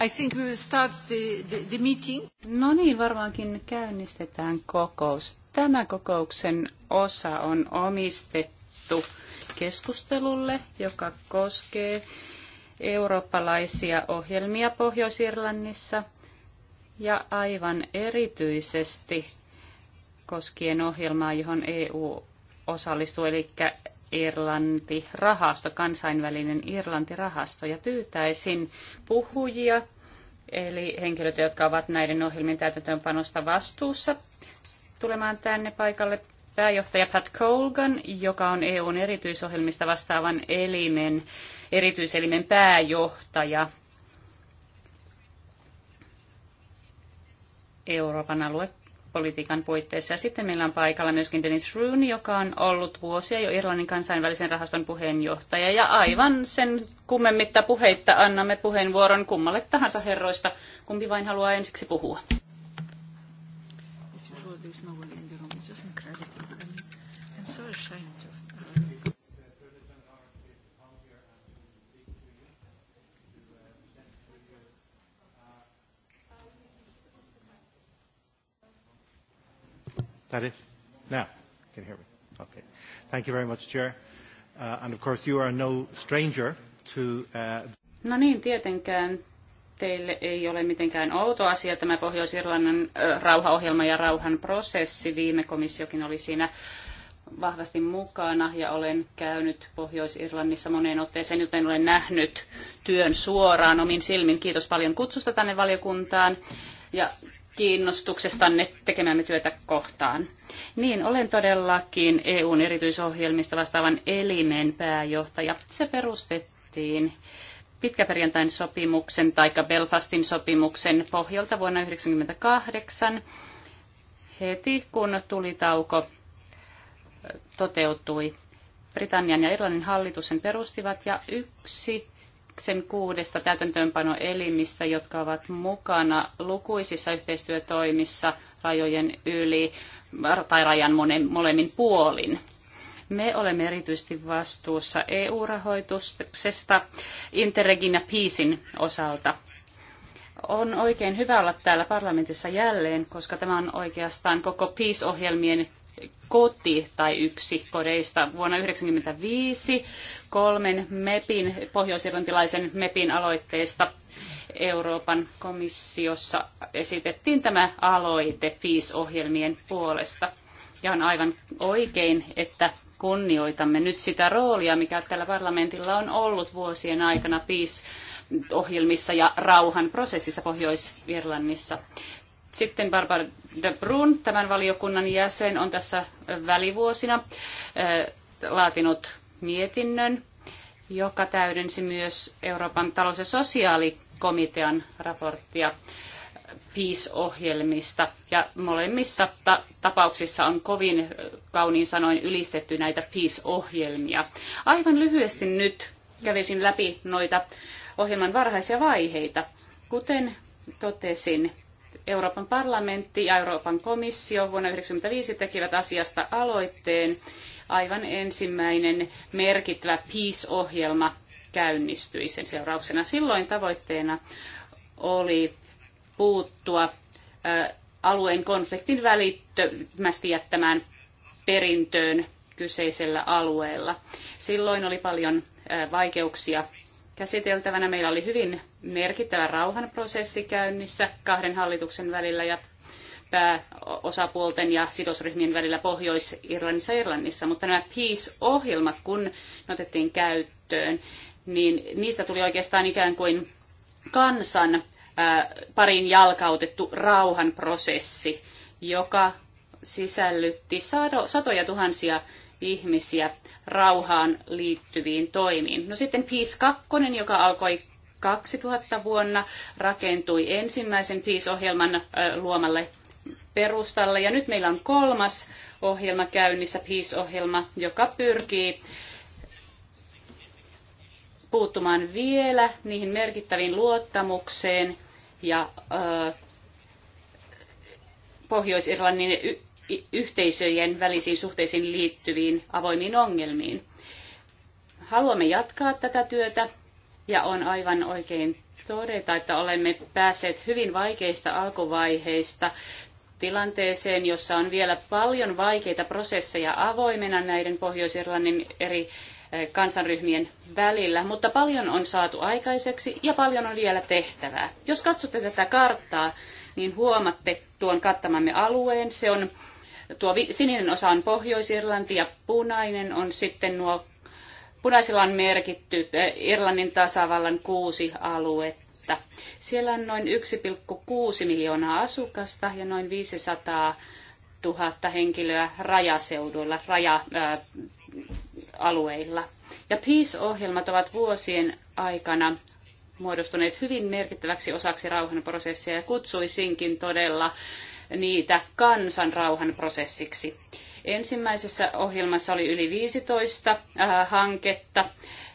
I think we will start the, the, the meeting. No niin, varmaankin käynnistetään kokous. Tämä kokouksen osa on omistettu keskustelulle, joka koskee eurooppalaisia ohjelmia Pohjois-Irlannissa ja aivan erityisesti koskien ohjelmaa, johon EU osallistuu, eli Irlanti-rahasto, kansainvälinen Irlanti-rahasto, ja pyytäisin puhujia, eli henkilöitä, jotka ovat näiden ohjelmien täytäntöönpanosta vastuussa, tulemaan tänne paikalle pääjohtaja Pat Colgan, joka on EUn erityisohjelmista vastaavan elimen, erityiselimen pääjohtaja Euroopan alue politiikan puitteissa. Ja sitten meillä on paikalla myöskin Dennis Roon, joka on ollut vuosia jo Irlannin kansainvälisen rahaston puheenjohtaja. Ja aivan sen kummemmitta puheitta annamme puheenvuoron kummalle tahansa herroista, kumpi vain haluaa ensiksi puhua. That it? Now, can you hear me? Okay. Thank you very much, Chair. Uh, and of course you are no stranger to... Uh... No niin, tietenkään teille ei ole mitenkään outo asia tämä pohjois irlannan rauhaohjelma ja rauhan prosessi. Viime komissiokin oli siinä vahvasti mukana ja olen käynyt Pohjois-Irlannissa moneen otteeseen, joten olen nähnyt työn suoraan omin silmin. Kiitos paljon kutsusta tänne valiokuntaan. Ja kiinnostuksestanne tekemämme työtä kohtaan. Niin, olen todellakin EUn erityisohjelmista vastaavan elimen pääjohtaja. Se perustettiin pitkäperjantain sopimuksen tai Belfastin sopimuksen pohjalta vuonna 1998 heti kun tulitauko toteutui. Britannian ja Irlannin hallitus sen perustivat ja yksi sen kuudesta täytäntöönpanoelimistä, jotka ovat mukana lukuisissa yhteistyötoimissa rajojen yli tai rajan molemmin puolin. Me olemme erityisesti vastuussa EU-rahoituksesta Interregin ja Peacein osalta. On oikein hyvä olla täällä parlamentissa jälleen, koska tämä on oikeastaan koko Peace-ohjelmien koti tai yksi kodeista. Vuonna 1995 kolmen MEPin, pohjoisirlantilaisen MEPin aloitteesta Euroopan komissiossa esitettiin tämä aloite pis ohjelmien puolesta. Ja on aivan oikein, että kunnioitamme nyt sitä roolia, mikä tällä parlamentilla on ollut vuosien aikana pis ohjelmissa ja rauhan prosessissa Pohjois-Irlannissa. Sitten Barbara de Brun, tämän valiokunnan jäsen, on tässä välivuosina eh, laatinut mietinnön, joka täydensi myös Euroopan talous- ja sosiaalikomitean raporttia Peace-ohjelmista. Ja molemmissa ta- tapauksissa on kovin eh, kauniin sanoin ylistetty näitä Peace-ohjelmia. Aivan lyhyesti nyt kävisin läpi noita ohjelman varhaisia vaiheita. Kuten totesin, Euroopan parlamentti ja Euroopan komissio vuonna 1995 tekivät asiasta aloitteen. Aivan ensimmäinen merkittävä Peace-ohjelma käynnistyi sen seurauksena. Silloin tavoitteena oli puuttua alueen konfliktin välittömästi jättämään perintöön kyseisellä alueella. Silloin oli paljon vaikeuksia käsiteltävänä. Meillä oli hyvin merkittävä rauhanprosessi käynnissä kahden hallituksen välillä ja pääosapuolten ja sidosryhmien välillä Pohjois-Irlannissa ja Irlannissa, mutta nämä peace-ohjelmat, kun ne otettiin käyttöön, niin niistä tuli oikeastaan ikään kuin kansan pariin jalkautettu rauhanprosessi, joka sisällytti satoja tuhansia ihmisiä rauhaan liittyviin toimiin. No sitten Peace 2, joka alkoi 2000 vuonna rakentui ensimmäisen Peace-ohjelman luomalle perustalle. Ja nyt meillä on kolmas ohjelma käynnissä, Peace-ohjelma, joka pyrkii puuttumaan vielä niihin merkittäviin luottamukseen ja Pohjois-Irlannin yhteisöjen välisiin suhteisiin liittyviin avoimiin ongelmiin. Haluamme jatkaa tätä työtä ja on aivan oikein todeta, että olemme päässeet hyvin vaikeista alkuvaiheista tilanteeseen, jossa on vielä paljon vaikeita prosesseja avoimena näiden Pohjois-Irlannin eri eh, kansanryhmien välillä, mutta paljon on saatu aikaiseksi ja paljon on vielä tehtävää. Jos katsotte tätä karttaa, niin huomatte tuon kattamamme alueen. Se on, tuo sininen osa on Pohjois-Irlanti ja punainen on sitten nuo Punaisilla on merkitty eh, Irlannin tasavallan kuusi aluetta. Siellä on noin 1,6 miljoonaa asukasta ja noin 500 000 henkilöä rajaseuduilla, raja-alueilla. Ja Peace-ohjelmat ovat vuosien aikana muodostuneet hyvin merkittäväksi osaksi rauhanprosessia ja kutsuisinkin todella niitä kansanrauhanprosessiksi. prosessiksi Ensimmäisessä ohjelmassa oli yli 15 äh, hanketta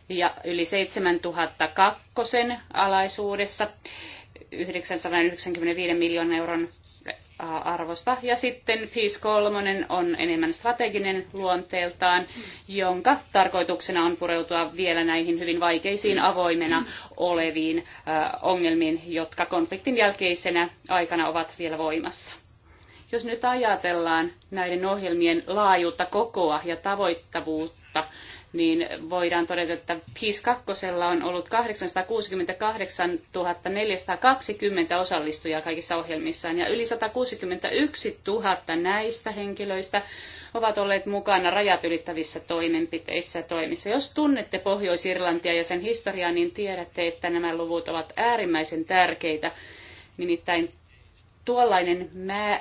ja yli 7000 kakkosen alaisuudessa 995 miljoonan euron äh, arvosta. Ja sitten PIS 3 on enemmän strateginen luonteeltaan, jonka tarkoituksena on pureutua vielä näihin hyvin vaikeisiin avoimena oleviin äh, ongelmiin, jotka konfliktin jälkeisenä aikana ovat vielä voimassa. Jos nyt ajatellaan näiden ohjelmien laajuutta, kokoa ja tavoittavuutta, niin voidaan todeta, että PIS 2 on ollut 868 420 osallistujaa kaikissa ohjelmissaan ja yli 161 000 näistä henkilöistä ovat olleet mukana rajat ylittävissä toimenpiteissä ja toimissa. Jos tunnette Pohjois-Irlantia ja sen historiaa, niin tiedätte, että nämä luvut ovat äärimmäisen tärkeitä. Nimittäin tuollainen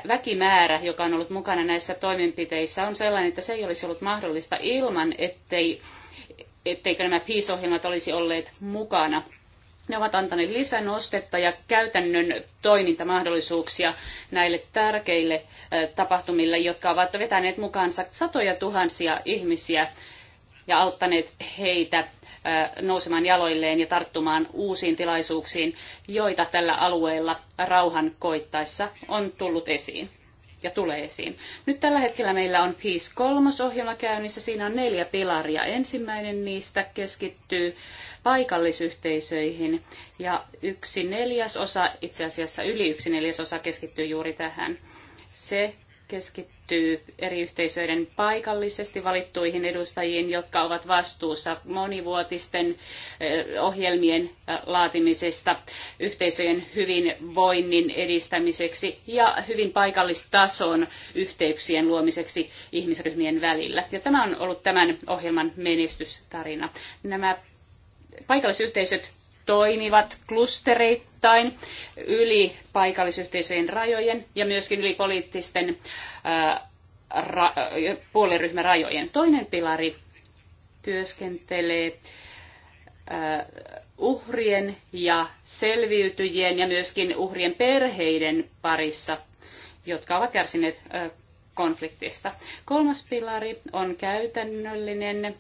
väkimäärä, joka on ollut mukana näissä toimenpiteissä, on sellainen, että se ei olisi ollut mahdollista ilman, ettei, etteikö nämä peace-ohjelmat olisi olleet mukana. Ne ovat antaneet lisänostetta ja käytännön toimintamahdollisuuksia näille tärkeille tapahtumille, jotka ovat vetäneet mukaansa satoja tuhansia ihmisiä ja auttaneet heitä nousemaan jaloilleen ja tarttumaan uusiin tilaisuuksiin, joita tällä alueella rauhan koittaessa on tullut esiin ja tulee esiin. Nyt tällä hetkellä meillä on Peace 3 ohjelma käynnissä. Siinä on neljä pilaria. Ensimmäinen niistä keskittyy paikallisyhteisöihin ja yksi neljäsosa, itse asiassa yli yksi neljäsosa keskittyy juuri tähän. Se keskittyy eri yhteisöiden paikallisesti valittuihin edustajiin, jotka ovat vastuussa monivuotisten eh, ohjelmien eh, laatimisesta yhteisöjen hyvinvoinnin edistämiseksi ja hyvin paikallistason yhteyksien luomiseksi ihmisryhmien välillä. Ja tämä on ollut tämän ohjelman menestystarina. Nämä paikallisyhteisöt toimivat klustereittain yli paikallisyhteisöjen rajojen ja myöskin yli poliittisten puoliryhmärajojen. Toinen pilari työskentelee uhrien ja selviytyjien ja myöskin uhrien perheiden parissa, jotka ovat kärsineet konfliktista. Kolmas pilari on käytännöllinen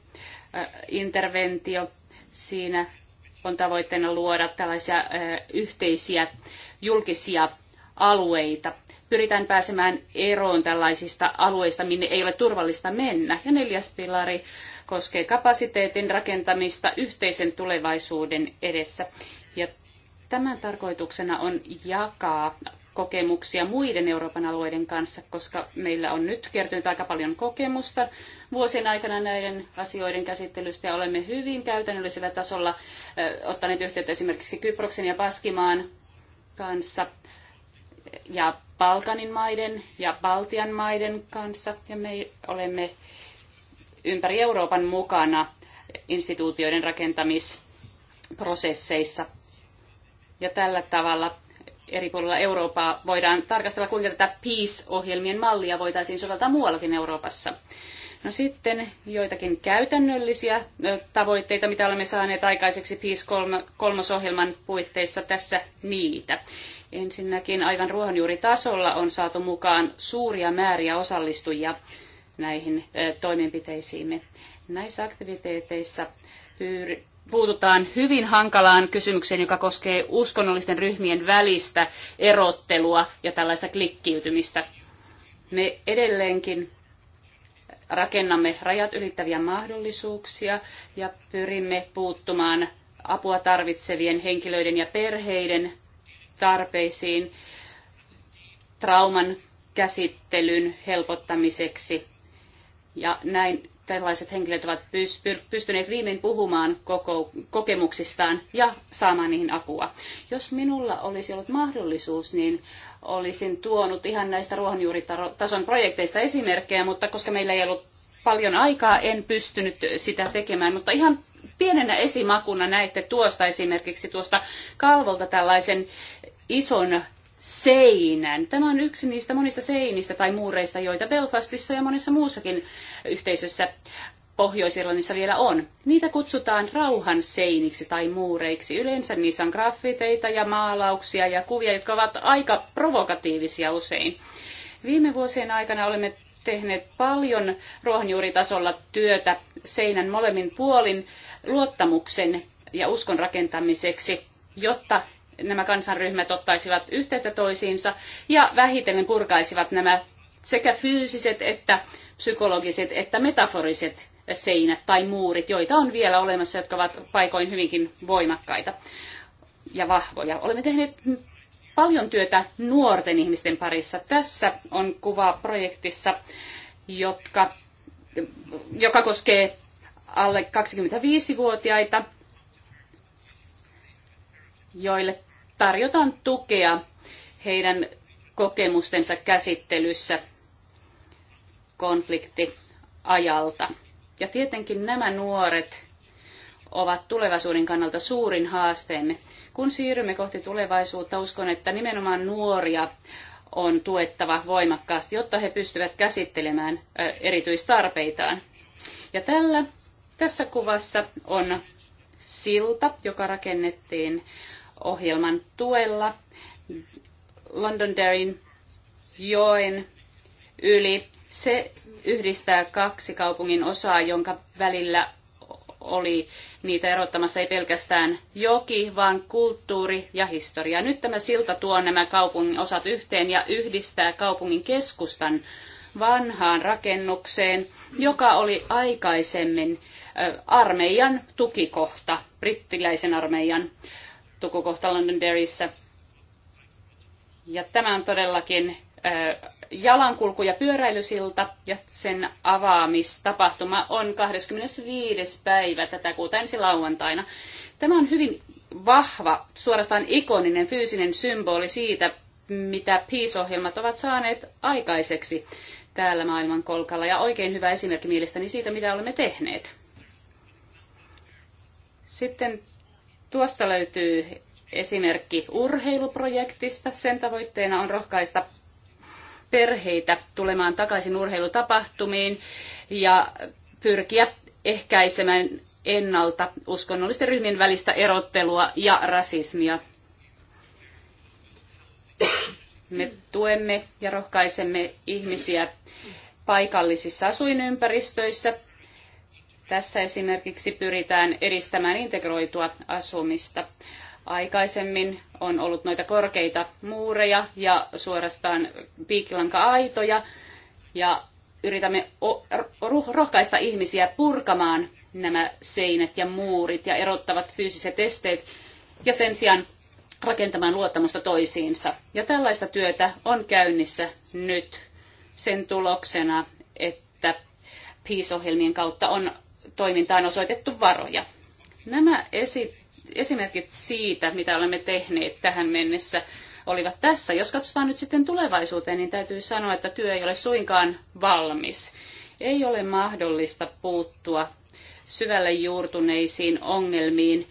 interventio. Siinä on tavoitteena luoda tällaisia yhteisiä julkisia alueita. Pyritään pääsemään eroon tällaisista alueista, minne ei ole turvallista mennä. Ja neljäs pilari koskee kapasiteetin rakentamista yhteisen tulevaisuuden edessä. Ja tämän tarkoituksena on jakaa kokemuksia muiden Euroopan alueiden kanssa, koska meillä on nyt kertynyt aika paljon kokemusta vuosien aikana näiden asioiden käsittelystä ja olemme hyvin käytännöllisellä tasolla ottaneet yhteyttä esimerkiksi Kyproksen ja Paskimaan kanssa ja Balkanin maiden ja Baltian maiden kanssa ja me olemme ympäri Euroopan mukana instituutioiden rakentamisprosesseissa. Ja tällä tavalla eri puolilla Eurooppaa voidaan tarkastella, kuinka tätä Peace-ohjelmien mallia voitaisiin soveltaa muuallakin Euroopassa. No sitten joitakin käytännöllisiä tavoitteita, mitä olemme saaneet aikaiseksi PIS kolmosohjelman puitteissa tässä niitä. Ensinnäkin aivan ruohonjuuritasolla on saatu mukaan suuria määriä osallistujia näihin toimenpiteisiimme. Näissä aktiviteeteissa puututaan hyvin hankalaan kysymykseen, joka koskee uskonnollisten ryhmien välistä erottelua ja tällaista klikkiytymistä. Me edelleenkin rakennamme rajat ylittäviä mahdollisuuksia ja pyrimme puuttumaan apua tarvitsevien henkilöiden ja perheiden tarpeisiin trauman käsittelyn helpottamiseksi. Ja näin tällaiset henkilöt ovat pystyneet viimein puhumaan koko, kokemuksistaan ja saamaan niihin apua. Jos minulla olisi ollut mahdollisuus, niin olisin tuonut ihan näistä ruohonjuuritason projekteista esimerkkejä, mutta koska meillä ei ollut paljon aikaa, en pystynyt sitä tekemään, mutta ihan pienenä esimakuna näette tuosta esimerkiksi tuosta kalvolta tällaisen ison seinän. Tämä on yksi niistä monista seinistä tai muureista, joita Belfastissa ja monessa muussakin yhteisössä Pohjois-Irlannissa vielä on. Niitä kutsutaan rauhan seiniksi tai muureiksi. Yleensä niissä on graffiteita ja maalauksia ja kuvia, jotka ovat aika provokatiivisia usein. Viime vuosien aikana olemme tehneet paljon ruohonjuuritasolla työtä seinän molemmin puolin luottamuksen ja uskon rakentamiseksi, jotta nämä kansanryhmät ottaisivat yhteyttä toisiinsa ja vähitellen purkaisivat nämä sekä fyysiset että psykologiset että metaforiset seinät tai muurit, joita on vielä olemassa, jotka ovat paikoin hyvinkin voimakkaita ja vahvoja. Olemme tehneet paljon työtä nuorten ihmisten parissa. Tässä on kuva projektissa, jotka, joka koskee alle 25-vuotiaita, joille tarjotaan tukea heidän kokemustensa käsittelyssä konfliktiajalta. Ja tietenkin nämä nuoret ovat tulevaisuuden kannalta suurin haasteemme. Kun siirrymme kohti tulevaisuutta, uskon, että nimenomaan nuoria on tuettava voimakkaasti, jotta he pystyvät käsittelemään erityistarpeitaan. Ja tällä, tässä kuvassa on silta, joka rakennettiin ohjelman tuella Londonderryn joen yli se yhdistää kaksi kaupungin osaa, jonka välillä oli niitä erottamassa ei pelkästään joki, vaan kulttuuri ja historia. Nyt tämä silta tuo nämä kaupungin osat yhteen ja yhdistää kaupungin keskustan vanhaan rakennukseen, joka oli aikaisemmin armeijan tukikohta, brittiläisen armeijan tukikohta Londonderryssä. Ja tämä on todellakin jalankulku- ja pyöräilysilta ja sen avaamistapahtuma on 25. päivä tätä kuuta ensi lauantaina. Tämä on hyvin vahva, suorastaan ikoninen fyysinen symboli siitä, mitä pis ohjelmat ovat saaneet aikaiseksi täällä kolkalla ja oikein hyvä esimerkki mielestäni siitä, mitä olemme tehneet. Sitten tuosta löytyy esimerkki urheiluprojektista. Sen tavoitteena on rohkaista perheitä tulemaan takaisin urheilutapahtumiin ja pyrkiä ehkäisemään ennalta uskonnollisten ryhmien välistä erottelua ja rasismia. Me tuemme ja rohkaisemme ihmisiä paikallisissa asuinympäristöissä. Tässä esimerkiksi pyritään edistämään integroitua asumista. Aikaisemmin on ollut noita korkeita muureja ja suorastaan piikkilanka-aitoja ja yritämme rohkaista ihmisiä purkamaan nämä seinät ja muurit ja erottavat fyysiset esteet ja sen sijaan rakentamaan luottamusta toisiinsa. Ja tällaista työtä on käynnissä nyt sen tuloksena, että Peace-ohjelmien kautta on toimintaan osoitettu varoja. Nämä esit esimerkit siitä, mitä olemme tehneet tähän mennessä, olivat tässä. Jos katsotaan nyt sitten tulevaisuuteen, niin täytyy sanoa, että työ ei ole suinkaan valmis. Ei ole mahdollista puuttua syvälle juurtuneisiin ongelmiin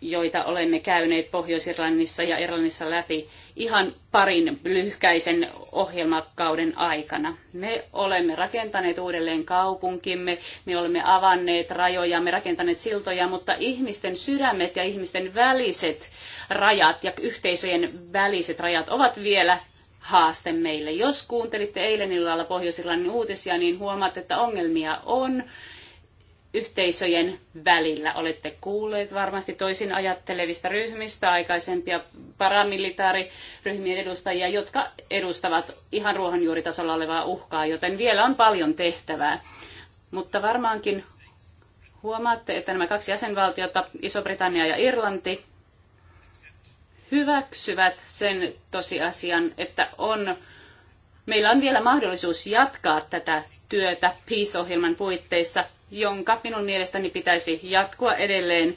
joita olemme käyneet Pohjois-Irlannissa ja Irlannissa läpi ihan parin lyhkäisen ohjelmakauden aikana. Me olemme rakentaneet uudelleen kaupunkimme, me olemme avanneet rajoja, me rakentaneet siltoja, mutta ihmisten sydämet ja ihmisten väliset rajat ja yhteisöjen väliset rajat ovat vielä haaste meille. Jos kuuntelitte eilen illalla Pohjois-Irlannin uutisia, niin huomaatte, että ongelmia on yhteisöjen välillä. Olette kuulleet varmasti toisin ajattelevista ryhmistä, aikaisempia paramilitaariryhmien edustajia, jotka edustavat ihan ruohonjuuritasolla olevaa uhkaa, joten vielä on paljon tehtävää. Mutta varmaankin huomaatte, että nämä kaksi jäsenvaltiota, Iso-Britannia ja Irlanti, hyväksyvät sen tosiasian, että on, meillä on vielä mahdollisuus jatkaa tätä työtä peace-ohjelman puitteissa jonka minun mielestäni pitäisi jatkua edelleen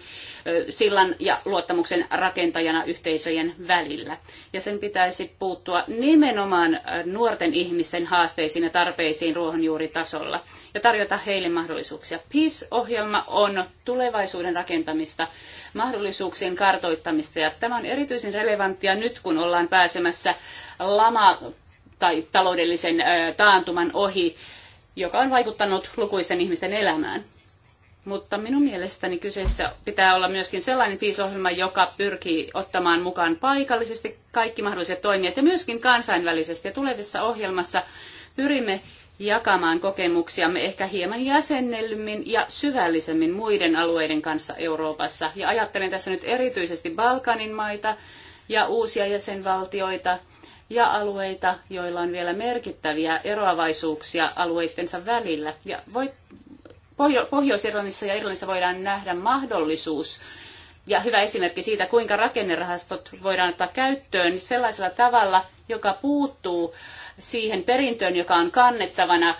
sillan ja luottamuksen rakentajana yhteisöjen välillä. Ja sen pitäisi puuttua nimenomaan nuorten ihmisten haasteisiin ja tarpeisiin ruohonjuuritasolla ja tarjota heille mahdollisuuksia. PIS-ohjelma on tulevaisuuden rakentamista, mahdollisuuksien kartoittamista ja tämä on erityisen relevanttia nyt, kun ollaan pääsemässä lama tai taloudellisen taantuman ohi joka on vaikuttanut lukuisten ihmisten elämään. Mutta minun mielestäni kyseessä pitää olla myöskin sellainen piisohjelma, joka pyrkii ottamaan mukaan paikallisesti kaikki mahdolliset toimijat ja myöskin kansainvälisesti. Ja tulevissa ohjelmassa pyrimme jakamaan kokemuksiamme ehkä hieman jäsennellymmin ja syvällisemmin muiden alueiden kanssa Euroopassa. Ja ajattelen tässä nyt erityisesti Balkanin maita ja uusia jäsenvaltioita – ja alueita, joilla on vielä merkittäviä eroavaisuuksia alueittensa välillä. Ja voi, Pohjois-Irlannissa ja Irlannissa voidaan nähdä mahdollisuus ja hyvä esimerkki siitä, kuinka rakennerahastot voidaan ottaa käyttöön sellaisella tavalla, joka puuttuu siihen perintöön, joka on kannettavana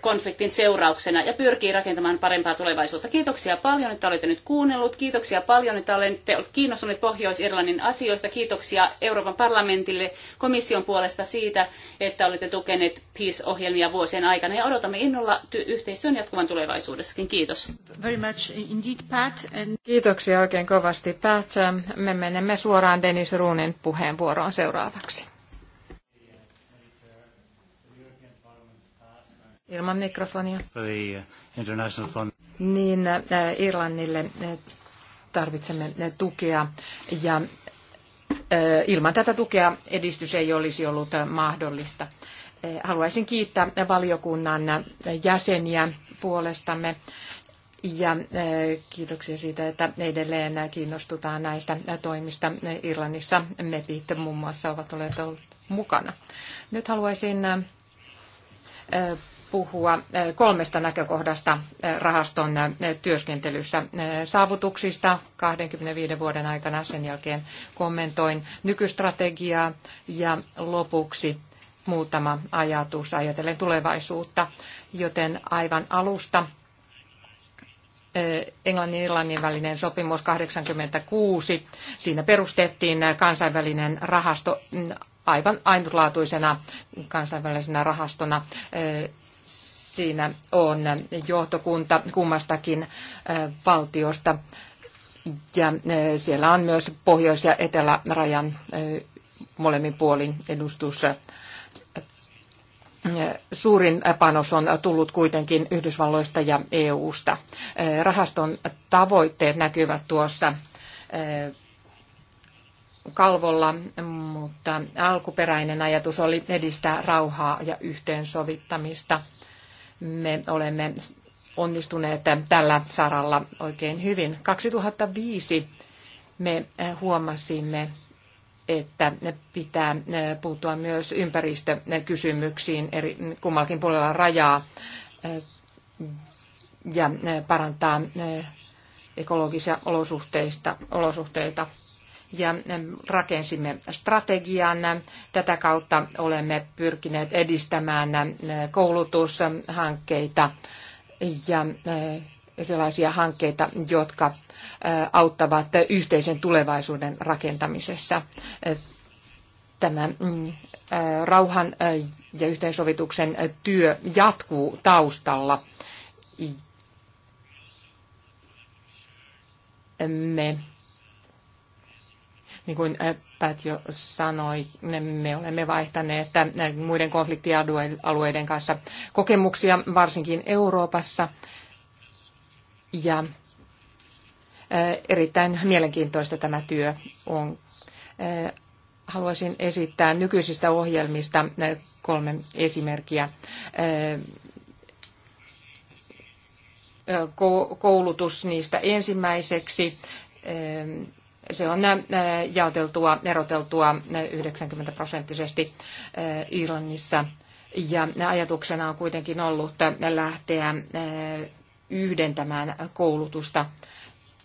konfliktin seurauksena ja pyrkii rakentamaan parempaa tulevaisuutta. Kiitoksia paljon, että olette nyt kuunnellut. Kiitoksia paljon, että olette kiinnostuneet Pohjois-Irlannin asioista. Kiitoksia Euroopan parlamentille komission puolesta siitä, että olette tukeneet Peace-ohjelmia vuosien aikana ja odotamme innolla yhteistyön jatkuvan tulevaisuudessakin. Kiitos. Very much indeed, Pat. And... Kiitoksia oikein kovasti, Pat. Me menemme suoraan Dennis Ruunin puheenvuoroon seuraavaksi. Ilman mikrofonia. Niin äh, Irlannille äh, tarvitsemme äh, tukea ja ilman tätä tukea edistys ei olisi ollut mahdollista. Haluaisin kiittää valiokunnan jäseniä puolestamme ja kiitoksia siitä, että edelleen kiinnostutaan näistä toimista. Irlannissa MEPit muun muassa ovat olleet mukana. Nyt haluaisin puhua eh, kolmesta näkökohdasta eh, rahaston eh, työskentelyssä saavutuksista 25 vuoden aikana. Sen jälkeen kommentoin nykystrategiaa ja lopuksi muutama ajatus ajatellen tulevaisuutta. Joten aivan alusta Englannin ja Irlannin välinen sopimus 86. Siinä perustettiin kansainvälinen rahasto mm, aivan ainutlaatuisena kansainvälisenä rahastona Siinä on johtokunta kummastakin valtiosta ja siellä on myös pohjois- ja etelärajan molemmin puolin edustus. Suurin panos on tullut kuitenkin Yhdysvalloista ja EUsta. Rahaston tavoitteet näkyvät tuossa kalvolla, mutta alkuperäinen ajatus oli edistää rauhaa ja yhteensovittamista – me olemme onnistuneet tällä saralla oikein hyvin. 2005 me huomasimme, että pitää puuttua myös ympäristökysymyksiin eri, kummallakin puolella rajaa ja parantaa ekologisia olosuhteista, olosuhteita ja rakensimme strategian. Tätä kautta olemme pyrkineet edistämään koulutushankkeita ja eh, sellaisia hankkeita, jotka eh, auttavat yhteisen tulevaisuuden rakentamisessa. Eh, tämä mm, rauhan ja yhteensovituksen työ jatkuu taustalla. Me niin kuin Pat jo sanoi, me olemme vaihtaneet muiden konfliktialueiden kanssa kokemuksia, varsinkin Euroopassa. Ja erittäin mielenkiintoista tämä työ on. Haluaisin esittää nykyisistä ohjelmista kolme esimerkkiä. Koulutus niistä ensimmäiseksi se on jaoteltua, eroteltua 90 prosenttisesti Irlannissa. Ja ajatuksena on kuitenkin ollut lähteä yhdentämään koulutusta,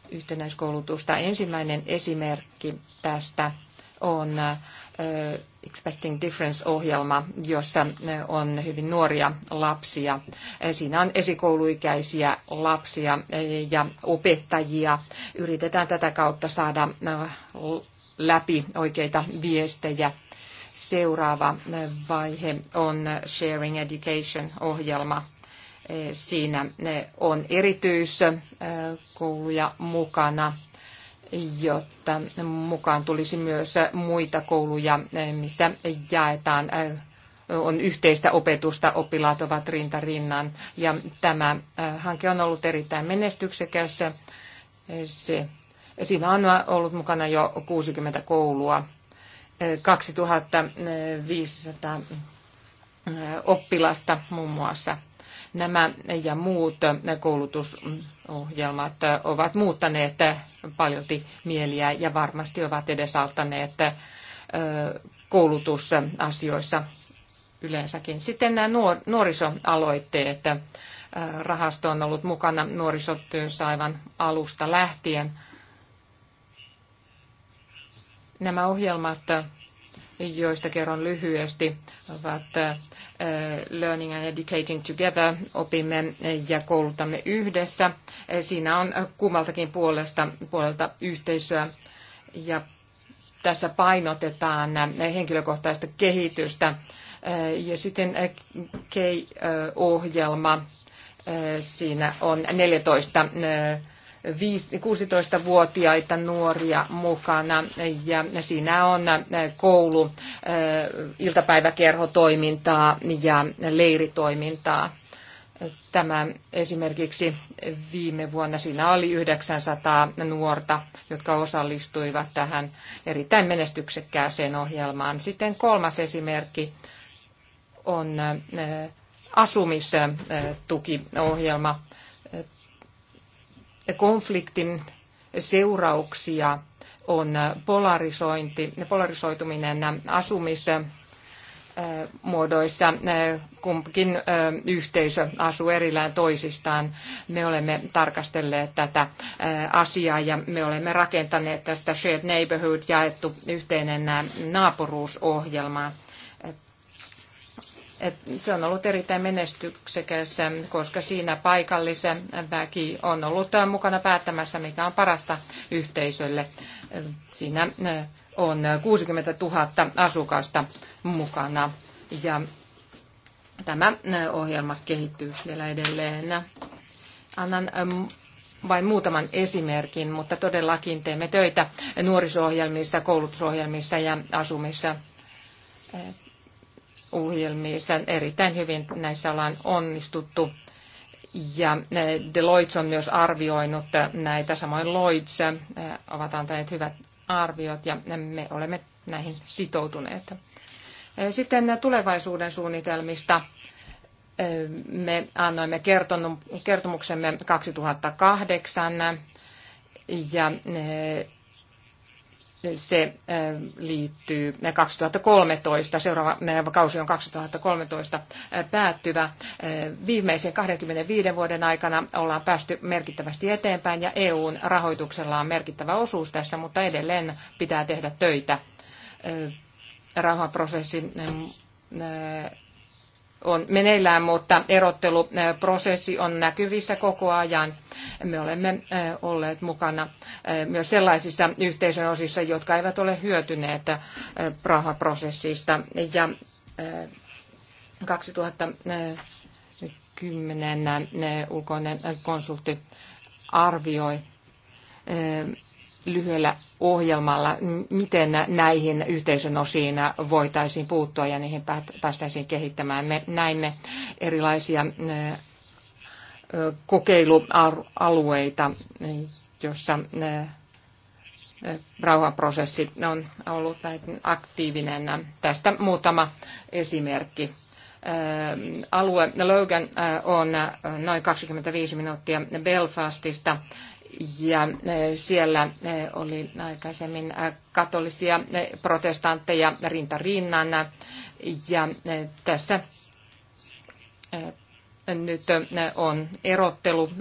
yhtenäiskoulutusta. Ensimmäinen esimerkki tästä on Expecting Difference-ohjelma, jossa on hyvin nuoria lapsia. Siinä on esikouluikäisiä lapsia ja opettajia. Yritetään tätä kautta saada äh, läpi oikeita viestejä. Seuraava äh, vaihe on Sharing Education-ohjelma. Äh, siinä on erityiskouluja mukana jotta mukaan tulisi myös muita kouluja, missä jaetaan äh, on yhteistä opetusta, oppilaat ovat rinta rinnan. Ja tämä äh, hanke on ollut erittäin menestyksekäs. Se, siinä on ollut mukana jo 60 koulua, 2500 äh, oppilasta muun muassa. Nämä ja muut koulutusohjelmat ovat muuttaneet paljolti mieliä ja varmasti ovat edesauttaneet koulutusasioissa yleensäkin. Sitten nämä nuorisoaloitteet. Rahasto on ollut mukana nuorisotyössä aivan alusta lähtien. Nämä ohjelmat joista kerron lyhyesti, ovat äh, Learning and Educating Together, opimme ja koulutamme yhdessä. Äh, siinä on kummaltakin puolesta, puolelta yhteisöä ja tässä painotetaan äh, henkilökohtaista kehitystä. Ja sitten K-ohjelma, siinä on 14 16-vuotiaita nuoria mukana ja siinä on koulu, iltapäiväkerhotoimintaa ja leiritoimintaa. Tämä esimerkiksi viime vuonna siinä oli 900 nuorta, jotka osallistuivat tähän erittäin menestyksekkääseen ohjelmaan. Sitten kolmas esimerkki on asumistukiohjelma konfliktin seurauksia on polarisointi, polarisoituminen asumismuodoissa. Kumpikin yhteisö asuu erillään toisistaan. Me olemme tarkastelleet tätä asiaa ja me olemme rakentaneet tästä Shared Neighborhood jaettu yhteinen naapuruusohjelmaa se on ollut erittäin menestyksekäs, koska siinä paikallisen väki on ollut mukana päättämässä, mikä on parasta yhteisölle. Siinä eh, on 60 000 asukasta mukana ja tämä eh, ohjelma kehittyy vielä edelleen. Annan eh, vain muutaman esimerkin, mutta todellakin teemme töitä nuorisohjelmissa, koulutusohjelmissa ja asumissa ohjelmissa erittäin hyvin näissä ollaan onnistuttu. Ja eh, Deloitte on myös arvioinut eh, näitä, samoin Lloyds eh, ovat antaneet hyvät arviot ja me olemme näihin sitoutuneet. Sitten tulevaisuuden suunnitelmista. Me annoimme kertomuksemme 2008 ja se äh, liittyy 2013, seuraava äh, kausi on 2013 äh, päättyvä. Viimeisen 25 vuoden aikana ollaan päästy merkittävästi eteenpäin ja EUn rahoituksella on merkittävä osuus tässä, mutta edelleen pitää tehdä töitä rauhanprosessin on meneillään, mutta erotteluprosessi on näkyvissä koko ajan. Me olemme eh, olleet mukana eh, myös sellaisissa yhteisön osissa, jotka eivät ole hyötyneet eh, Praha-prosessista. Ja 2010 ulkoinen konsultti arvioi lyhyellä ohjelmalla, miten näihin yhteisön osiin voitaisiin puuttua ja niihin päästäisiin kehittämään. Me näimme erilaisia kokeilualueita, joissa rauhanprosessi on ollut aktiivinen. Tästä muutama esimerkki alue Logan on noin 25 minuuttia Belfastista ja eh, siellä eh, oli aikaisemmin eh, katolisia protestantteja rinta rinnan ja tässä nyt on erottelu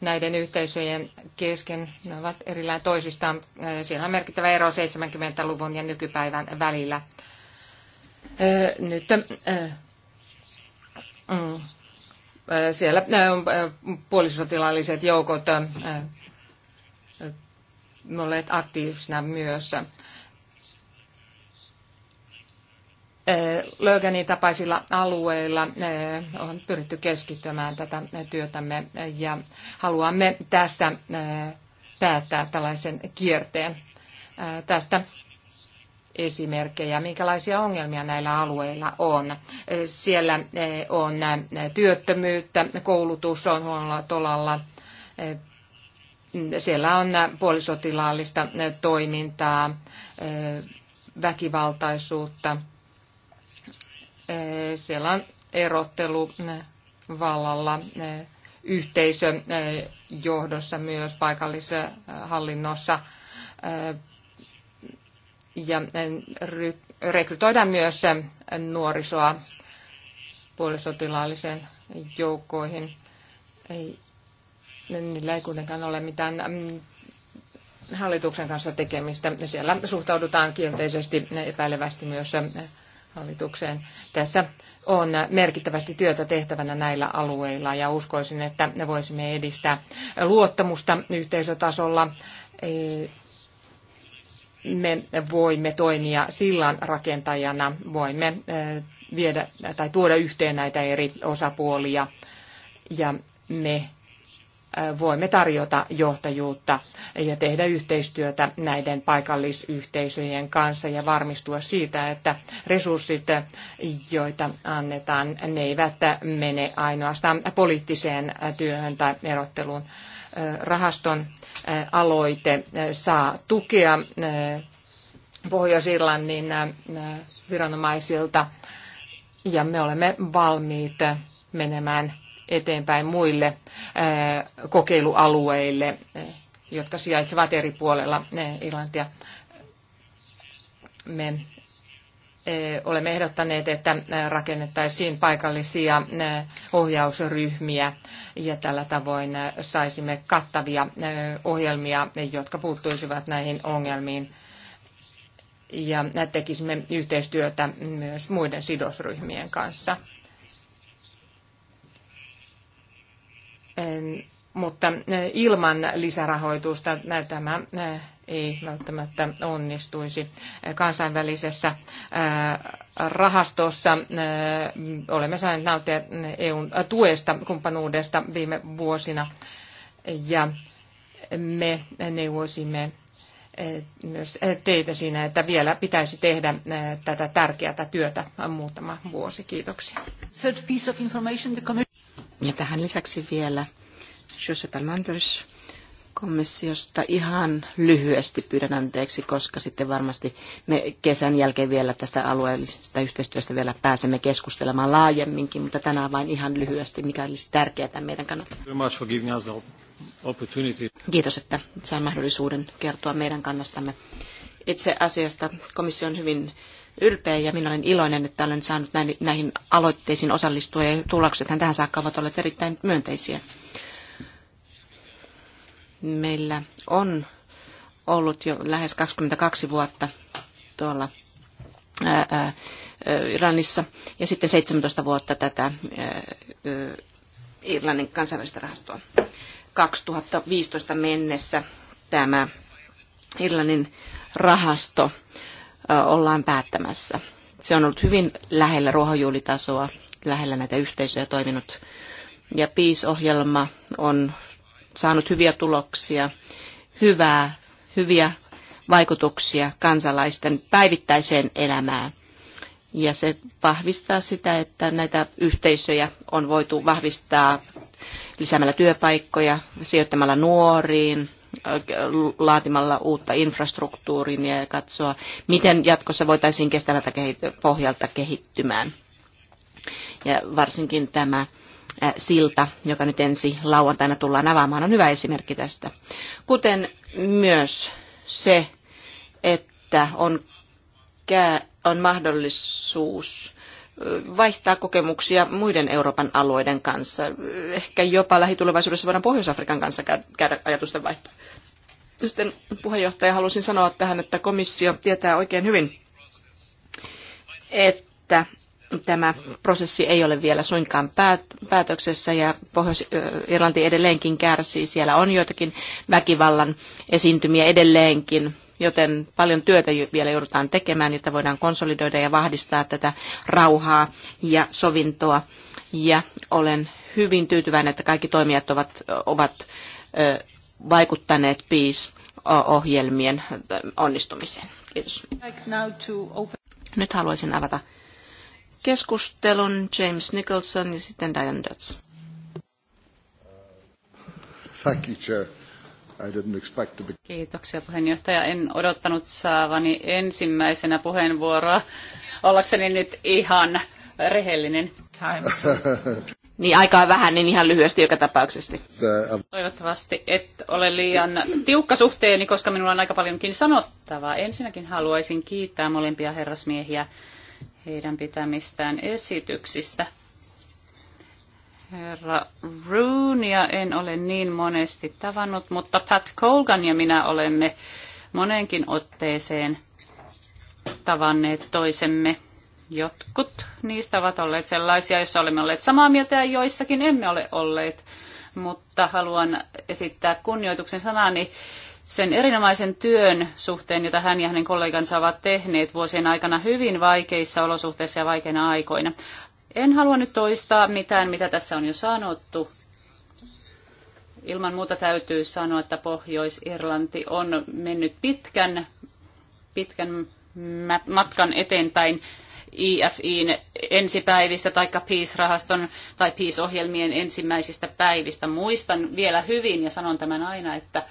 näiden yhteisöjen kesken. Ne ovat erillään toisistaan. Siellä on merkittävä ero 70-luvun ja nykypäivän välillä. Nyt mm, siellä puolisotilaalliset joukot olleet aktiivisina myös. Löganin tapaisilla alueilla on pyritty keskittämään tätä työtämme ja haluamme tässä päättää tällaisen kierteen. Tästä esimerkkejä, minkälaisia ongelmia näillä alueilla on. Siellä eh, on eh, työttömyyttä, koulutus on huonolla tolalla, eh, siellä on puolisotilaallista toimintaa, väkivaltaisuutta, siellä on erottelu vallalla yhteisön johdossa myös paikallisessa hallinnossa ja eh, rekrytoidaan myös eh, nuorisoa puolisotilaalliseen joukkoihin. Ei, niillä ei kuitenkaan ole mitään mm, hallituksen kanssa tekemistä. Siellä suhtaudutaan kielteisesti epäilevästi myös eh, hallitukseen. Tässä on merkittävästi työtä tehtävänä näillä alueilla ja uskoisin, että ne voisimme edistää luottamusta yhteisötasolla me voimme toimia sillan rakentajana, voimme viedä tai tuoda yhteen näitä eri osapuolia ja me voimme tarjota johtajuutta ja tehdä yhteistyötä näiden paikallisyhteisöjen kanssa ja varmistua siitä, että resurssit, joita annetaan, ne eivät mene ainoastaan poliittiseen työhön tai erotteluun rahaston aloite saa tukea Pohjois-Irlannin viranomaisilta ja me olemme valmiit menemään eteenpäin muille kokeilualueille, jotka sijaitsevat eri puolella Irlantia. Me olemme ehdottaneet, että rakennettaisiin paikallisia ohjausryhmiä ja tällä tavoin saisimme kattavia ohjelmia, jotka puuttuisivat näihin ongelmiin ja tekisimme yhteistyötä myös muiden sidosryhmien kanssa. Mutta ilman lisärahoitusta tämä ei välttämättä onnistuisi. Kansainvälisessä rahastossa olemme saaneet nauttia EUn tuesta, kumppanuudesta viime vuosina ja me neuvoisimme myös teitä siinä, että vielä pitäisi tehdä tätä tärkeää työtä muutama vuosi. Kiitoksia. Ja tähän lisäksi vielä José Talmanders komissiosta ihan lyhyesti pyydän anteeksi, koska sitten varmasti me kesän jälkeen vielä tästä alueellisesta yhteistyöstä vielä pääsemme keskustelemaan laajemminkin, mutta tänään vain ihan lyhyesti, mikä olisi tärkeää meidän kannalta. Kiitos, että sain mahdollisuuden kertoa meidän kannastamme. Itse asiasta komissio on hyvin ylpeä ja minä olen iloinen, että olen saanut näihin aloitteisiin osallistua ja tuloksethan tähän saakka ovat olleet erittäin myönteisiä Meillä on ollut jo lähes 22 vuotta tuolla ää, ää, Iranissa ja sitten 17 vuotta tätä ää, Irlannin kansainvälistä rahastoa. 2015 mennessä tämä Irlannin rahasto ollaan päättämässä. Se on ollut hyvin lähellä ruohonjuuritasoa, lähellä näitä yhteisöjä toiminut. Ja PEACE-ohjelma on saanut hyviä tuloksia, hyvää, hyviä vaikutuksia kansalaisten päivittäiseen elämään. Ja se vahvistaa sitä, että näitä yhteisöjä on voitu vahvistaa lisäämällä työpaikkoja, sijoittamalla nuoriin, laatimalla uutta infrastruktuuria ja katsoa, miten jatkossa voitaisiin kestävältä pohjalta kehittymään. Ja varsinkin tämä silta, joka nyt ensi lauantaina tullaan avaamaan, on hyvä esimerkki tästä. Kuten myös se, että on, on mahdollisuus vaihtaa kokemuksia muiden Euroopan alueiden kanssa. Ehkä jopa lähitulevaisuudessa voidaan Pohjois-Afrikan kanssa käydä ajatusten vaihtoa. Sitten puheenjohtaja halusin sanoa tähän, että komissio tietää oikein hyvin, että tämä prosessi ei ole vielä suinkaan päätöksessä ja Pohjois-Irlanti edelleenkin kärsii. Siellä on joitakin väkivallan esiintymiä edelleenkin, joten paljon työtä vielä joudutaan tekemään, jotta voidaan konsolidoida ja vahvistaa tätä rauhaa ja sovintoa. Ja olen hyvin tyytyväinen, että kaikki toimijat ovat, ovat vaikuttaneet PIS-ohjelmien onnistumiseen. Kiitos. Nyt haluaisin avata keskustelun James Nicholson ja sitten Diane Thank you, Chair. I didn't expect to be... Kiitoksia puheenjohtaja. En odottanut saavani ensimmäisenä puheenvuoroa ollakseni nyt ihan rehellinen. Time. niin aikaa vähän, niin ihan lyhyesti joka tapauksessa. Um- Toivottavasti et ole liian tiukka suhteeni, koska minulla on aika paljonkin sanottavaa. Ensinnäkin haluaisin kiittää molempia herrasmiehiä heidän pitämistään esityksistä. Herra Roonia en ole niin monesti tavannut, mutta Pat Colgan ja minä olemme monenkin otteeseen tavanneet toisemme. Jotkut niistä ovat olleet sellaisia, joissa olemme olleet samaa mieltä ja joissakin emme ole olleet. Mutta haluan esittää kunnioituksen sanani sen erinomaisen työn suhteen, jota hän ja hänen kollegansa ovat tehneet vuosien aikana hyvin vaikeissa olosuhteissa ja vaikeina aikoina. En halua nyt toistaa mitään, mitä tässä on jo sanottu. Ilman muuta täytyy sanoa, että Pohjois-Irlanti on mennyt pitkän, pitkän matkan eteenpäin IFIin e ensipäivistä tai Peace-rahaston tai Peace-ohjelmien ensimmäisistä päivistä. Muistan vielä hyvin ja sanon tämän aina, että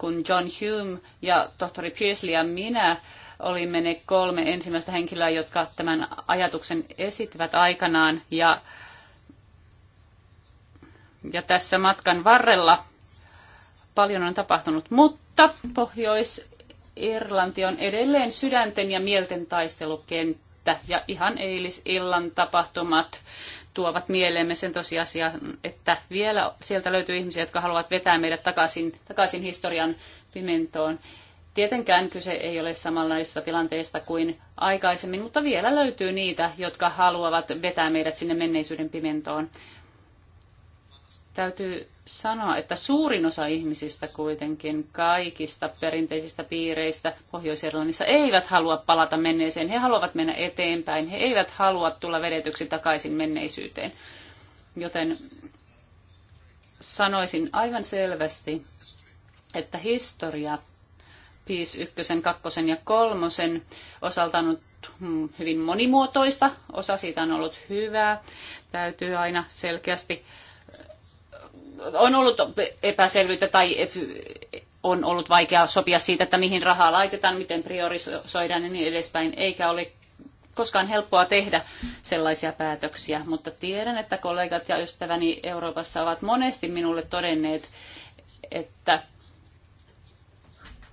kun John Hume ja tohtori Pearsley ja minä olimme ne kolme ensimmäistä henkilöä, jotka tämän ajatuksen esittivät aikanaan. Ja, ja tässä matkan varrella paljon on tapahtunut, mutta Pohjois-Irlanti on edelleen sydänten ja mielten taistelukenttä ja ihan eilisillan tapahtumat tuovat mieleemme sen tosiasian, että vielä sieltä löytyy ihmisiä, jotka haluavat vetää meidät takaisin, takaisin historian pimentoon. Tietenkään kyse ei ole samanlaisesta tilanteesta kuin aikaisemmin, mutta vielä löytyy niitä, jotka haluavat vetää meidät sinne menneisyyden pimentoon. Täytyy sanoa, että suurin osa ihmisistä kuitenkin kaikista perinteisistä piireistä Pohjois-Irlannissa eivät halua palata menneeseen. He haluavat mennä eteenpäin. He eivät halua tulla vedetyksi takaisin menneisyyteen. Joten sanoisin aivan selvästi, että historia Piis ykkösen, kakkosen ja kolmosen osalta on ollut hyvin monimuotoista. Osa siitä on ollut hyvää. Täytyy aina selkeästi on ollut epäselvyyttä tai on ollut vaikea sopia siitä, että mihin rahaa laitetaan, miten priorisoidaan ja niin edespäin, eikä ole koskaan helppoa tehdä sellaisia päätöksiä, mutta tiedän, että kollegat ja ystäväni Euroopassa ovat monesti minulle todenneet, että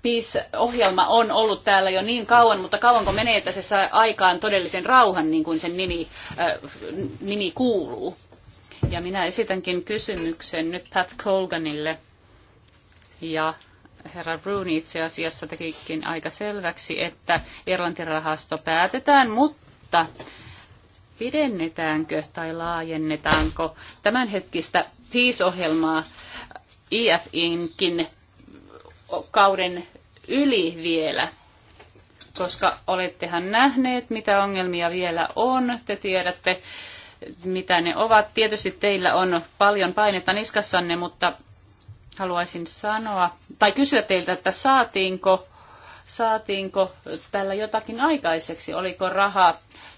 pis ohjelma on ollut täällä jo niin kauan, mutta kauanko menee, että se saa aikaan todellisen rauhan, niin kuin sen nimi, äh, nimi kuuluu. Ja minä esitänkin kysymyksen nyt Pat Colganille. Ja herra Rooney itse asiassa tekikin aika selväksi, että Irlantirahasto päätetään, mutta pidennetäänkö tai laajennetaanko tämänhetkistä pis ohjelmaa IFInkin kauden yli vielä? Koska olettehan nähneet, mitä ongelmia vielä on. Te tiedätte, mitä ne ovat. Tietysti teillä on paljon painetta niskassanne, mutta haluaisin sanoa tai kysyä teiltä, että saatiinko, saatiinko tällä jotakin aikaiseksi? Oliko raha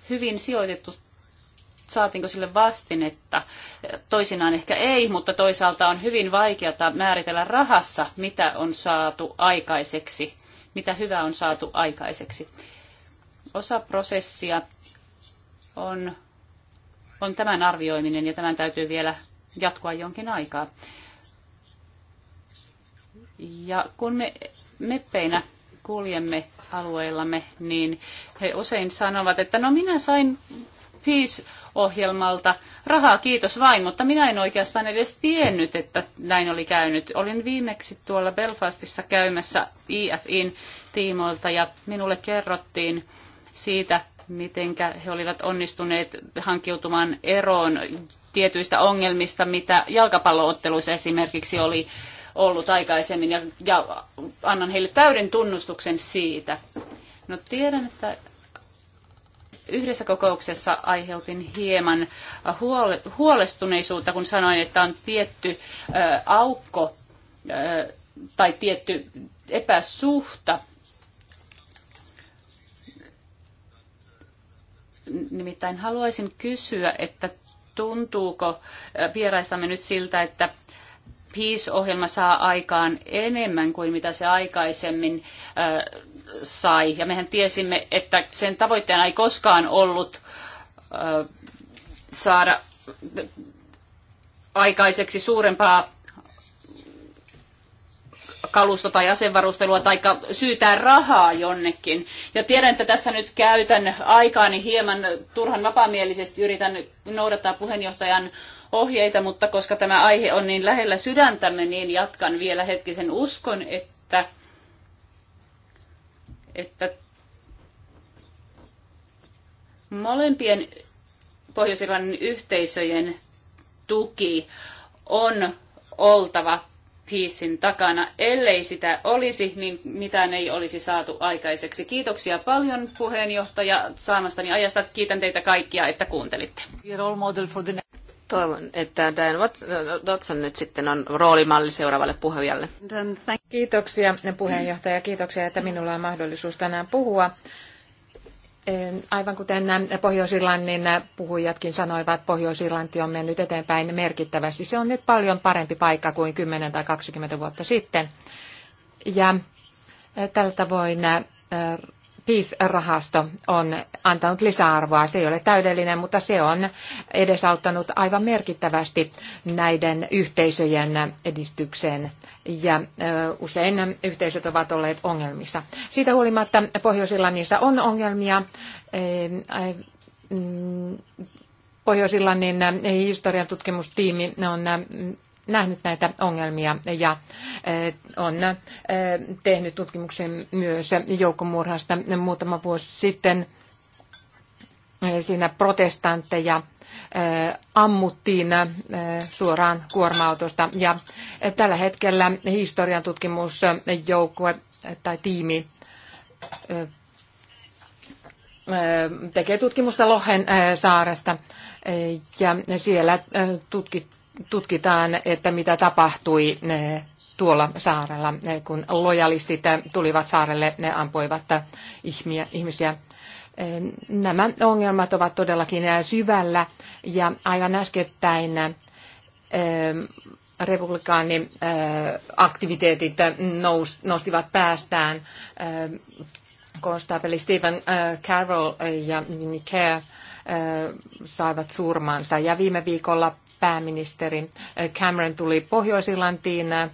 hyvin sijoitettu? Saatiinko sille vastinetta? Toisinaan ehkä ei, mutta toisaalta on hyvin vaikeata määritellä rahassa, mitä on saatu aikaiseksi, mitä hyvää on saatu aikaiseksi. Osa prosessia on on tämän arvioiminen ja tämän täytyy vielä jatkua jonkin aikaa. Ja kun me meppeinä kuljemme alueillamme, niin he usein sanovat, että no minä sain Peace-ohjelmalta rahaa, kiitos vain, mutta minä en oikeastaan edes tiennyt, että näin oli käynyt. Olin viimeksi tuolla Belfastissa käymässä IFin tiimoilta ja minulle kerrottiin siitä, miten he olivat onnistuneet hankkiutumaan eroon tietyistä ongelmista, mitä jalkapallootteluissa esimerkiksi oli ollut aikaisemmin, ja, ja annan heille täyden tunnustuksen siitä. No tiedän, että yhdessä kokouksessa aiheutin hieman huole, huolestuneisuutta, kun sanoin, että on tietty ö, aukko ö, tai tietty epäsuhta Nimittäin haluaisin kysyä, että tuntuuko vieraistamme nyt siltä, että Peace-ohjelma saa aikaan enemmän kuin mitä se aikaisemmin äh, sai. Ja mehän tiesimme, että sen tavoitteena ei koskaan ollut äh, saada aikaiseksi suurempaa kalusto- tai asevarustelua tai syytää rahaa jonnekin. Ja tiedän, että tässä nyt käytän aikaani hieman turhan vapaamielisesti, yritän noudattaa puheenjohtajan ohjeita, mutta koska tämä aihe on niin lähellä sydäntämme, niin jatkan vielä hetkisen uskon, että, että molempien pohjois yhteisöjen tuki on oltava piisin takana. Ellei sitä olisi, niin mitään ei olisi saatu aikaiseksi. Kiitoksia paljon puheenjohtaja saamastani ajasta. Kiitän teitä kaikkia, että kuuntelitte. Toivon, että Dan Watson nyt sitten on roolimalli seuraavalle puhujalle. Kiitoksia puheenjohtaja, kiitoksia, että minulla on mahdollisuus tänään puhua. Aivan kuten Pohjois-Irlannin puhujatkin sanoivat, Pohjois-Irlanti on mennyt eteenpäin merkittävästi. Se on nyt paljon parempi paikka kuin 10 tai 20 vuotta sitten. Ja tällä tavoin PIS-rahasto on antanut lisäarvoa. Se ei ole täydellinen, mutta se on edesauttanut aivan merkittävästi näiden yhteisöjen edistykseen. Ja usein yhteisöt ovat olleet ongelmissa. Siitä huolimatta pohjois on ongelmia. E, e, mm, Pohjois-Irlannin historian tutkimustiimi on nähnyt näitä ongelmia ja eh, on eh, tehnyt tutkimuksen myös joukkomurhasta muutama vuosi sitten. Eh, siinä protestantteja ammuttiin suoraan kuorma-autosta ja tällä hetkellä historian tutkimusjoukkue tai tiimi tekee tutkimusta Lohen saaresta ja siellä tutkittiin tutkitaan, että mitä tapahtui eh, tuolla saarella, eh, kun lojalistit eh, tulivat saarelle, ne ampoivat ihmisiä. Nämä ongelmat ovat todellakin syvällä ja aivan äskettäin republikaani aktiviteetit nostivat päästään konstaapeli Stephen Carroll ja Nick Kerr saivat surmansa. Ja viime viikolla pääministeri eh, Cameron tuli Pohjois-Irlantiin eh,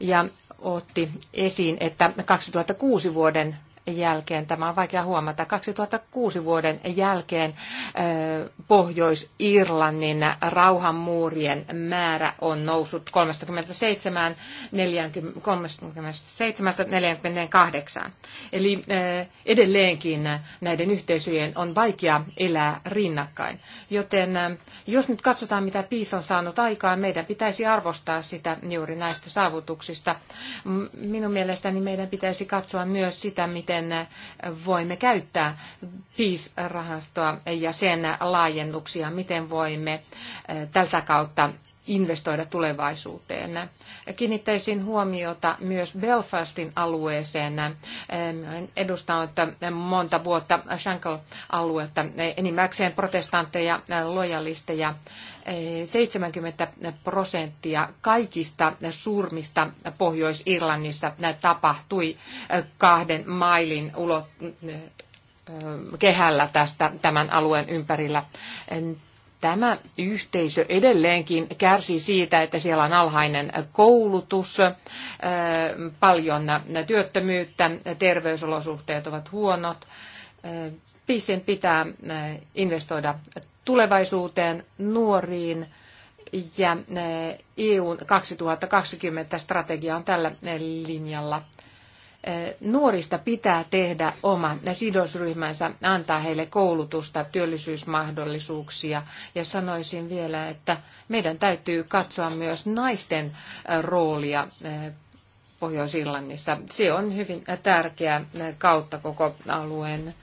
ja otti esiin, että 2006 vuoden jälkeen, tämä on vaikea huomata, 2006 vuoden jälkeen Pohjois-Irlannin rauhanmuurien määrä on noussut 37 40, 37 48. Eli edelleenkin näiden yhteisöjen on vaikea elää rinnakkain. Joten jos nyt katsotaan, mitä Piis on saanut aikaan, meidän pitäisi arvostaa sitä juuri näistä saavutuksista. Minun mielestäni meidän pitäisi katsoa myös sitä, miten miten voimme käyttää PIS-rahastoa ja sen laajennuksia, miten voimme tältä kautta investoida tulevaisuuteen. Kiinnittäisin huomiota myös Belfastin alueeseen. Olen edustanut monta vuotta Shankel-aluetta, enimmäkseen protestantteja, lojalisteja 70 prosenttia kaikista surmista Pohjois-Irlannissa tapahtui kahden mailin ulot, kehällä tästä tämän alueen ympärillä. Tämä yhteisö edelleenkin kärsii siitä, että siellä on alhainen koulutus, paljon työttömyyttä, terveysolosuhteet ovat huonot. Pisin pitää investoida tulevaisuuteen, nuoriin ja EUn eh, e 2020 strategia on tällä eh, linjalla. Eh, nuorista pitää tehdä oma sidosryhmänsä, antaa heille koulutusta, työllisyysmahdollisuuksia. Ja sanoisin vielä, että meidän täytyy katsoa myös naisten roolia Pohjois-Irlannissa. Se on hyvin tärkeä kautta koko alueen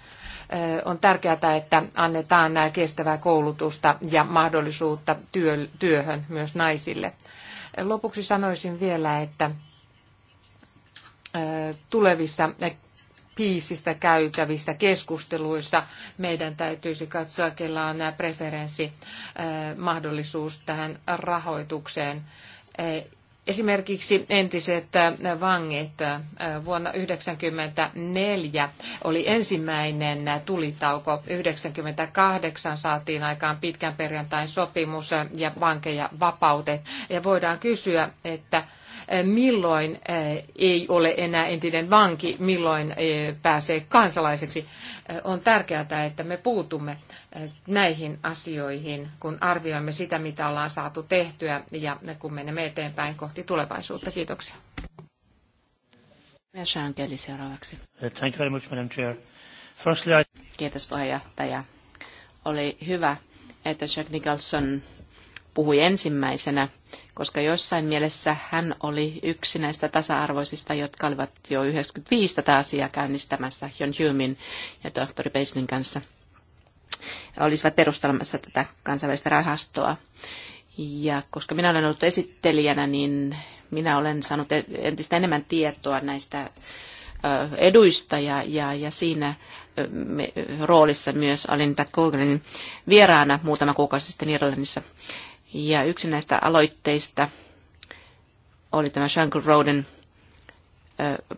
on tärkeää, että annetaan kestävää koulutusta ja mahdollisuutta työhön myös naisille. Lopuksi sanoisin vielä, että tulevissa piisistä käytävissä keskusteluissa meidän täytyisi katsoa, kellä on preferenssi mahdollisuus tähän rahoitukseen Esimerkiksi entiset äh, vangit äh, vuonna 1994 oli ensimmäinen tulitauko. 1998 saatiin aikaan pitkän perjantain sopimus ja vankeja vapautet. Ja voidaan kysyä, että milloin ei ole enää entinen vanki, milloin pääsee kansalaiseksi. On tärkeää, että me puutumme näihin asioihin, kun arvioimme sitä, mitä ollaan saatu tehtyä ja kun menemme eteenpäin kohti tulevaisuutta. Kiitoksia. seuraavaksi. Uh, thank you very much, Madam Chair. Firstly, I... Kiitos puheenjohtaja. Oli hyvä, että Jack Nicholson puhui ensimmäisenä, koska jossain mielessä hän oli yksi näistä tasa-arvoisista, jotka olivat jo 95 tätä asiaa käynnistämässä John Humin ja tohtori Beislin kanssa. He olisivat perustelemassa tätä kansainvälistä rahastoa. Ja koska minä olen ollut esittelijänä, niin minä olen saanut entistä enemmän tietoa näistä eduista ja, ja, ja siinä roolissa myös olin Pat Kogelin vieraana muutama kuukausi sitten Irlannissa. Ja yksi näistä aloitteista oli tämä Shankle Roaden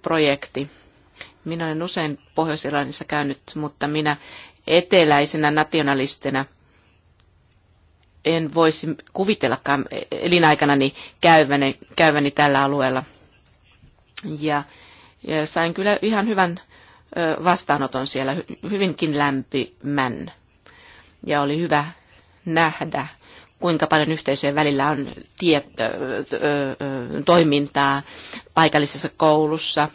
projekti. Minä olen usein Pohjois-Irlannissa käynyt, mutta minä eteläisenä nationalistina en voisi kuvitellakaan elinaikanani käyväni, käyväni tällä alueella. Ja, ja sain kyllä ihan hyvän vastaanoton siellä, hyvinkin lämpimän. Ja oli hyvä nähdä kuinka paljon yhteisöjen välillä on ö, toimintaa paikallisessa koulussa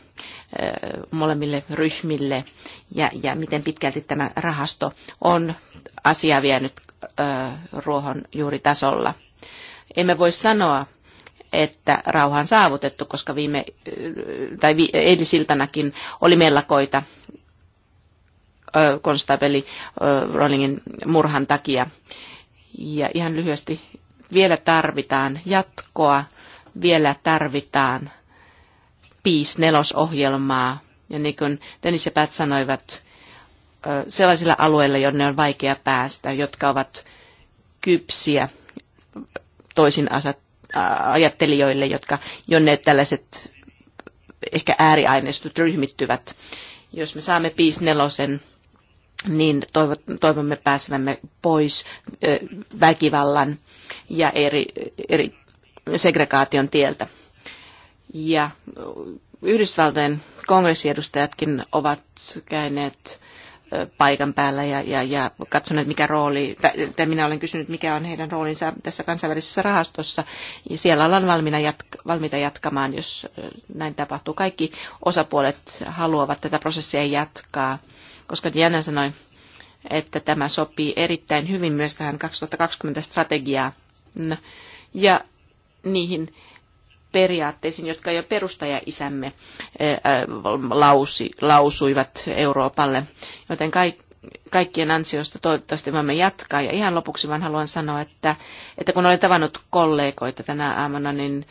molemmille ryhmille ja, ja miten pitkälti tämä rahasto on asiaa vienyt ruohon juuri tasolla. Emme voi sanoa, että rauha on saavutettu, koska viime, tai vi, eilisiltanakin oli mellakoita konstabeli Rollingin murhan takia. Ja ihan lyhyesti, vielä tarvitaan jatkoa, vielä tarvitaan piis nelosohjelmaa. Ja niin kuin Dennis ja Pat sanoivat, sellaisilla alueilla, jonne on vaikea päästä, jotka ovat kypsiä toisin ajattelijoille, jotka, jonne tällaiset ehkä ääriaineistot ryhmittyvät. Jos me saamme piis nelosen niin toivomme pääsevämme pois väkivallan ja eri, eri segregaation tieltä. Ja Yhdysvaltojen kongressiedustajatkin ovat käyneet paikan päällä ja, ja, ja katsoneet, mikä rooli, tai minä olen kysynyt, mikä on heidän roolinsa tässä kansainvälisessä rahastossa. Ja siellä ollaan valmiina jatka, valmiita jatkamaan, jos näin tapahtuu. Kaikki osapuolet haluavat tätä prosessia jatkaa, koska Diana sanoi, että tämä sopii erittäin hyvin myös tähän 2020 strategiaan ja niihin periaatteisiin, jotka jo perustaja-isämme eh, eh, lausi, lausuivat Euroopalle. Joten kaikki kaikkien ansiosta toivottavasti voimme jatkaa. Ja ihan lopuksi vaan haluan sanoa, että, että kun olen tavannut kollegoita tänä aamuna, niin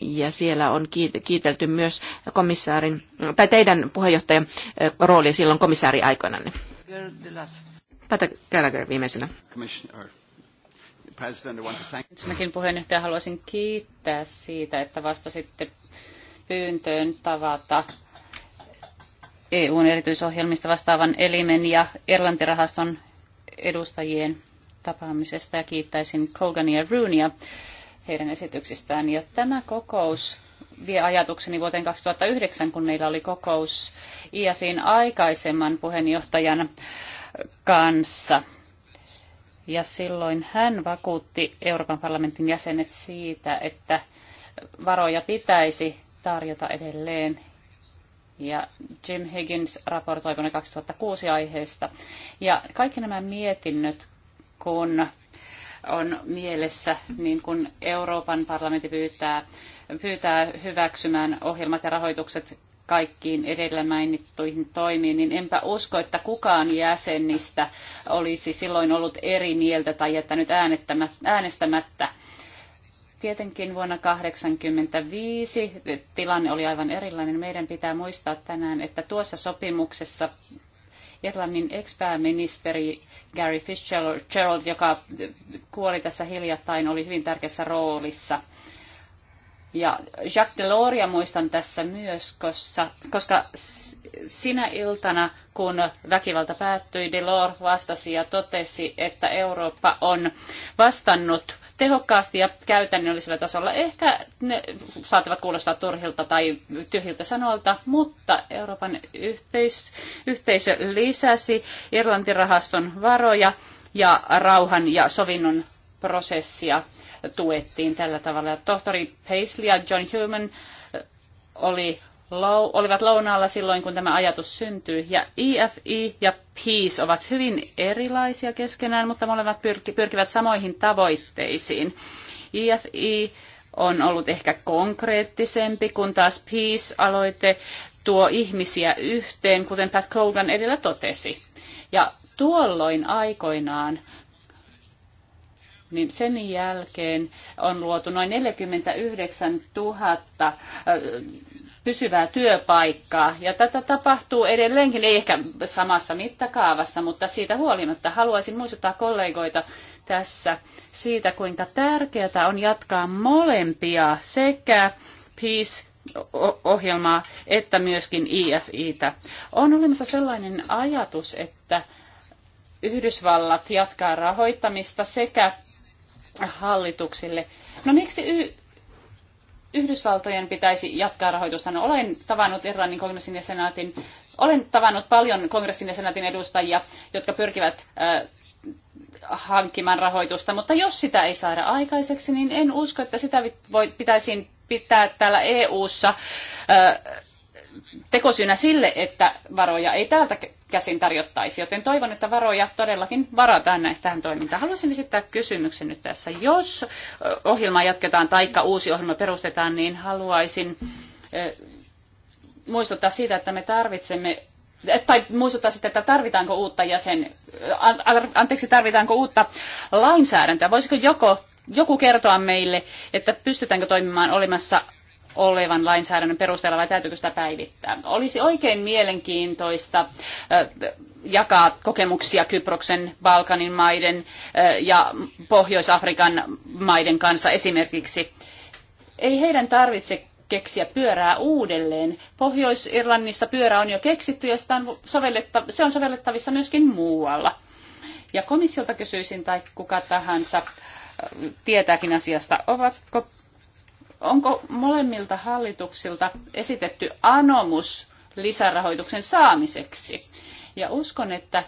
ja siellä on kiitelty myös komissaarin, tai teidän puheenjohtajan eh, rooli silloin komissaari aikoinanne. Pata Gallagher viimeisenä. Commissioner. President, Ensinnäkin puheenjohtaja haluaisin kiittää siitä, että vastasitte pyyntöön tavata EUn erityisohjelmista vastaavan elimen ja Irlantirahaston edustajien tapaamisesta ja kiittäisin Colgania ja Roonia heidän esityksistään. Ja tämä kokous vie ajatukseni vuoteen 2009, kun meillä oli kokous IFin aikaisemman puheenjohtajan kanssa ja silloin hän vakuutti Euroopan parlamentin jäsenet siitä, että varoja pitäisi tarjota edelleen. Ja Jim Higgins raportoi vuonna 2006 aiheesta. Ja kaikki nämä mietinnöt, kun on mielessä, niin kun Euroopan parlamentti pyytää, pyytää hyväksymään ohjelmat ja rahoitukset kaikkiin edellä mainittuihin toimiin, niin enpä usko, että kukaan jäsenistä olisi silloin ollut eri mieltä tai jättänyt äänestämättä. Tietenkin vuonna 1985 tilanne oli aivan erilainen. Meidän pitää muistaa tänään, että tuossa sopimuksessa Irlannin ex-pääministeri Gary Fitzgerald, joka kuoli tässä hiljattain, oli hyvin tärkeässä roolissa – ja Jacques Deloria muistan tässä myös, koska, koska sinä iltana, kun väkivalta päättyi, Delors vastasi ja totesi, että Eurooppa on vastannut tehokkaasti ja käytännöllisellä tasolla. Ehkä ne saattavat kuulostaa turhilta tai tyhjiltä sanoilta, mutta Euroopan yhteis- yhteisö lisäsi Irlantirahaston varoja ja rauhan ja sovinnon prosessia tuettiin tällä tavalla. Tohtori Paisley ja John Human äh, oli olivat lounaalla silloin, kun tämä ajatus syntyi. Ja EFI e ja Peace ovat hyvin erilaisia keskenään, mutta molemmat pyrki, pyrkivät samoihin tavoitteisiin. EFI e on ollut ehkä konkreettisempi, kun taas Peace-aloite tuo ihmisiä yhteen, kuten Pat Cogan edellä totesi. Ja tuolloin aikoinaan niin sen jälkeen on luotu noin 49 000 pysyvää työpaikkaa. Ja tätä tapahtuu edelleenkin, ei ehkä samassa mittakaavassa, mutta siitä huolimatta haluaisin muistuttaa kollegoita tässä siitä, kuinka tärkeää on jatkaa molempia sekä Peace ohjelmaa että myöskin IFItä. E on olemassa sellainen ajatus, että Yhdysvallat jatkaa rahoittamista sekä hallituksille. No miksi y- Yhdysvaltojen pitäisi jatkaa rahoitusta? No, olen tavannut Irlannin kongressin ja senaatin, olen tavannut paljon kongressin ja senaatin edustajia, jotka pyrkivät äh, hankkimaan rahoitusta, mutta jos sitä ei saada aikaiseksi, niin en usko, että sitä voi, pitäisi pitää täällä EU-ssa äh, tekosyynä sille, että varoja ei täältä käsin tarjottaisi, joten toivon, että varoja todellakin varataan näin, tähän toimintaan. Haluaisin esittää kysymyksen nyt tässä. Jos ohjelma jatketaan tai uusi ohjelma perustetaan, niin haluaisin muistuttaa siitä, että me tarvitsemme tai muistuttaa sitten, että tarvitaanko uutta jäsen, anteeksi, tarvitaanko uutta lainsäädäntöä. Voisiko joko, joku kertoa meille, että pystytäänkö toimimaan olemassa olevan lainsäädännön perusteella vai täytyykö sitä päivittää. Olisi oikein mielenkiintoista jakaa kokemuksia Kyproksen, Balkanin maiden ja Pohjois-Afrikan maiden kanssa esimerkiksi. Ei heidän tarvitse keksiä pyörää uudelleen. Pohjois-Irlannissa pyörä on jo keksitty ja sitä on se on sovellettavissa myöskin muualla. Ja komissiolta kysyisin tai kuka tahansa tietääkin asiasta, ovatko Onko molemmilta hallituksilta esitetty anomus lisärahoituksen saamiseksi? Ja uskon, että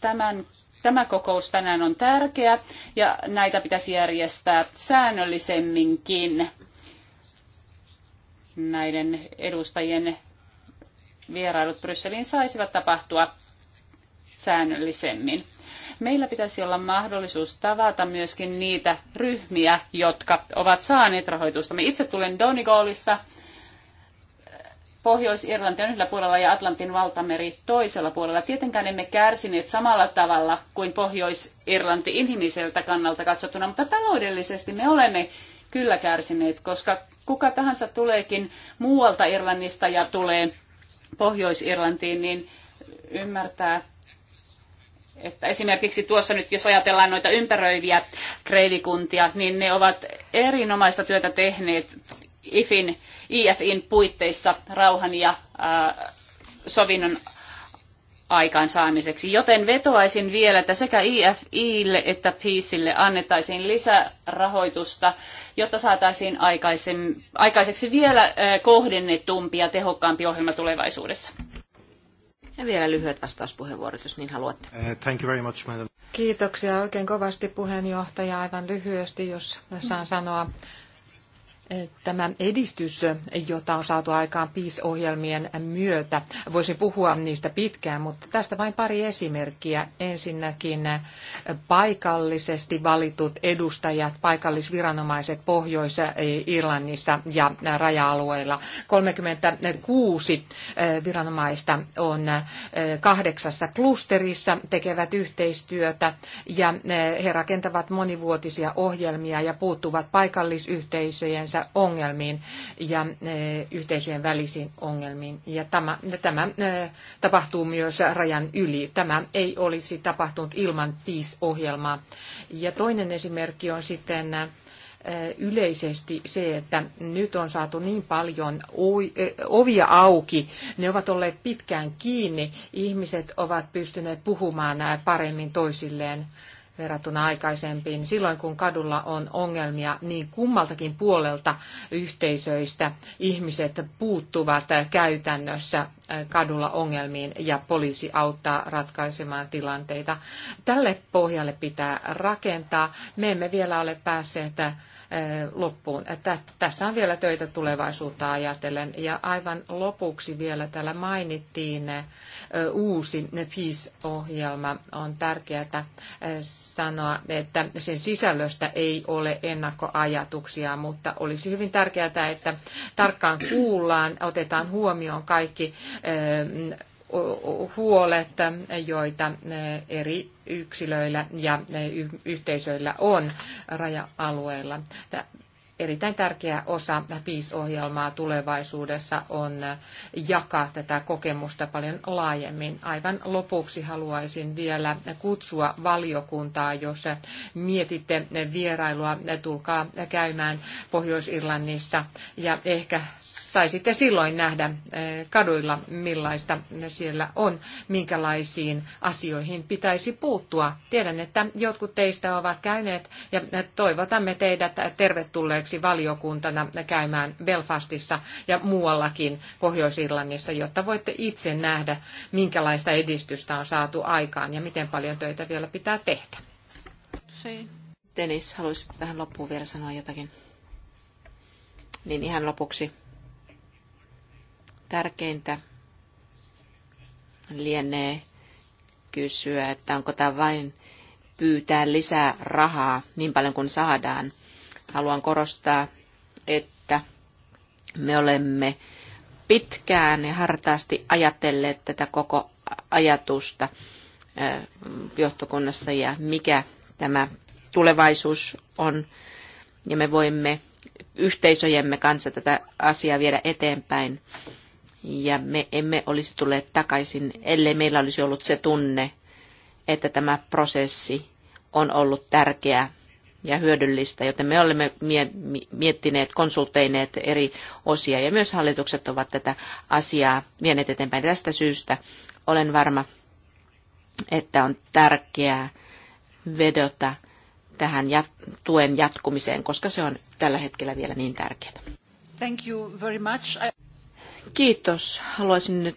tämän, tämä kokous tänään on tärkeä ja näitä pitäisi järjestää säännöllisemminkin näiden edustajien vierailut Brysseliin saisivat tapahtua säännöllisemmin. Meillä pitäisi olla mahdollisuus tavata myöskin niitä ryhmiä, jotka ovat saaneet rahoitusta. Me itse tulen Donegalista, Pohjois-Irlanti on yhdellä puolella ja Atlantin valtameri toisella puolella. Tietenkään emme kärsineet samalla tavalla kuin Pohjois-Irlanti inhimiseltä kannalta katsottuna, mutta taloudellisesti me olemme kyllä kärsineet, koska kuka tahansa tuleekin muualta Irlannista ja tulee Pohjois-Irlantiin, niin ymmärtää, että esimerkiksi tuossa nyt, jos ajatellaan noita ympäröiviä kreidikuntia, niin ne ovat erinomaista työtä tehneet IFin, IFin puitteissa rauhan ja ää, sovinnon aikaansaamiseksi. Joten vetoaisin vielä, että sekä IFIlle että PISille annettaisiin lisärahoitusta, jotta saataisiin aikaisen, aikaiseksi vielä kohdennetumpi ja tehokkaampi ohjelma tulevaisuudessa. Ja vielä lyhyet vastauspuheenvuorot, jos niin haluatte. Eh, thank you very much, madam. Kiitoksia oikein kovasti puheenjohtaja. Aivan lyhyesti, jos saan sanoa tämä edistys, jota on saatu aikaan PIS-ohjelmien myötä. Voisin puhua niistä pitkään, mutta tästä vain pari esimerkkiä. Ensinnäkin paikallisesti valitut edustajat, paikallisviranomaiset Pohjois-Irlannissa ja raja-alueilla. 36 eh, viranomaista on eh, kahdeksassa klusterissa, tekevät yhteistyötä ja eh, he rakentavat monivuotisia ohjelmia ja puuttuvat paikallisyhteisöjensä yhteisönsä ongelmiin ja eh, yhteisöjen välisiin ongelmiin. Ja tämä, tämä eh, tapahtuu myös rajan yli. Tämä ei olisi tapahtunut ilman PIS-ohjelmaa. Ja toinen esimerkki on sitten eh, yleisesti se, että nyt on saatu niin paljon ovia auki, ne ovat olleet pitkään kiinni, ihmiset ovat pystyneet puhumaan paremmin toisilleen verrattuna aikaisempiin. Silloin kun kadulla on ongelmia, niin kummaltakin puolelta yhteisöistä ihmiset puuttuvat käytännössä äh, kadulla ongelmiin ja poliisi auttaa ratkaisemaan tilanteita. Tälle pohjalle pitää rakentaa. Me emme vielä ole päässeet äh, loppuun. Tässä on vielä töitä tulevaisuutta ajatellen. Ja aivan lopuksi vielä täällä mainittiin uusi e PIS ohjelma On tärkeää sanoa, että sen sisällöstä ei ole ennakkoajatuksia, mutta olisi hyvin tärkeää, että tarkkaan kuullaan, otetaan huomioon kaikki huolet, joita eh, eri yksilöillä ja eh, yhteisöillä on raja-alueilla. Erittäin tärkeä osa PIS-ohjelmaa tulevaisuudessa on eh, jakaa tätä kokemusta paljon laajemmin. Aivan lopuksi haluaisin vielä kutsua valiokuntaa, jos mietitte vierailua, tulkaa käymään Pohjois-Irlannissa ja ehkä saisitte silloin nähdä eh, kaduilla, millaista siellä on, minkälaisiin asioihin pitäisi puuttua. Tiedän, että jotkut teistä ovat käyneet ja toivotamme teidät tervetulleeksi valiokuntana käymään Belfastissa ja muuallakin Pohjois-Irlannissa, jotta voitte itse nähdä, minkälaista edistystä on saatu aikaan ja miten paljon töitä vielä pitää tehdä. Denis, haluaisit tähän loppuun vielä sanoa jotakin? Niin ihan lopuksi Tärkeintä lienee kysyä, että onko tämä vain pyytää lisää rahaa niin paljon kuin saadaan. Haluan korostaa, että me olemme pitkään ja hartaasti ajatelleet tätä koko ajatusta johtokunnassa ja mikä tämä tulevaisuus on. Ja me voimme yhteisöjemme kanssa tätä asiaa viedä eteenpäin ja me emme olisi tulleet takaisin, ellei meillä olisi ollut se tunne, että tämä prosessi on ollut tärkeä ja hyödyllistä, joten me olemme miettineet, konsulteineet eri osia ja myös hallitukset ovat tätä asiaa vieneet eteenpäin. Tästä syystä olen varma, että on tärkeää vedota tähän tuen jatkumiseen, koska se on tällä hetkellä vielä niin tärkeää. Thank you very much. Kiitos. Haluaisin nyt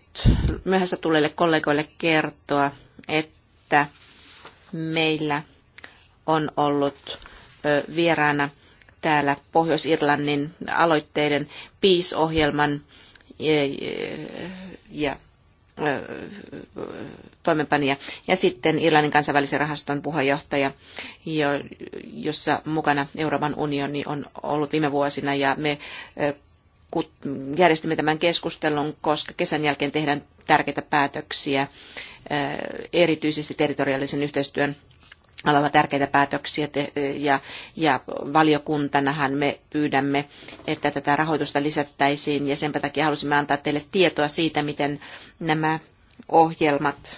myöhässä tulleille kollegoille kertoa, että meillä on ollut vieraana täällä Pohjois-Irlannin aloitteiden PEACE-ohjelman e, e, ja toimenpanija ja sitten Irlannin kansainvälisen rahaston puheenjohtaja, jossa mukana Euroopan unioni on ollut viime vuosina ja me järjestimme tämän keskustelun, koska kesän jälkeen tehdään tärkeitä päätöksiä, äh, erityisesti territoriaalisen yhteistyön alalla tärkeitä päätöksiä ja, ja valiokuntanahan me pyydämme, että tätä rahoitusta lisättäisiin ja senpä takia halusimme antaa teille tietoa siitä, miten nämä ohjelmat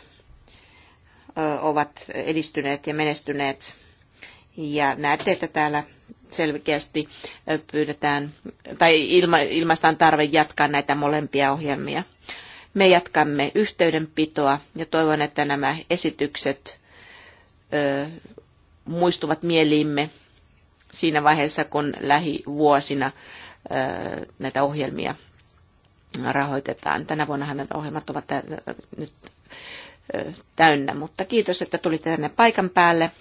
ovat edistyneet ja menestyneet. Ja näette, että täällä selkeästi pyydetään tai ilma, ilmaistaan tarve jatkaa näitä molempia ohjelmia. Me jatkamme yhteydenpitoa ja toivon, että nämä esitykset ö, muistuvat mieliimme siinä vaiheessa, kun lähivuosina ö, näitä ohjelmia rahoitetaan. Tänä vuonna nämä ohjelmat ovat nyt täynnä, mutta kiitos, että tulitte tänne paikan päälle.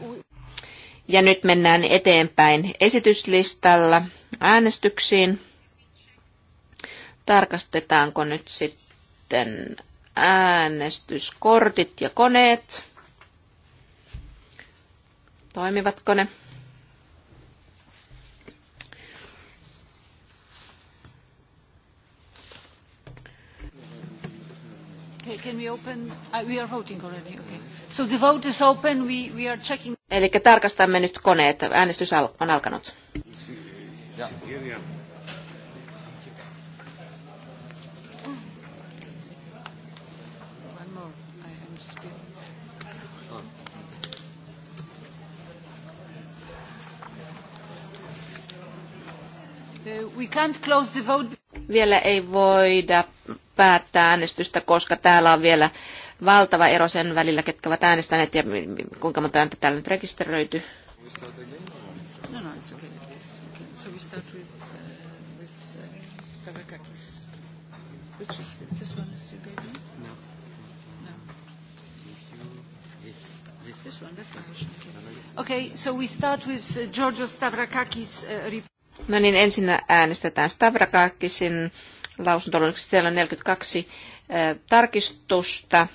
Uh, ja nyt mennään eteenpäin esityslistalla äänestyksiin. Tarkastetaanko nyt sitten äänestyskortit ja koneet? Toimivatko ne? Okay, can we open? Uh, we are voting already. Okay. So the vote is open. We, we are checking. Eli tarkastamme nyt koneet. Äänestys on alkanut. Yeah. Uh, we can't close the vote. Vielä ei voida päättää äänestystä, koska täällä on vielä valtava ero sen välillä, ketkä ovat äänestäneet ja kuinka monta ääntä täällä nyt rekisteröity. No, no okay. So we start with, report. No niin, ensin äänestetään Stavrakakisin lausuntoluonnoksesta. Siellä on 42 uh, tarkistusta.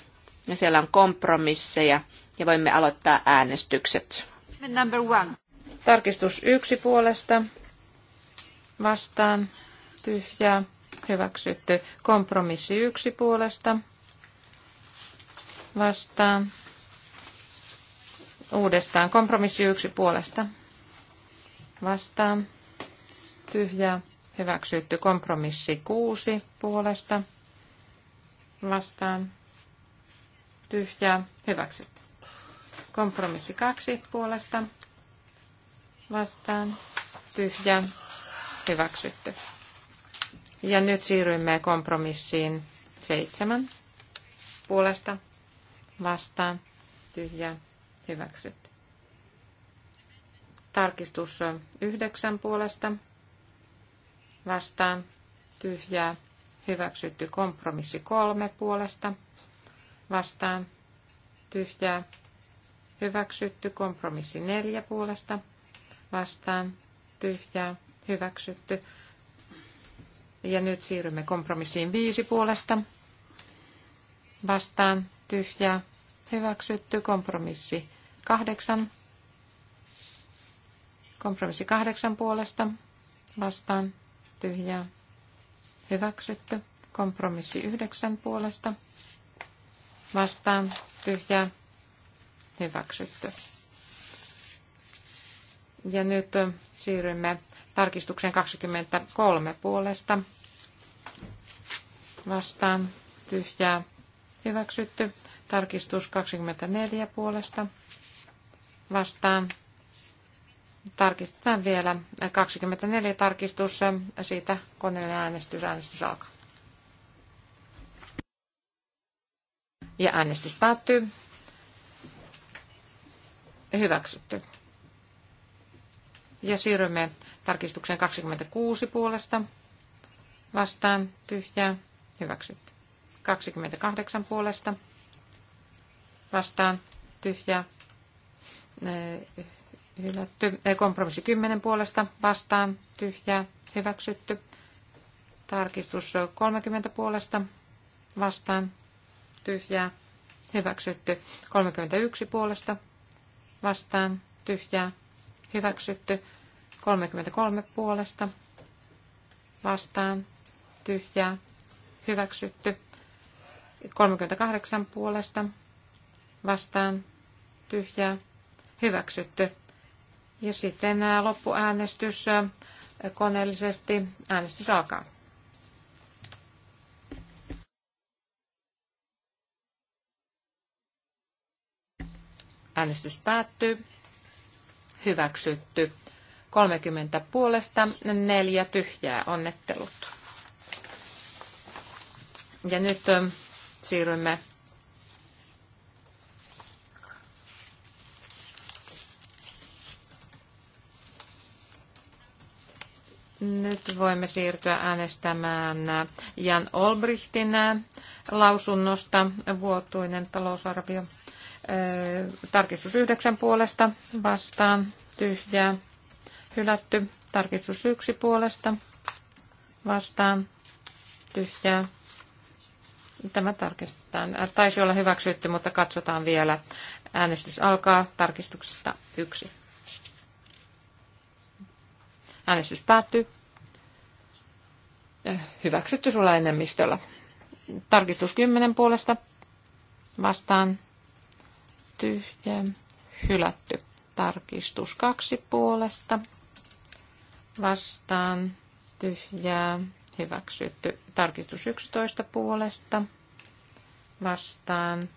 Ja siellä on kompromisseja ja voimme aloittaa äänestykset. Tarkistus yksi puolesta. Vastaan. Tyhjää. Hyväksytty. Kompromissi yksi puolesta. Vastaan. Uudestaan. Kompromissi yksi puolesta. Vastaan. Tyhjää. Hyväksytty. Kompromissi kuusi puolesta. Vastaan tyhjää, hyväksyt Kompromissi kaksi puolesta vastaan, tyhjä hyväksytty. Ja nyt siirrymme kompromissiin seitsemän puolesta vastaan, tyhjä hyväksytty. Tarkistus yhdeksän puolesta vastaan, tyhjää, hyväksytty kompromissi kolme puolesta vastaan tyhjää hyväksytty. Kompromissi neljä puolesta vastaan tyhjää hyväksytty. Ja nyt siirrymme kompromissiin viisi puolesta vastaan tyhjää hyväksytty. Kompromissi kahdeksan Kompromissi kahdeksan puolesta vastaan tyhjää hyväksytty. Kompromissi yhdeksän puolesta vastaan tyhjää hyväksytty. Ja nyt siirrymme tarkistukseen 23 puolesta. Vastaan tyhjää hyväksytty. Tarkistus 24 puolesta. Vastaan tarkistetaan vielä 24 tarkistus. Siitä koneellinen äänestys. Äänestys alkaa. Ja äänestys päättyy. Hyväksytty. Ja siirrymme tarkistukseen 26 puolesta. Vastaan tyhjää. Hyväksytty. 28 puolesta. Vastaan tyhjää. Hylätty. Kompromissi 10 puolesta. Vastaan tyhjää. Hyväksytty. Tarkistus 30 puolesta. Vastaan tyhjää, hyväksytty. 31 puolesta vastaan, tyhjää, hyväksytty. 33 puolesta vastaan, tyhjää, hyväksytty. 38 puolesta vastaan, tyhjää, hyväksytty. Ja sitten loppuäänestys koneellisesti. Äänestys alkaa. Äänestys päättyy. Hyväksytty. 30 puolesta, neljä tyhjää. Onnettelut. Ja nyt siirrymme Nyt voimme siirtyä äänestämään Jan Olbrichtin lausunnosta vuotuinen talousarvio. Tarkistus yhdeksän puolesta vastaan tyhjää. Hylätty. Tarkistus yksi puolesta vastaan tyhjää. Tämä tarkistetaan. Taisi olla hyväksytty, mutta katsotaan vielä. Äänestys alkaa tarkistuksesta yksi. Äänestys päättyy. Hyväksytty sulla enemmistöllä. Tarkistus 10 puolesta vastaan tyhjä, hylätty. Tarkistus kaksi puolesta, vastaan, tyhjää, hyväksytty. Tarkistus 11 puolesta, vastaan.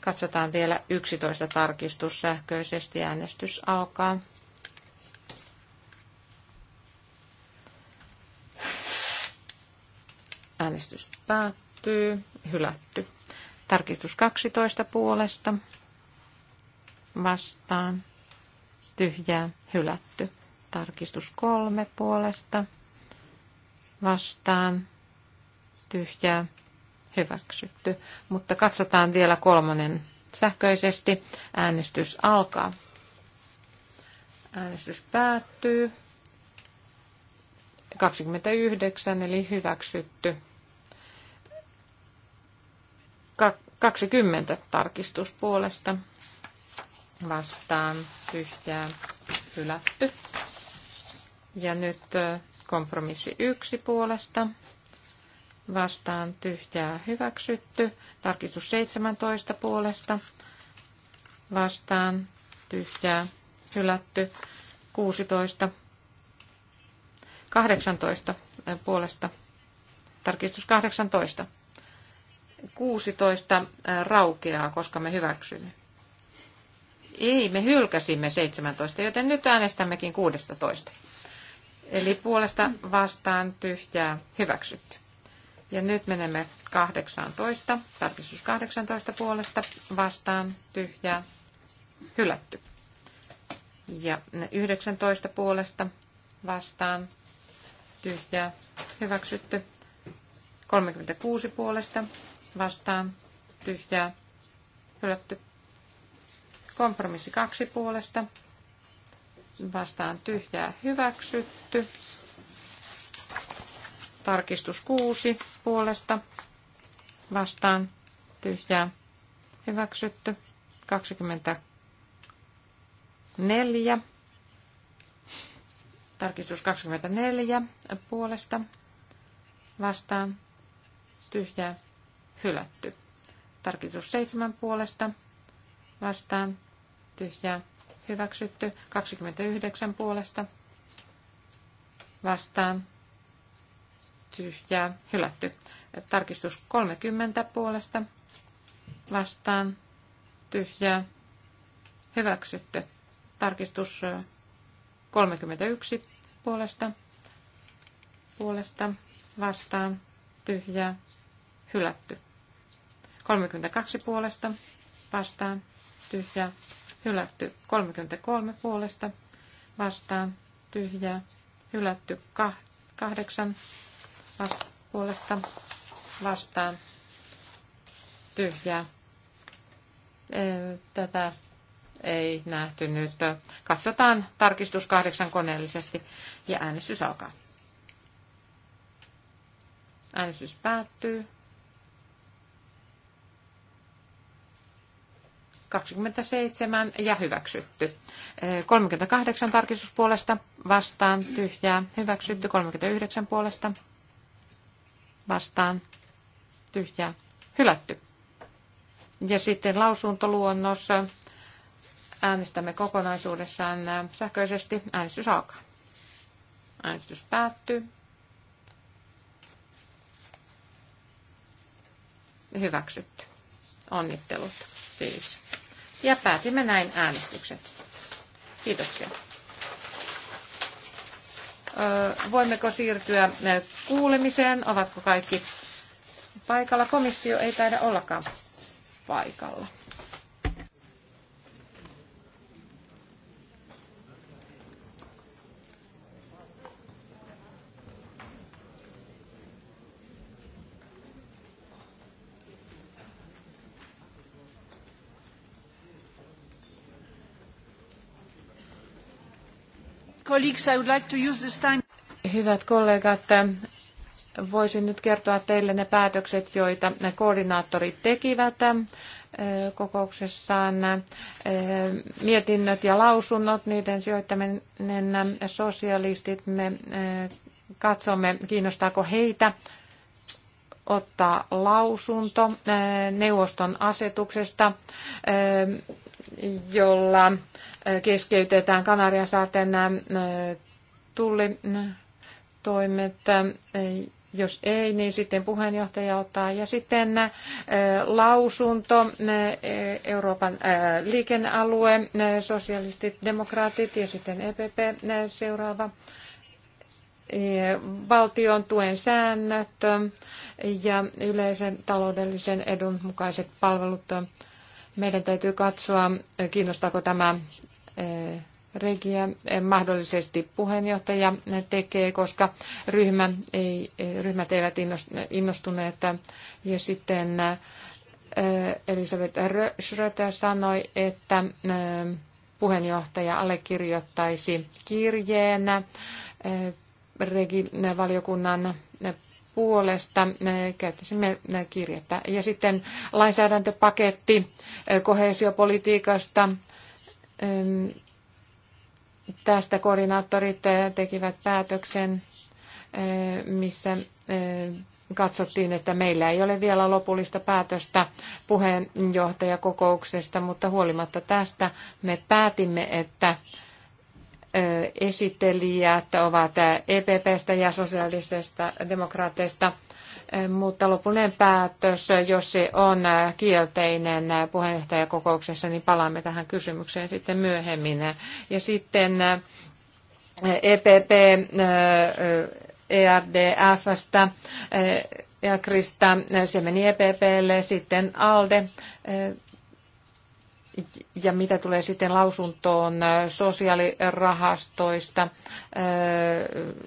Katsotaan vielä 11 tarkistus sähköisesti. Äänestys alkaa. Äänestys päättyy. Hylätty. Tarkistus 12 puolesta vastaan tyhjää hylätty. Tarkistus 3 puolesta vastaan tyhjää hyväksytty. Mutta katsotaan vielä kolmonen sähköisesti. Äänestys alkaa. Äänestys päättyy. 29 eli hyväksytty. 20 tarkistuspuolesta vastaan tyhjää hylätty. Ja nyt kompromissi yksi puolesta vastaan tyhjää hyväksytty. Tarkistus 17 puolesta vastaan tyhjää hylätty. 16 18 puolesta. Tarkistus 18 16 raukeaa, koska me hyväksymme. Ei, me hylkäsimme 17, joten nyt äänestämmekin 16. Eli puolesta vastaan tyhjää hyväksytty. Ja nyt menemme 18, tarkistus 18 puolesta vastaan tyhjää hylätty. Ja 19 puolesta vastaan tyhjää hyväksytty. 36 puolesta vastaan tyhjää hylätty. Kompromissi kaksi puolesta vastaan tyhjää hyväksytty. Tarkistus kuusi puolesta vastaan tyhjää hyväksytty. 24. Tarkistus 24 puolesta vastaan tyhjää hylätty. Tarkistus 7 puolesta vastaan tyhjää hyväksytty. 29 puolesta vastaan tyhjää hylätty. Tarkistus 30 puolesta vastaan tyhjää hyväksytty. Tarkistus 31 puolesta puolesta vastaan tyhjää hylätty. 32 puolesta vastaan tyhjää hylätty 33 puolesta vastaan tyhjää hylätty 8 puolesta vastaan tyhjää. Tätä ei nähty nyt. Katsotaan tarkistus kahdeksan koneellisesti ja äänestys alkaa. Äänestys päättyy. 27 ja hyväksytty. 38 tarkistuspuolesta vastaan tyhjää hyväksytty. 39 puolesta vastaan tyhjää hylätty. Ja sitten lausuntoluonnos. Äänestämme kokonaisuudessaan sähköisesti. Äänestys alkaa. Äänestys päättyy. Hyväksytty. Onnittelut siis. Ja päätimme näin äänestykset. Kiitoksia. Voimmeko siirtyä kuulemiseen? Ovatko kaikki paikalla? Komissio ei taida ollakaan paikalla. colleagues, I would like to use this time. Hyvät kollegat, voisin nyt kertoa teille ne päätökset, joita koordinaattorit tekivät eh, kokouksessaan. Eh, mietinnöt ja lausunnot, niiden sijoittaminen sosialistit, me eh, katsomme, kiinnostaako heitä ottaa lausunto neuvoston asetuksesta jolla äh, keskeytetään Kanarian saarten äh, tullitoimet. Äh, jos ei, niin sitten puheenjohtaja ottaa. Ja sitten lausunto Euroopan liikennealue, sosialistit, demokraatit ja sitten EPP seuraava valtion tuen säännöt ja yleisen taloudellisen edun mukaiset palvelut meidän täytyy katsoa, kiinnostaako tämä eh, regiä eh, mahdollisesti puheenjohtaja tekee, koska ryhmä ei, eh, ryhmät eivät innostuneet. Ja sitten Elisabeth Schröter sanoi, että puheenjohtaja allekirjoittaisi kirjeen valiokunnan puolesta äh, käyttäisimme äh, kirjettä. Ja sitten lainsäädäntöpaketti äh, kohesiopolitiikasta. Ähm, tästä koordinaattorit tekivät päätöksen, missä katsottiin, että meillä ei ole vielä lopullista päätöstä puheenjohtajakokouksesta, mutta huolimatta tästä me päätimme, että esittelijät ovat EPPstä ja sosiaalisesta demokraateista, mutta lopullinen päätös, jos se on kielteinen puheenjohtajakokouksessa, niin palaamme tähän kysymykseen sitten myöhemmin. Ja sitten EPP ERDFstä ja Krista, se meni EPPlle, sitten ALDE ja mitä tulee sitten lausuntoon äh, sosiaalirahastoista, äh,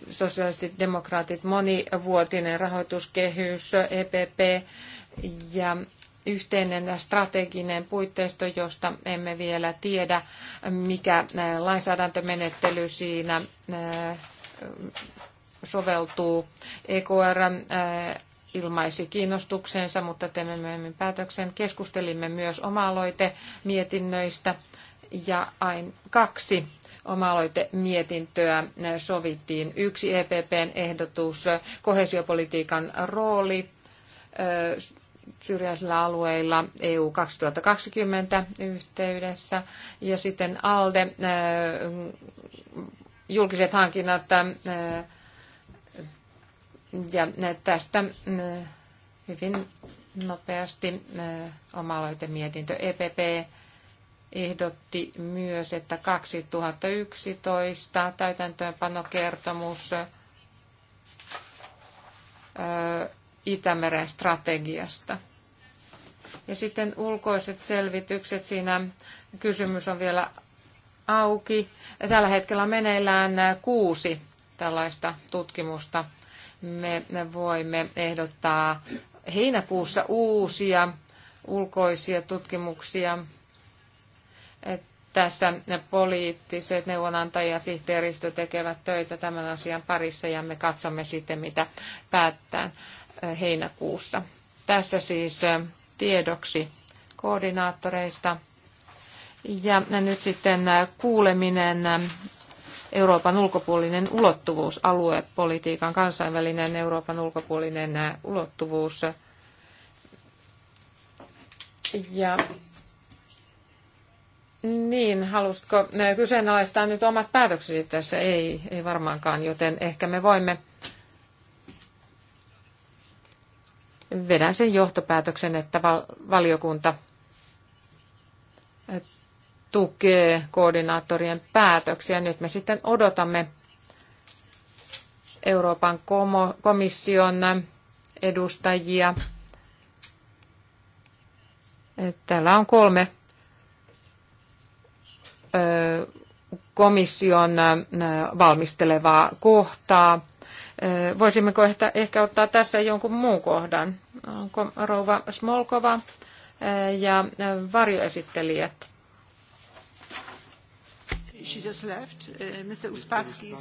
sosiaaliset demokraatit, monivuotinen rahoituskehys, EPP ja yhteinen strateginen puitteisto, josta emme vielä tiedä, mikä äh, lainsäädäntömenettely siinä soveltuu. EKR ilmaisi kiinnostuksensa, mutta teemme myöhemmin päätöksen. Keskustelimme myös oma-aloite mietinnöistä ja ain kaksi oma mietintöä sovittiin. Yksi EPPn ehdotus, kohesiopolitiikan rooli syrjäisillä alueilla EU 2020 yhteydessä ja sitten ALDE julkiset hankinnat ja tästä hyvin nopeasti oma aloitemietintö EPP ehdotti myös, että 2011 täytäntöönpanokertomus Itämeren strategiasta. Ja sitten ulkoiset selvitykset, siinä kysymys on vielä auki. Tällä hetkellä meneillään kuusi tällaista tutkimusta me voimme ehdottaa heinäkuussa uusia ulkoisia tutkimuksia. Tässä poliittiset neuvonantajat, sihteeristö tekevät töitä tämän asian parissa ja me katsomme sitten, mitä päättää heinäkuussa. Tässä siis tiedoksi koordinaattoreista. Ja nyt sitten kuuleminen Euroopan ulkopuolinen ulottuvuus, aluepolitiikan kansainvälinen Euroopan ulkopuolinen ulottuvuus. Ja niin, halusitko kyseenalaistaa nyt omat päätöksesi tässä? Ei, ei varmaankaan, joten ehkä me voimme vedän sen johtopäätöksen, että valiokunta tukee koordinaattorien päätöksiä. Nyt me sitten odotamme Euroopan komission edustajia. Täällä on kolme komission valmistelevaa kohtaa. Voisimmeko ehkä ottaa tässä jonkun muun kohdan? Onko rouva Smolkova ja varjoesittelijät? she just left. Uh, Mr. Uspaski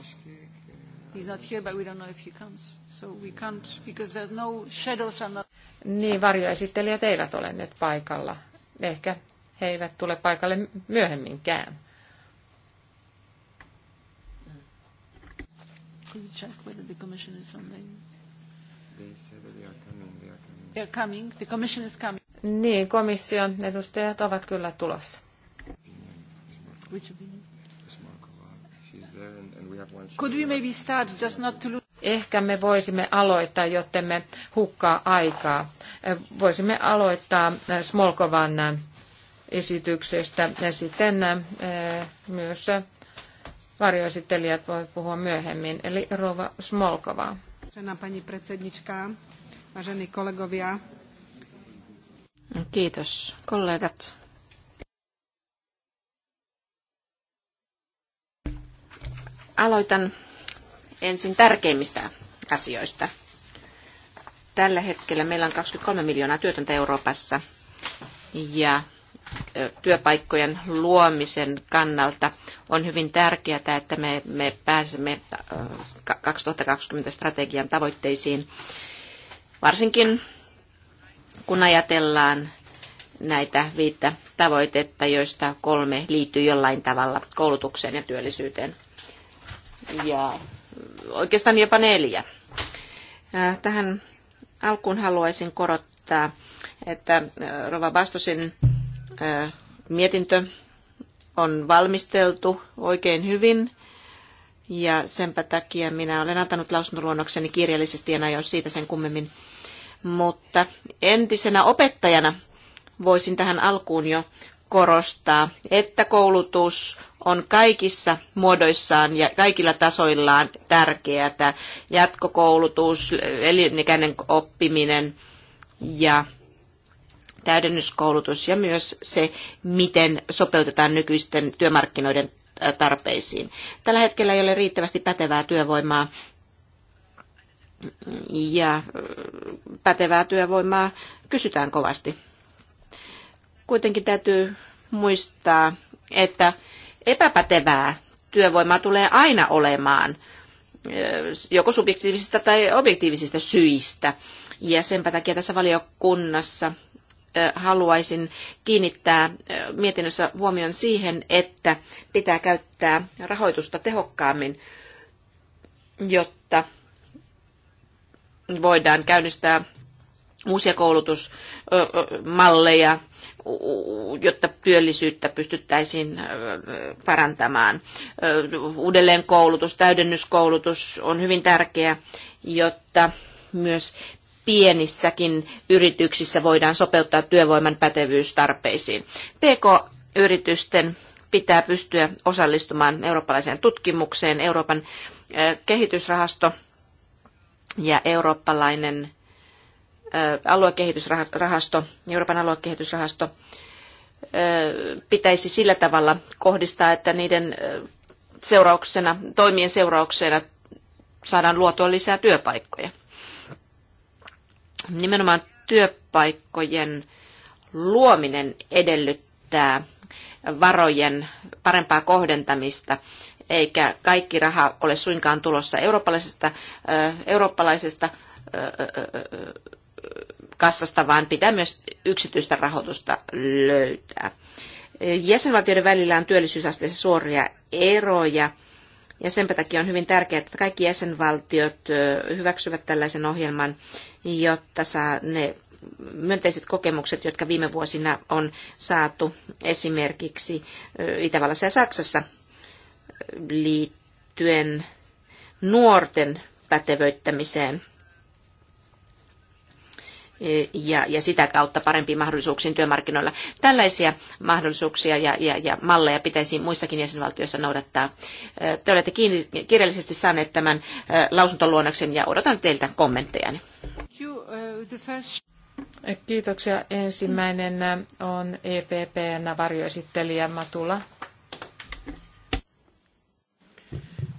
he's not here, but we don't know if he comes. So we can't, because there's no shadows are not... Niin, varjoesittelijät eivät ole nyt paikalla. Ehkä he eivät tule paikalle myöhemminkään. Could you check whether the commission is on They said that they are coming, they are coming. They are coming, the commission is coming. Niin, komission edustajat ovat kyllä tulossa. Which opinion? Ehkä me voisimme aloittaa, jotta me hukkaa aikaa. Voisimme aloittaa Smolkovan esityksestä ja sitten myös varjoesittelijät voivat puhua myöhemmin, eli Rova Smolkova. Kiitos kollegat. Aloitan ensin tärkeimmistä asioista. Tällä hetkellä meillä on 23 miljoonaa työtöntä Euroopassa ja työpaikkojen luomisen kannalta on hyvin tärkeää, että me, me pääsemme 2020 strategian tavoitteisiin, varsinkin kun ajatellaan näitä viittä tavoitetta, joista kolme liittyy jollain tavalla koulutukseen ja työllisyyteen ja oikeastaan jopa neljä. Tähän alkuun haluaisin korottaa, että Rova Bastosin mietintö on valmisteltu oikein hyvin ja senpä takia minä olen antanut lausuntoluonnokseni kirjallisesti ja näin siitä sen kummemmin. Mutta entisenä opettajana voisin tähän alkuun jo korostaa, että koulutus on kaikissa muodoissaan ja kaikilla tasoillaan tärkeää. Jatkokoulutus, elinikäinen oppiminen ja täydennyskoulutus ja myös se, miten sopeutetaan nykyisten työmarkkinoiden tarpeisiin. Tällä hetkellä ei ole riittävästi pätevää työvoimaa ja pätevää työvoimaa kysytään kovasti. Kuitenkin täytyy muistaa, että epäpätevää työvoimaa tulee aina olemaan, joko subjektiivisista tai objektiivisista syistä. Ja senpä takia tässä valiokunnassa haluaisin kiinnittää mietinnössä huomion siihen, että pitää käyttää rahoitusta tehokkaammin, jotta voidaan käynnistää uusia koulutusmalleja, jotta työllisyyttä pystyttäisiin parantamaan. Uudelleenkoulutus, täydennyskoulutus on hyvin tärkeä, jotta myös pienissäkin yrityksissä voidaan sopeuttaa työvoiman pätevyystarpeisiin. PK-yritysten pitää pystyä osallistumaan eurooppalaiseen tutkimukseen. Euroopan kehitysrahasto ja eurooppalainen aluekehitysrahasto, Euroopan aluekehitysrahasto, pitäisi sillä tavalla kohdistaa, että niiden seurauksena, toimien seurauksena saadaan luotua lisää työpaikkoja. Nimenomaan työpaikkojen luominen edellyttää varojen parempaa kohdentamista, eikä kaikki raha ole suinkaan tulossa eurooppalaisesta, eurooppalaisesta kassasta, vaan pitää myös yksityistä rahoitusta löytää. Jäsenvaltioiden välillä on työllisyysasteessa suoria eroja, ja sen takia on hyvin tärkeää, että kaikki jäsenvaltiot hyväksyvät tällaisen ohjelman, jotta saa ne myönteiset kokemukset, jotka viime vuosina on saatu esimerkiksi Itävallassa ja Saksassa liittyen nuorten pätevöittämiseen – E, ja, ja sitä kautta parempiin mahdollisuuksiin työmarkkinoilla. Tällaisia mahdollisuuksia ja, ja, ja malleja pitäisi muissakin jäsenvaltioissa noudattaa. E, te olette kiinni, kirjallisesti saaneet tämän e, lausuntoluonnoksen ja odotan teiltä kommentteja. Kiitoksia. Ensimmäinen on EPPn varjoesittelijä Matula.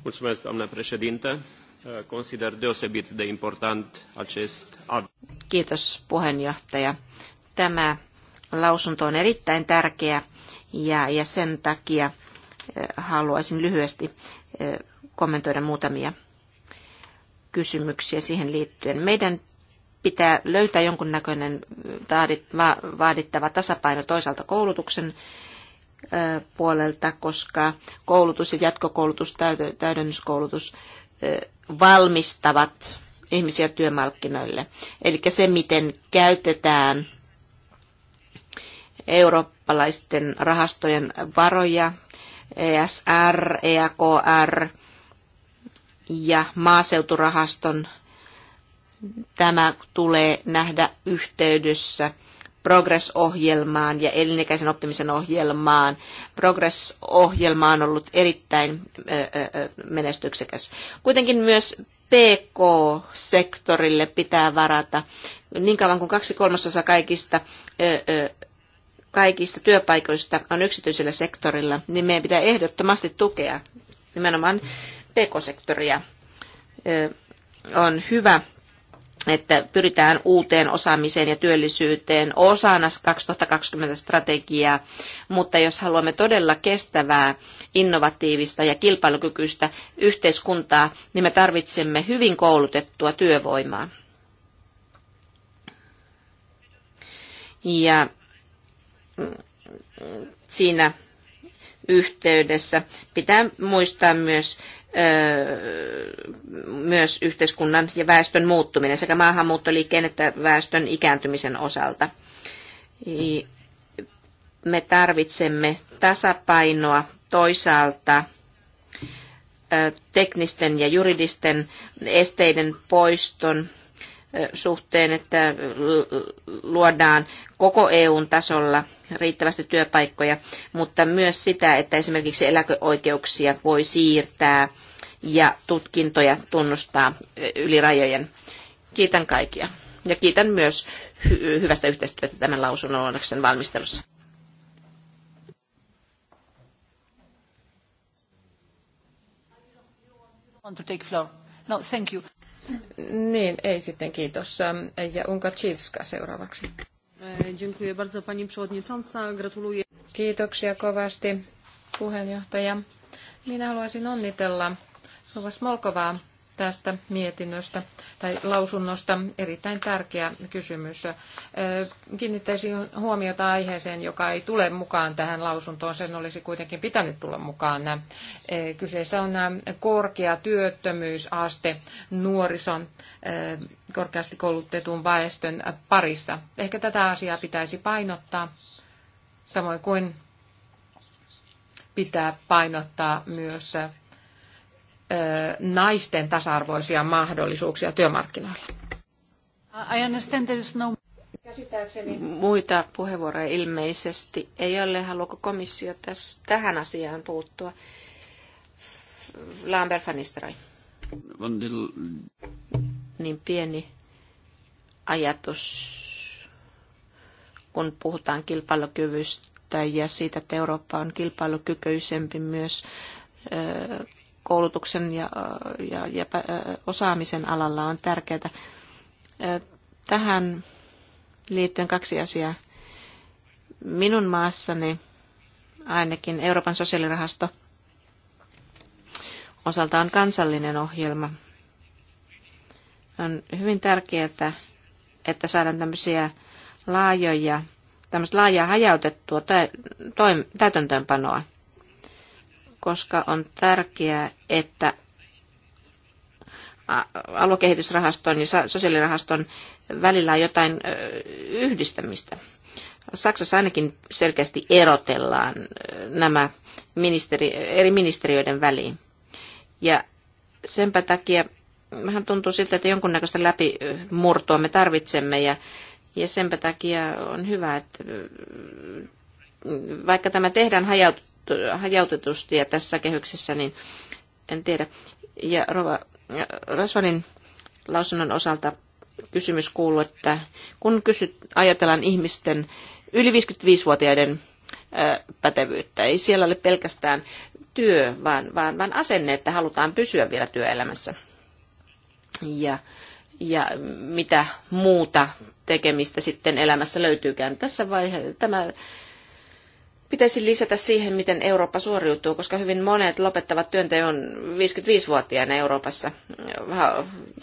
Mulțumesc, doamna președinte consider deosebit de important acest Kiitos puheenjohtaja. Tämä lausunto on erittäin tärkeä ja, ja sen takia eh, haluaisin lyhyesti eh, kommentoida muutamia kysymyksiä siihen liittyen. Meidän pitää löytää jonkunnäköinen eh, vaadittava tasapaino toisaalta koulutuksen puolelta, koska koulutus ja jatkokoulutus, täydennyskoulutus valmistavat ihmisiä työmarkkinoille. Eli se, miten käytetään eurooppalaisten rahastojen varoja, ESR, EAKR ja maaseuturahaston, tämä tulee nähdä yhteydessä – Progress-ohjelmaan ja elinikäisen oppimisen ohjelmaan. Progress-ohjelma on ollut erittäin menestyksekäs. Kuitenkin myös PK-sektorille pitää varata niin kauan kuin kaksi kolmasosa kaikista kaikista työpaikoista on yksityisellä sektorilla, niin meidän pitää ehdottomasti tukea nimenomaan PK-sektoria. On hyvä että pyritään uuteen osaamiseen ja työllisyyteen osana 2020 strategiaa, mutta jos haluamme todella kestävää, innovatiivista ja kilpailukykyistä yhteiskuntaa, niin me tarvitsemme hyvin koulutettua työvoimaa. Ja mm, siinä yhteydessä pitää muistaa myös myös yhteiskunnan ja väestön muuttuminen sekä maahanmuuttoliikkeen että väestön ikääntymisen osalta. Me tarvitsemme tasapainoa toisaalta teknisten ja juridisten esteiden poiston suhteen, että luodaan koko EUn tasolla riittävästi työpaikkoja, mutta myös sitä, että esimerkiksi eläköoikeuksia voi siirtää ja tutkintoja tunnustaa yli rajojen. Kiitän kaikkia ja kiitän myös hy- hyvästä yhteistyötä tämän lausunnon valmistelussa. want to take floor. No, thank you. Niin, ei sitten, kiitos. Ja Unka Chivska seuraavaksi. Eh, dziękuję bardzo pani przewodnicząca. Gratuluję. Kiitoksia kovasti puheenjohtaja. Minä haluaisin onnitella Rovas Molkovaa tästä mietinnöstä tai lausunnosta. Erittäin tärkeä kysymys. Kiinnittäisin huomiota aiheeseen, joka ei tule mukaan tähän lausuntoon. Sen olisi kuitenkin pitänyt tulla mukaan. Kyseessä on korkea työttömyysaste nuorison korkeasti koulutetun väestön parissa. Ehkä tätä asiaa pitäisi painottaa, samoin kuin pitää painottaa myös naisten tasa-arvoisia mahdollisuuksia työmarkkinoilla. I understand there is no... Käsittääkseni muita puheenvuoroja ilmeisesti ei ole. Haluaako komissio täs, tähän asiaan puuttua? Lambert van Little... Niin pieni ajatus, kun puhutaan kilpailukyvystä ja siitä, että Eurooppa on kilpailukykyisempi myös koulutuksen ja, ja, ja osaamisen alalla on tärkeää. Tähän liittyen kaksi asiaa. Minun maassani ainakin Euroopan sosiaalirahasto osaltaan kansallinen ohjelma. On hyvin tärkeää, että saadaan tämmöisiä laajoja, tämmöistä laajaa hajautettua täytäntöönpanoa koska on tärkeää, että aluekehitysrahaston ja sosiaalirahaston välillä on jotain yhdistämistä. Saksassa ainakin selkeästi erotellaan nämä ministeri, eri ministeriöiden väliin. Ja senpä takia vähän tuntuu siltä, että jonkunnäköistä läpimurtoa me tarvitsemme ja, ja senpä takia on hyvä, että vaikka tämä tehdään hajaut hajautetusti ja tässä kehyksessä, niin en tiedä. Ja Rova, Rasvanin lausunnon osalta kysymys kuuluu, että kun kysyt, ajatellaan ihmisten yli 55-vuotiaiden pätevyyttä. Ei siellä ole pelkästään työ, vaan, vaan, vaan asenne, että halutaan pysyä vielä työelämässä. Ja, ja mitä muuta tekemistä sitten elämässä löytyykään. Tässä vaiheessa tämä pitäisi lisätä siihen, miten Eurooppa suoriutuu, koska hyvin monet lopettavat työnteon 55-vuotiaana Euroopassa,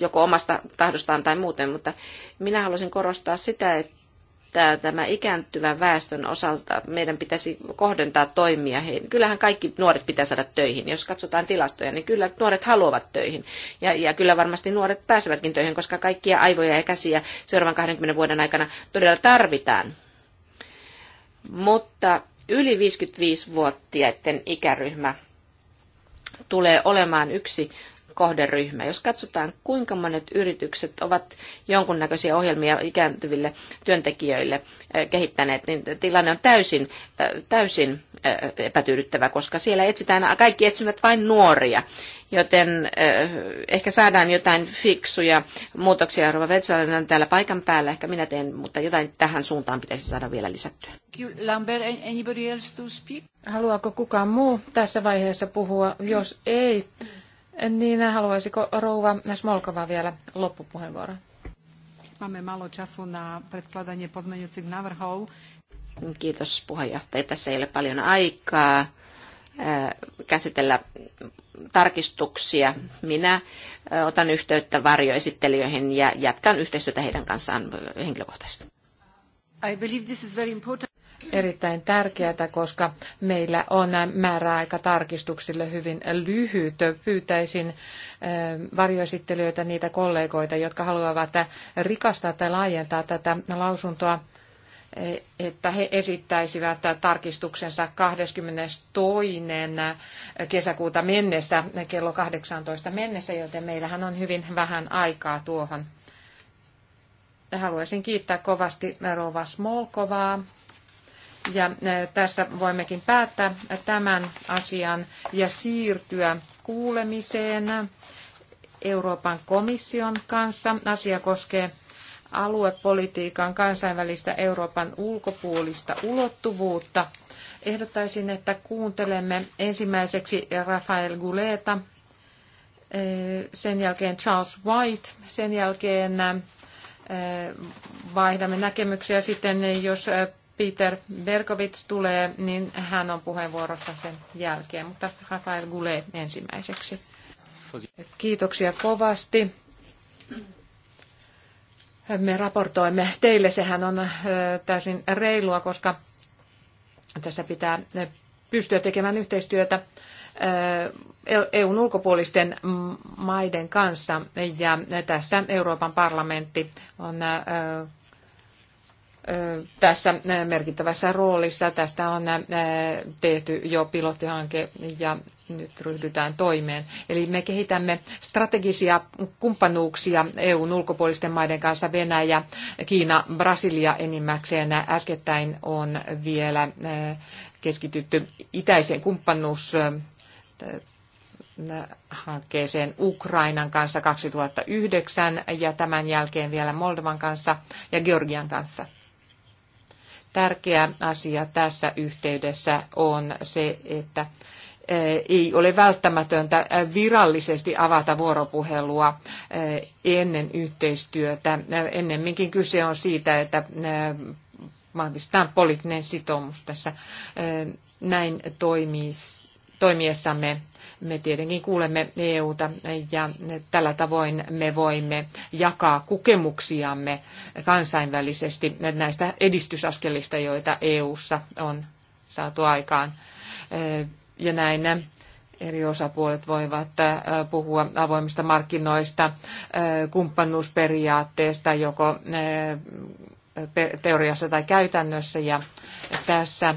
joko omasta tahdostaan tai muuten, mutta minä haluaisin korostaa sitä, että tämä ikääntyvän väestön osalta meidän pitäisi kohdentaa toimia heihin. Kyllähän kaikki nuoret pitää saada töihin. Jos katsotaan tilastoja, niin kyllä nuoret haluavat töihin. Ja, ja kyllä varmasti nuoret pääsevätkin töihin, koska kaikkia aivoja ja käsiä seuraavan 20 vuoden aikana todella tarvitaan. Mutta yli 55-vuotiaiden ikäryhmä tulee olemaan yksi kohderyhmä. Jos katsotaan, kuinka monet yritykset ovat jonkunnäköisiä ohjelmia ikääntyville työntekijöille eh, kehittäneet, niin tilanne on täysin, täysin eh, epätyydyttävä, koska siellä etsitään, kaikki etsivät vain nuoria. Joten eh, ehkä saadaan jotain fiksuja muutoksia. Rova Vetsalainen on täällä paikan päällä, ehkä minä teen, mutta jotain tähän suuntaan pitäisi saada vielä lisättyä. Lambert, anybody else to speak? Haluaako kukaan muu tässä vaiheessa puhua? Jos ei, niin, haluaisiko rouva Smolkova vielä loppupuheenvuoro? Máme malo času na predkladanie pozmeňujúcich návrhov. Kiitos puheenjohtaja. Tässä ei ole paljon aikaa eh, käsitellä tarkistuksia. Minä eh, otan yhteyttä varjoesittelijöihin ja jatkan yhteistyötä heidän kanssaan henkilökohtaisesti. I believe this is very important erittäin tärkeää, koska meillä on määräaika tarkistuksille hyvin lyhyt. Pyytäisin eh, varjoesittelijöitä niitä kollegoita, jotka haluavat rikastaa tai laajentaa tätä lausuntoa eh, että he esittäisivät tarkistuksensa 22. kesäkuuta mennessä, kello 18 mennessä, joten meillähän on hyvin vähän aikaa tuohon. Haluaisin kiittää kovasti Rova Smolkovaa ja eh, tässä voimmekin päättää tämän asian ja siirtyä kuulemiseen Euroopan komission kanssa. Asia koskee aluepolitiikan kansainvälistä Euroopan ulkopuolista ulottuvuutta. Ehdottaisin, että kuuntelemme ensimmäiseksi Rafael Guleta, eh, sen jälkeen Charles White, sen jälkeen eh, vaihdamme näkemyksiä sitten, jos Peter Berkovits tulee, niin hän on puheenvuorossa sen jälkeen, mutta Rafael Goulet ensimmäiseksi. Kiitoksia kovasti. Me raportoimme teille, sehän on äh, täysin reilua, koska tässä pitää äh, pystyä tekemään yhteistyötä äh, e- EUn ulkopuolisten maiden kanssa ja tässä Euroopan parlamentti on tässä merkittävässä roolissa. Tästä on tehty jo pilottihanke ja nyt ryhdytään toimeen. Eli me kehitämme strategisia kumppanuuksia EUn ulkopuolisten maiden kanssa Venäjä, Kiina, Brasilia enimmäkseen. Äskettäin on vielä keskitytty itäiseen kumppanuus hankkeeseen Ukrainan kanssa 2009 ja tämän jälkeen vielä Moldovan kanssa ja Georgian kanssa. Tärkeä asia tässä yhteydessä on se, että e, ei ole välttämätöntä virallisesti avata vuoropuhelua e, ennen yhteistyötä. E, ennemminkin kyse on siitä, että vahvistetaan poliittinen sitoumus tässä. Näin toimii toimiessamme me tietenkin kuulemme EUta ja tällä tavoin me voimme jakaa kokemuksiamme kansainvälisesti näistä edistysaskelista, joita EUssa on saatu aikaan. Ja näin eri osapuolet voivat äh, puhua avoimista markkinoista, äh, kumppanuusperiaatteesta joko äh, teoriassa tai käytännössä. Ja tässä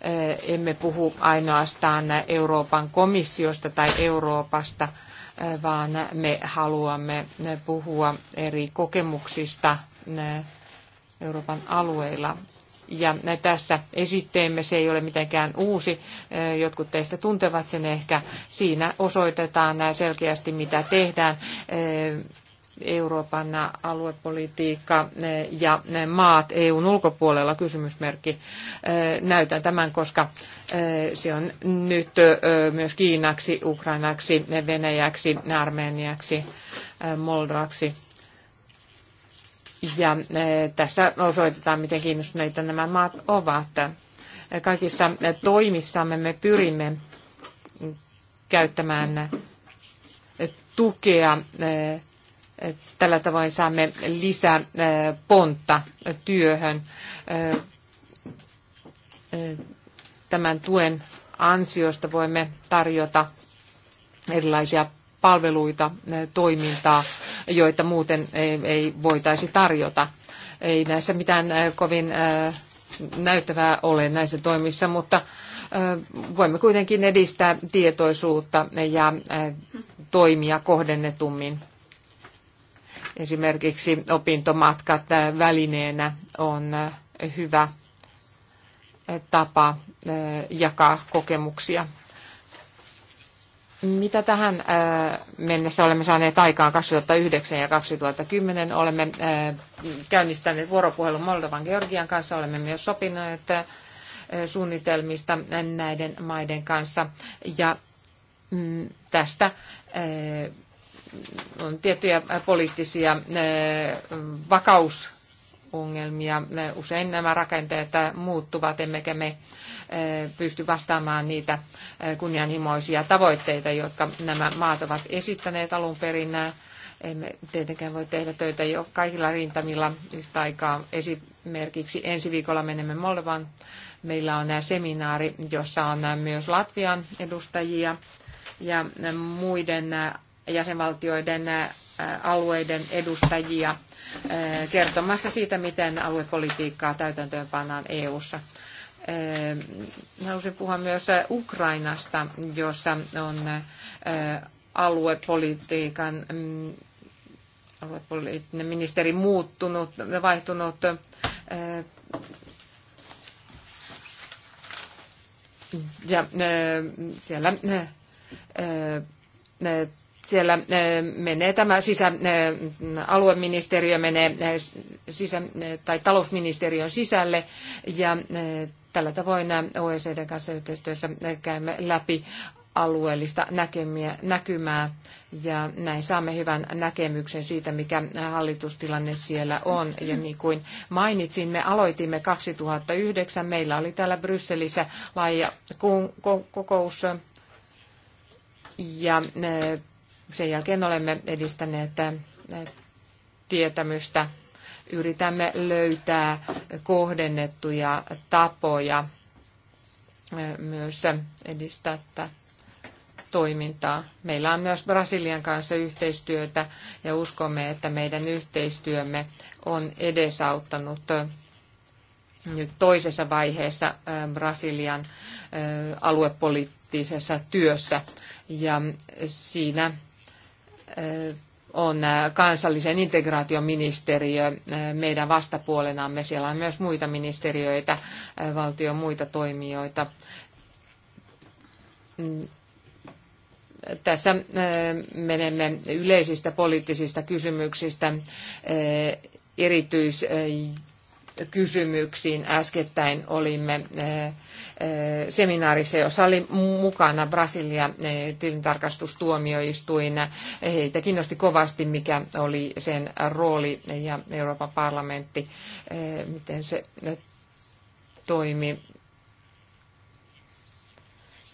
Eh, emme puhu ainoastaan Euroopan komissiosta tai Euroopasta, eh, vaan me haluamme eh, puhua eri kokemuksista Euroopan alueilla. Ja tässä esitteemme, se ei ole mitenkään uusi, jotkut teistä tuntevat sen ehkä, siinä osoitetaan selkeästi mitä tehdään Euroopan aluepolitiikka eh, ja eh, maat EUn ulkopuolella kysymysmerkki. Eh, näytän tämän, koska se on nyt myös Kiinaksi, Ukrainaksi, Venäjäksi, Armeniaksi, Moldoaksi. Ja tässä osoitetaan, miten kiinnostuneita nämä maat ovat. Kaikissa toimissamme me pyrimme käyttämään tukea Tällä tavoin saamme lisää pontta työhön. Tämän tuen ansiosta voimme tarjota erilaisia palveluita, toimintaa, joita muuten ei voitaisi tarjota. Ei näissä mitään kovin näyttävää ole näissä toimissa, mutta voimme kuitenkin edistää tietoisuutta ja toimia kohdennetummin. Esimerkiksi opintomatkat välineenä on hyvä tapa jakaa kokemuksia. Mitä tähän mennessä olemme saaneet aikaan 2009 ja 2010? Olemme käynnistäneet vuoropuhelun Moldovan Georgian kanssa. Olemme myös sopineet suunnitelmista näiden maiden kanssa. Ja mm, tästä on tiettyjä äh, poliittisia äh, vakausongelmia. Äh, usein nämä rakenteet muuttuvat, emmekä me pysty vastaamaan niitä kunnianhimoisia tavoitteita, jotka nämä maat ovat esittäneet alun perin. Emme tietenkään voi tehdä töitä jo kaikilla rintamilla yhtä aikaa. Esimerkiksi ensi viikolla menemme Moldovan. Meillä on seminaari, jossa on myös Latvian edustajia ja muiden jäsenvaltioiden alueiden edustajia kertomassa siitä, miten aluepolitiikkaa täytäntöön pannaan EU-ssa. Haluaisin puhua myös Ukrainasta, jossa on aluepolitiikan mm, aluepoliittinen ministeri muuttunut, vaihtunut. Ja siellä siellä äh, menee tämä sisä, äh, alueministeriö menee äh, sisä, tai talousministeriön sisälle ja tällä tavoin OECD kanssa yhteistyössä käymme läpi alueellista näkemiä, näkymää ja näin saamme hyvän näkemyksen siitä, mikä hallitustilanne siellä on. Ja niin kuin mainitsin, me aloitimme 2009. Meillä oli täällä Brysselissä laaja kokous ja sen jälkeen olemme edistäneet tietämystä. Yritämme löytää kohdennettuja tapoja myös edistää tätä toimintaa. Meillä on myös Brasilian kanssa yhteistyötä ja uskomme, että meidän yhteistyömme on edesauttanut nyt toisessa vaiheessa Brasilian aluepoliittisessa työssä. Ja siinä on kansallisen integraatioministeriö meidän vastapuolenamme. Siellä on myös muita ministeriöitä, valtion muita toimijoita. Tässä menemme yleisistä poliittisista kysymyksistä erityis- kysymyksiin. Äskettäin olimme eh, eh, seminaarissa, jossa oli mukana Brasilia eh, tilintarkastustuomioistuin. Heitä kiinnosti kovasti, mikä oli sen rooli ja Euroopan parlamentti, miten se toimi.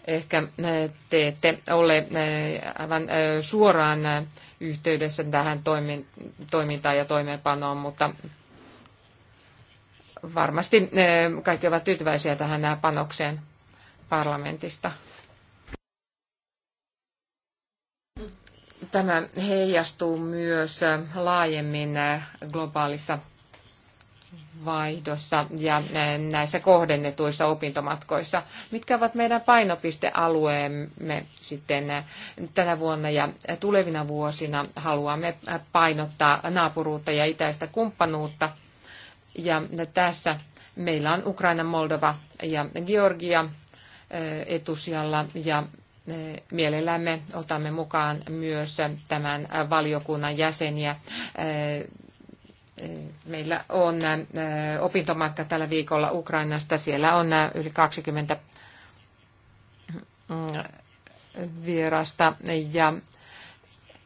Ehkä te ette ole aivan suoraan yhteydessä tähän toimintaan ja toimeenpanoon, mutta varmasti eh, kaikki ovat tyytyväisiä tähän panokseen parlamentista. Tämä heijastuu myös eh, laajemmin eh, globaalissa vaihdossa ja näissä kohdennetuissa opintomatkoissa. Mitkä ovat meidän painopistealueemme sitten tänä vuonna ja tulevina vuosina? Haluamme painottaa naapuruutta ja itäistä kumppanuutta – ja tässä meillä on Ukraina, Moldova ja Georgia etusijalla ja mielellämme otamme mukaan myös tämän valiokunnan jäseniä. Meillä on opintomatka tällä viikolla Ukrainasta. Siellä on yli 20 mm, vierasta ja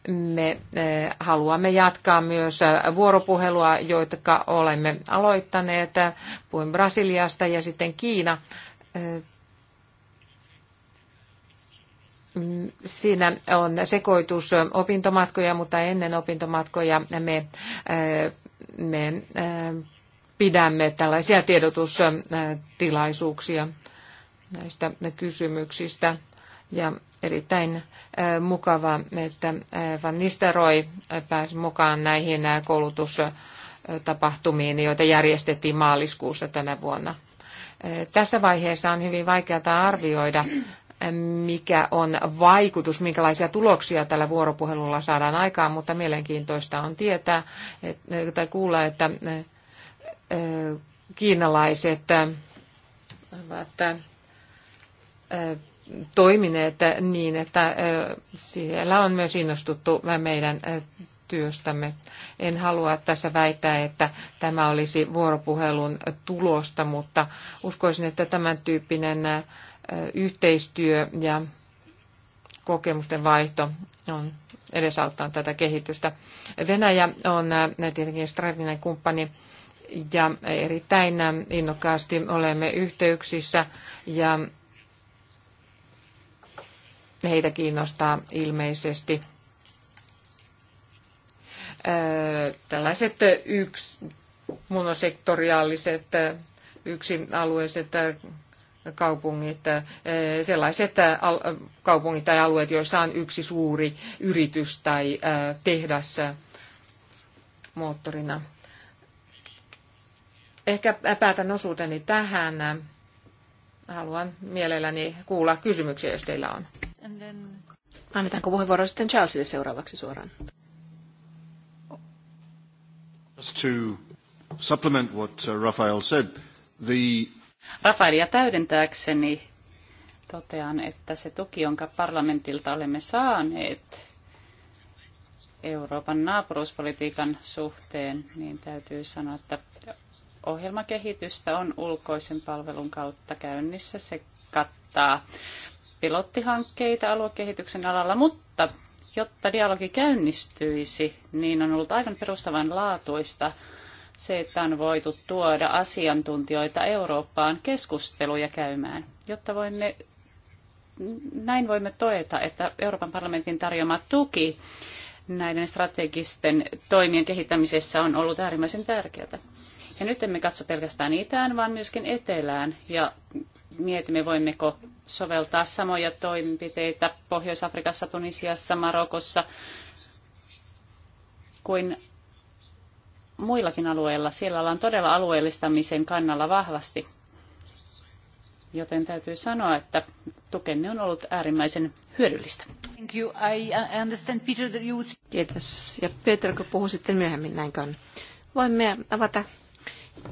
me eh, haluamme jatkaa myös eh, vuoropuhelua, joita olemme aloittaneet. Eh, puhuin Brasiliasta ja sitten Kiina. Siinä on sekoitus opintomatkoja, mutta ennen opintomatkoja me, me pidämme tällaisia tiedotustilaisuuksia näistä kysymyksistä. Ja erittäin mukava, että Van Nisteroi pääsi mukaan näihin koulutustapahtumiin, joita järjestettiin maaliskuussa tänä vuonna. Tässä vaiheessa on hyvin vaikeaa arvioida, mikä on vaikutus, minkälaisia tuloksia tällä vuoropuhelulla saadaan aikaan, mutta mielenkiintoista on tietää tai kuulla, että kiinalaiset ovat toimineet niin, että siellä on myös innostuttu meidän työstämme. En halua tässä väittää, että tämä olisi vuoropuhelun tulosta, mutta uskoisin, että tämän tyyppinen yhteistyö ja kokemusten vaihto on edesauttaa tätä kehitystä. Venäjä on tietenkin strateginen kumppani ja erittäin innokkaasti olemme yhteyksissä ja Heitä kiinnostaa ilmeisesti tällaiset yks, monosektoriaaliset alueiset kaupungit, sellaiset kaupungit tai alueet, joissa on yksi suuri yritys tai tehdas moottorina. Ehkä päätän osuuteni tähän. Haluan mielelläni kuulla kysymyksiä, jos teillä on and then... Annetaanko puheenvuoro sitten Charlesille seuraavaksi suoraan? Just to supplement what uh, Rafael said, the... Rafaelia täydentääkseni totean, että se tuki, jonka parlamentilta olemme saaneet Euroopan naapuruuspolitiikan suhteen, niin täytyy sanoa, että ohjelmakehitystä on ulkoisen palvelun kautta käynnissä. Se kattaa pilottihankkeita aluekehityksen alalla, mutta jotta dialogi käynnistyisi, niin on ollut aivan perustavanlaatuista se, että on voitu tuoda asiantuntijoita Eurooppaan keskusteluja käymään, jotta voimme, näin voimme toeta, että Euroopan parlamentin tarjoama tuki näiden strategisten toimien kehittämisessä on ollut äärimmäisen tärkeää. Ja nyt emme katso pelkästään itään, vaan myöskin etelään ja mietimme, voimmeko soveltaa samoja toimenpiteitä Pohjois-Afrikassa, Tunisiassa, Marokossa kuin muillakin alueilla. Siellä ollaan todella alueellistamisen kannalla vahvasti. Joten täytyy sanoa, että tukenne on ollut äärimmäisen hyödyllistä. Thank you. I uh, understand, Peter, that you would... Kiitos. Ja Peter, kun puhuu sitten myöhemmin, näin on? Voimme avata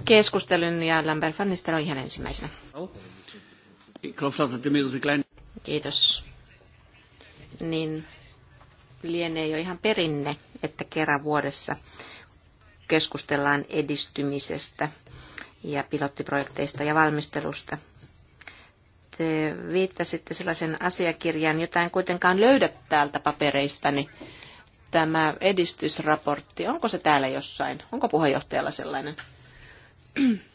keskustelun ja Lambert van Nistelrooy ihan ensimmäisenä. Kiitos. Niin lienee jo ihan perinne, että kerran vuodessa keskustellaan edistymisestä ja pilottiprojekteista ja valmistelusta. Te viittasitte sellaisen asiakirjan, jota en kuitenkaan löydä täältä papereistani. Tämä edistysraportti, onko se täällä jossain? Onko puheenjohtajalla sellainen?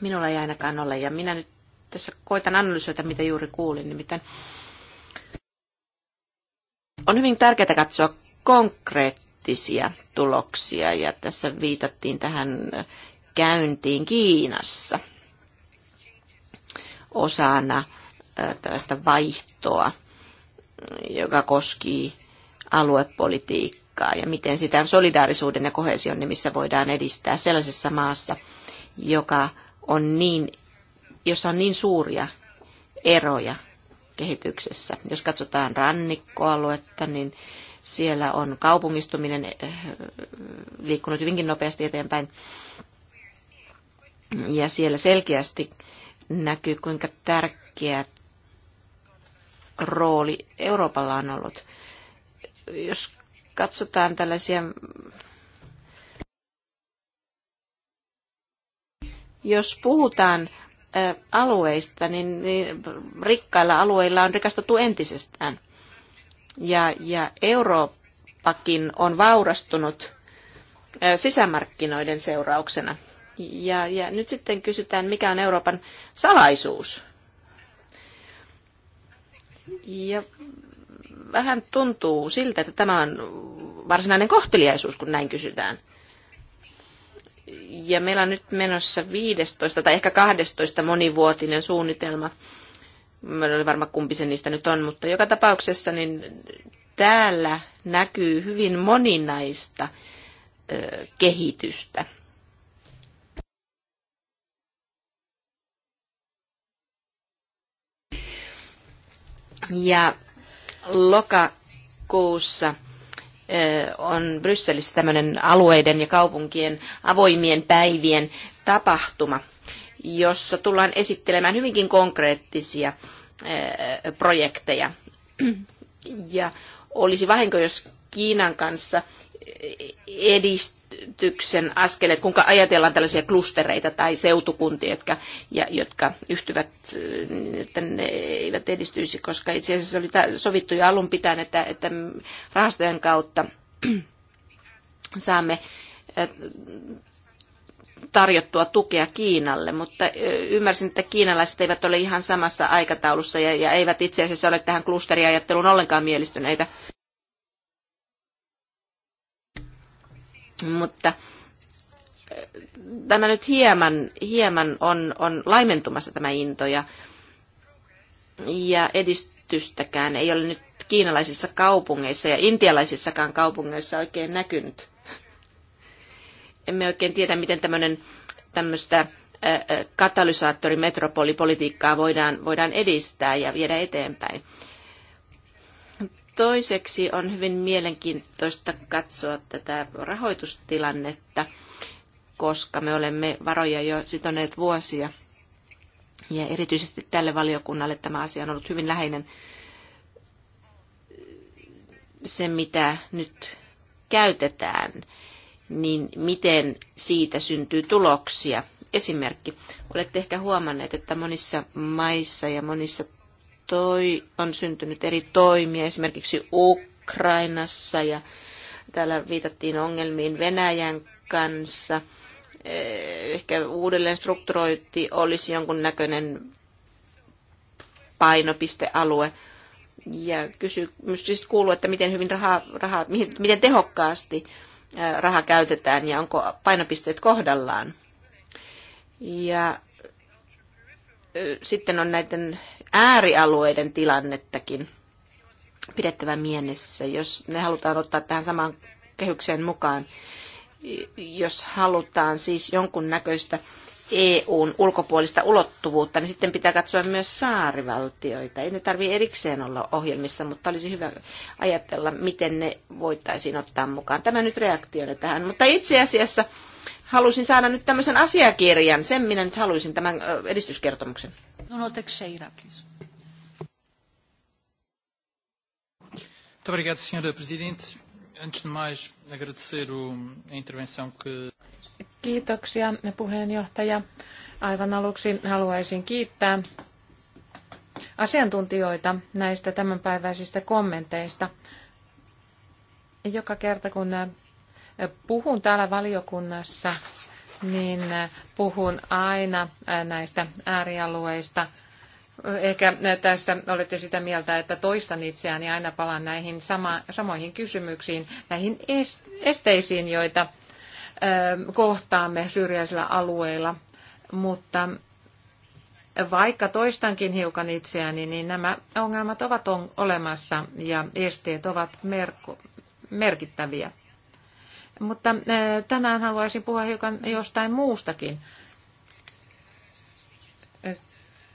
Minulla ei ainakaan ole, ja minä nyt tässä koitan analysoida, mitä juuri kuulin, nimittäin on hyvin tärkeää katsoa konkreettisia tuloksia, ja tässä viitattiin tähän käyntiin Kiinassa osana tällaista vaihtoa, joka koski aluepolitiikkaa politiikkaa ja miten sitä solidaarisuuden ja kohesion nimissä voidaan edistää sellaisessa maassa, joka on niin, jossa on niin suuria eroja kehityksessä. Jos katsotaan rannikkoaluetta, niin siellä on kaupungistuminen eh, liikkunut hyvinkin nopeasti eteenpäin. Ja siellä selkeästi näkyy, kuinka tärkeä rooli Euroopalla on ollut. Jos katsotaan tällaisia jos puhutaan alueista, niin, niin rikkailla alueilla on rikastettu entisestään. Ja, ja Eurooppakin on vaurastunut sisämarkkinoiden seurauksena. Ja, ja nyt sitten kysytään, mikä on Euroopan salaisuus. Ja vähän tuntuu siltä, että tämä on varsinainen kohteliaisuus, kun näin kysytään. Ja meillä on nyt menossa 15 tai ehkä 12 monivuotinen suunnitelma. Mä en ole varma kumpi se niistä nyt on, mutta joka tapauksessa niin täällä näkyy hyvin moninaista ö, kehitystä. Ja lokakuussa on Brysselissä tämmöinen alueiden ja kaupunkien avoimien päivien tapahtuma, jossa tullaan esittelemään hyvinkin konkreettisia projekteja. Ja olisi vahinko, jos Kiinan kanssa edistyksen askeleet, kuinka ajatellaan tällaisia klustereita tai seutukuntia, jotka, ja, jotka yhtyvät, äh, että ne eivät edistyisi, koska itse asiassa oli sovittu jo alun pitäen, että, että rahastojen kautta saamme äh, tarjottua tukea Kiinalle, mutta äh, ymmärsin, että kiinalaiset eivät ole ihan samassa aikataulussa ja, ja eivät itse asiassa ole tähän klusteriajatteluun ollenkaan mielistyneitä. Mutta eh, tämä nyt hieman, hieman on, on laimentumassa tämä into ja, ja edistystäkään ei ole nyt kiinalaisissa kaupungeissa ja intialaisissakaan kaupungeissa oikein näkynyt. Emme oikein tiedä, miten tämmöinen, tämmöistä eh, eh, katalysaattorimetropolipolitiikkaa voidaan, voidaan edistää ja viedä eteenpäin. Toiseksi on hyvin mielenkiintoista katsoa tätä rahoitustilannetta, koska me olemme varoja jo sitoneet vuosia. Ja erityisesti tälle valiokunnalle tämä asia on ollut hyvin läheinen. Se, mitä nyt käytetään, niin miten siitä syntyy tuloksia. Esimerkki. Olette ehkä huomanneet, että monissa maissa ja monissa toi, on syntynyt eri toimia, esimerkiksi Ukrainassa ja täällä viitattiin ongelmiin Venäjän kanssa. Eh, ehkä uudelleen strukturointi olisi jonkun näköinen painopistealue. Ja kysymys siis kuuluu, että miten hyvin rahaa, rahaa miten tehokkaasti eh, raha käytetään ja onko painopisteet kohdallaan. Ja eh, sitten on näiden äärialueiden tilannettakin pidettävä mielessä, jos ne halutaan ottaa tähän samaan kehykseen mukaan. Jos halutaan siis jonkun näköistä EUn ulkopuolista ulottuvuutta, niin sitten pitää katsoa myös saarivaltioita. Ei ne tarvitse erikseen olla ohjelmissa, mutta olisi hyvä ajatella, miten ne voitaisiin ottaa mukaan. Tämä nyt reaktiona tähän, mutta itse asiassa halusin saada nyt tämmöisen asiakirjan. Sen minä nyt haluaisin, tämän edistyskertomuksen. Nuno Teixeira, please. Muito obrigado, Sra. Presidente. Antes de mais, agradecer o, a intervenção que... Kiitoksia, puheenjohtaja. Aivan aluksi haluaisin kiittää asiantuntijoita näistä tämänpäiväisistä kommenteista. Joka kerta, kun eh, puhun täällä valiokunnassa niin äh, puhun aina äh, näistä äärialueista. Ehkä äh, tässä olette sitä mieltä, että toistan itseäni aina palaan näihin sama, samoihin kysymyksiin, näihin esteisiin, joita ähm, kohtaamme syrjäisillä alueilla. Mutta vaikka toistankin hiukan itseäni, niin nämä ongelmat ovat olemassa ja esteet ovat merkittäviä. Mutta tänään haluaisin puhua hiukan jostain muustakin,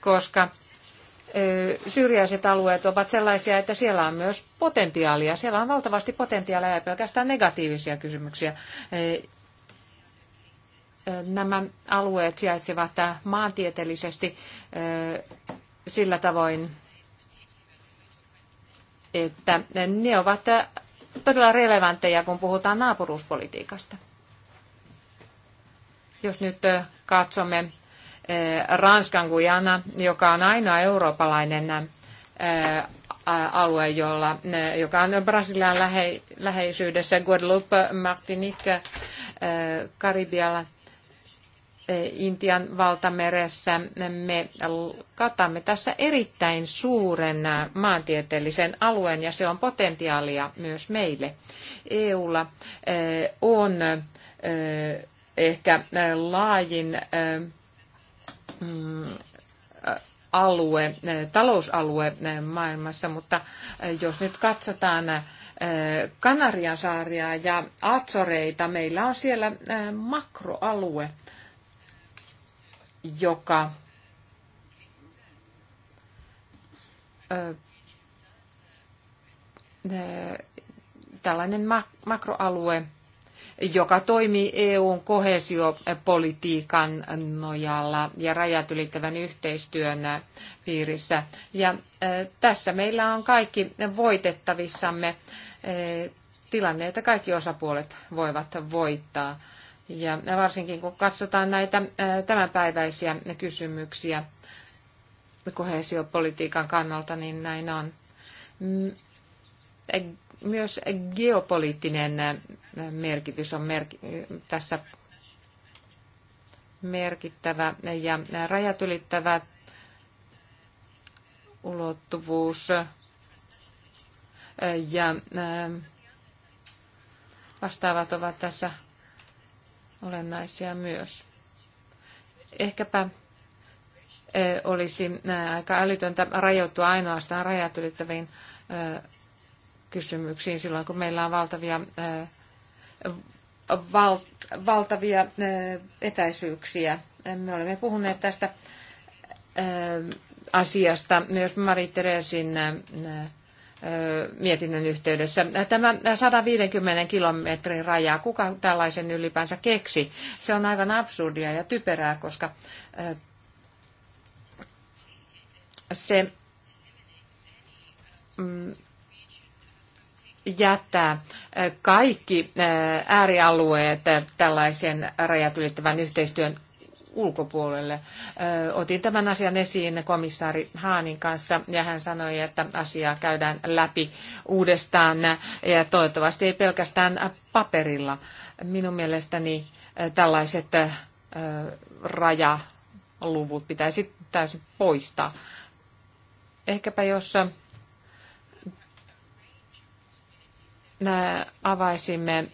koska syrjäiset alueet ovat sellaisia, että siellä on myös potentiaalia. Siellä on valtavasti potentiaalia ja pelkästään negatiivisia kysymyksiä. Nämä alueet sijaitsevat maantieteellisesti sillä tavoin, että ne ovat todella relevantteja, kun puhutaan naapuruuspolitiikasta. Jos nyt katsomme Ranskan Guyana, joka on ainoa eurooppalainen alue, jolla, joka on Brasilian lähe, läheisyydessä, Guadeloupe, Martinique, Karibialla – Intian valtameressä me katamme tässä erittäin suuren maantieteellisen alueen ja se on potentiaalia myös meille. EUlla eh, on eh, ehkä eh, laajin mm, alue, talousalue maailmassa, mutta jos nyt katsotaan Kanarian saaria ja Atsoreita, meillä on siellä makroalue – joka tällainen makroalue, joka toimii EUn kohesiopolitiikan nojalla ja rajat ylittävän yhteistyön piirissä. Ja tässä meillä on kaikki voitettavissamme tilanne, että kaikki osapuolet voivat voittaa. Ja varsinkin kun katsotaan näitä tämänpäiväisiä kysymyksiä kohesiopolitiikan kannalta, niin näin on. Mm, e, myös geopoliittinen merkitys on merki- tässä merkittävä ja rajat ylittävä ulottuvuus ja vastaavat ovat tässä olennaisia myös. Ehkäpä eh, olisi eh, aika älytöntä rajoittua ainoastaan rajat ylittäviin eh, kysymyksiin silloin, kun meillä on valtavia, val, valtavia etäisyyksiä. Me olemme puhuneet tästä asiasta myös Mari Teresin mietinnön yhteydessä. Tämä 150 kilometrin raja, kuka tällaisen ylipäänsä keksi? Se on aivan absurdia ja typerää, koska se mm, jättää kaikki äärialueet tällaisen rajat ylittävän yhteistyön ulkopuolelle. Otin tämän asian esiin komissaari Haanin kanssa ja hän sanoi, että asiaa käydään läpi uudestaan ja toivottavasti ei pelkästään paperilla. Minun mielestäni tällaiset rajaluvut pitäisi täysin poistaa. Ehkäpä jos avaisimme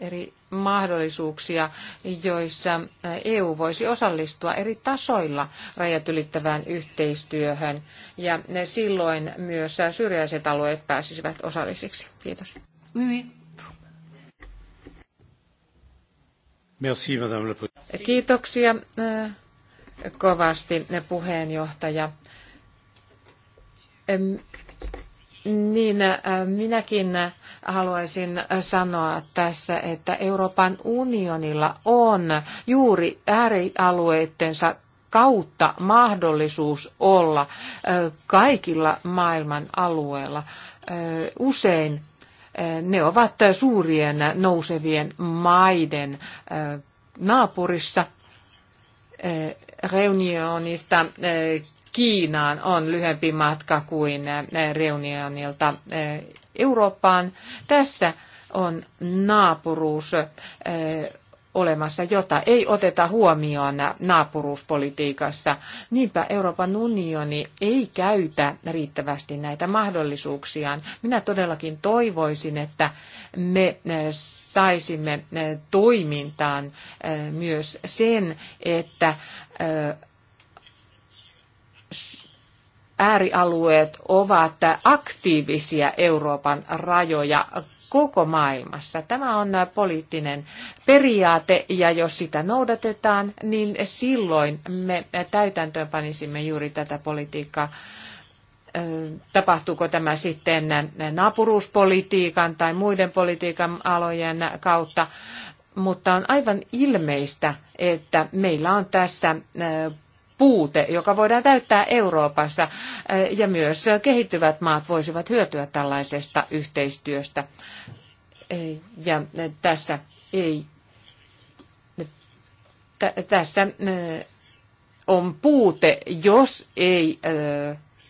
eri mahdollisuuksia, joissa EU eh, e voisi osallistua eri tasoilla rajat ylittävään yhteistyöhön. Ja eh, silloin myös syrjäiset alueet pääsisivät osallisiksi. Kiitos. Merci, madame Kiitoksia eh, kovasti puheenjohtaja. Niin, minäkin haluaisin sanoa tässä, että Euroopan unionilla on juuri äärialueittensa kautta mahdollisuus olla kaikilla maailman alueilla. Usein ne ovat suurien nousevien maiden naapurissa. Reunionista Kiinaan on lyhyempi matka kuin Reunionilta Eurooppaan. Tässä on naapuruus eh, olemassa, jota ei oteta huomioon naapuruuspolitiikassa. Niinpä Euroopan unioni ei käytä riittävästi näitä mahdollisuuksiaan. Minä todellakin toivoisin, että me eh, saisimme eh, toimintaan myös sen, että äärialueet ovat aktiivisia Euroopan rajoja koko maailmassa. Tämä on poliittinen periaate ja jos sitä noudatetaan, niin silloin me täytäntöön panisimme juuri tätä politiikkaa. Tapahtuuko tämä sitten naapuruuspolitiikan tai muiden politiikan alojen kautta, mutta on aivan ilmeistä, että meillä on tässä puute, joka voidaan täyttää Euroopassa, äh, ja myös kehittyvät maat voisivat hyötyä tällaisesta yhteistyöstä. Äh, ja äh, tässä ei tässä on puute, jos ei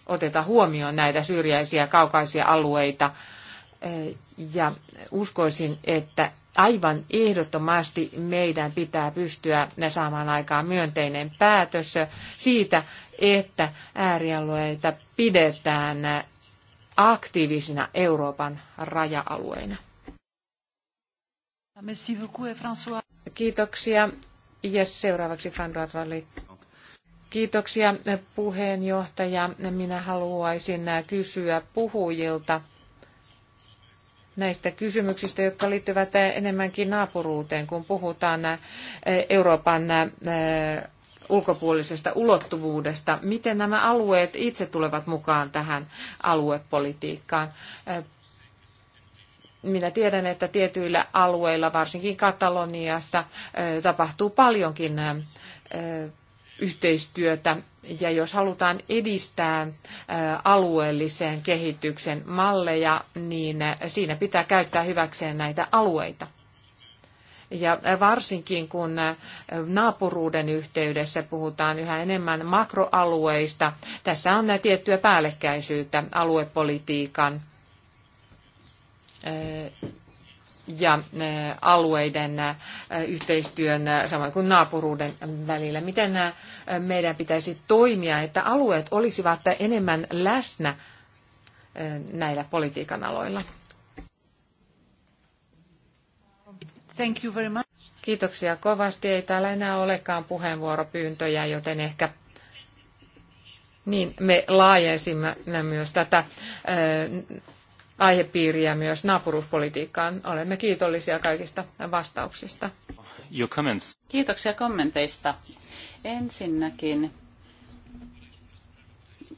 oteta huomioon näitä syrjäisiä kaukaisia alueita. Ja uskoisin, että aivan ehdottomasti meidän pitää pystyä saamaan aikaan myönteinen päätös siitä, että äärialueita pidetään aktiivisina Euroopan raja-alueina. Kiitoksia. Ja seuraavaksi François Kiitoksia puheenjohtaja. Minä haluaisin kysyä puhujilta näistä kysymyksistä, jotka liittyvät enemmänkin naapuruuteen, kun puhutaan Euroopan ulkopuolisesta ulottuvuudesta. Miten nämä alueet itse tulevat mukaan tähän aluepolitiikkaan? Minä tiedän, että tietyillä alueilla, varsinkin Kataloniassa, tapahtuu paljonkin yhteistyötä ja jos halutaan edistää alueellisen kehityksen malleja, niin siinä pitää käyttää hyväkseen näitä alueita. Ja varsinkin kun naapuruuden yhteydessä puhutaan yhä enemmän makroalueista, tässä on tiettyä päällekkäisyyttä aluepolitiikan ja eh, alueiden eh, yhteistyön eh, samoin kuin naapuruuden välillä. Miten meidän pitäisi toimia, että alueet olisivat enemmän läsnä näillä politiikan aloilla? Thank you very much. Kiitoksia kovasti. Ei täällä enää olekaan puheenvuoropyyntöjä, joten ehkä niin, me laajensimme myös tätä aihepiiriä myös naapuruuspolitiikkaan. Olemme kiitollisia kaikista vastauksista. Your comments. Kiitoksia kommenteista. Ensinnäkin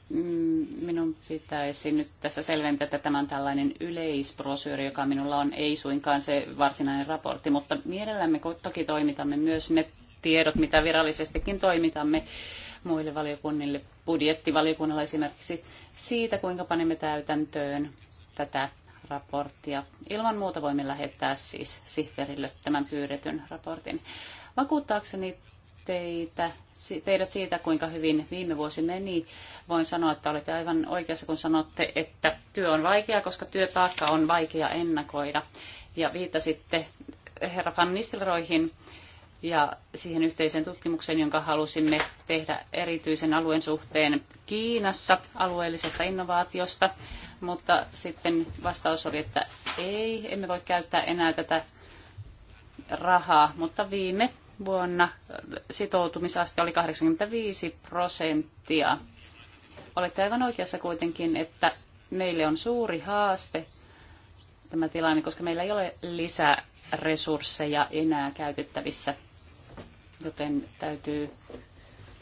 mm, minun pitäisi nyt tässä selventää, että tämä on tällainen yleisbrosyyri, joka minulla on, ei suinkaan se varsinainen raportti, mutta mielellämme toki toimitamme myös ne tiedot, mitä virallisestikin toimitamme muille valiokunnille, budjettivaliokunnalle esimerkiksi, siitä kuinka panemme täytäntöön tätä raporttia. Ilman muuta voimme lähettää siis sihteerille tämän pyydetyn raportin. Vakuuttaakseni teitä, teidät siitä, kuinka hyvin viime vuosi meni, voin sanoa, että olette aivan oikeassa, kun sanotte, että työ on vaikea, koska työtaakka on vaikea ennakoida. Ja viittasitte herra Van Nistelrooihin, ja siihen yhteiseen tutkimukseen, jonka halusimme tehdä erityisen alueen suhteen Kiinassa alueellisesta innovaatiosta, mutta sitten vastaus oli, että ei, emme voi käyttää enää tätä rahaa, mutta viime vuonna sitoutumisaste oli 85 prosenttia. Olette aivan oikeassa kuitenkin, että meille on suuri haaste tämä tilanne, koska meillä ei ole lisäresursseja enää käytettävissä joten täytyy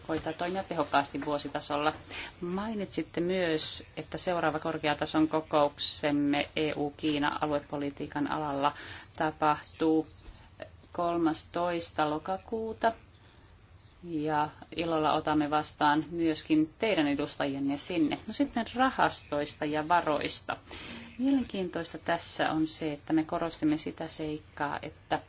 hoitaa toimia tehokkaasti vuositasolla. Mainitsitte myös, että seuraava korkeatason kokouksemme EU-Kiina-aluepolitiikan alalla tapahtuu 13. lokakuuta. Ja ilolla otamme vastaan myöskin teidän edustajienne sinne. No sitten rahastoista ja varoista. Mielenkiintoista tässä on se, että me korostimme sitä seikkaa, että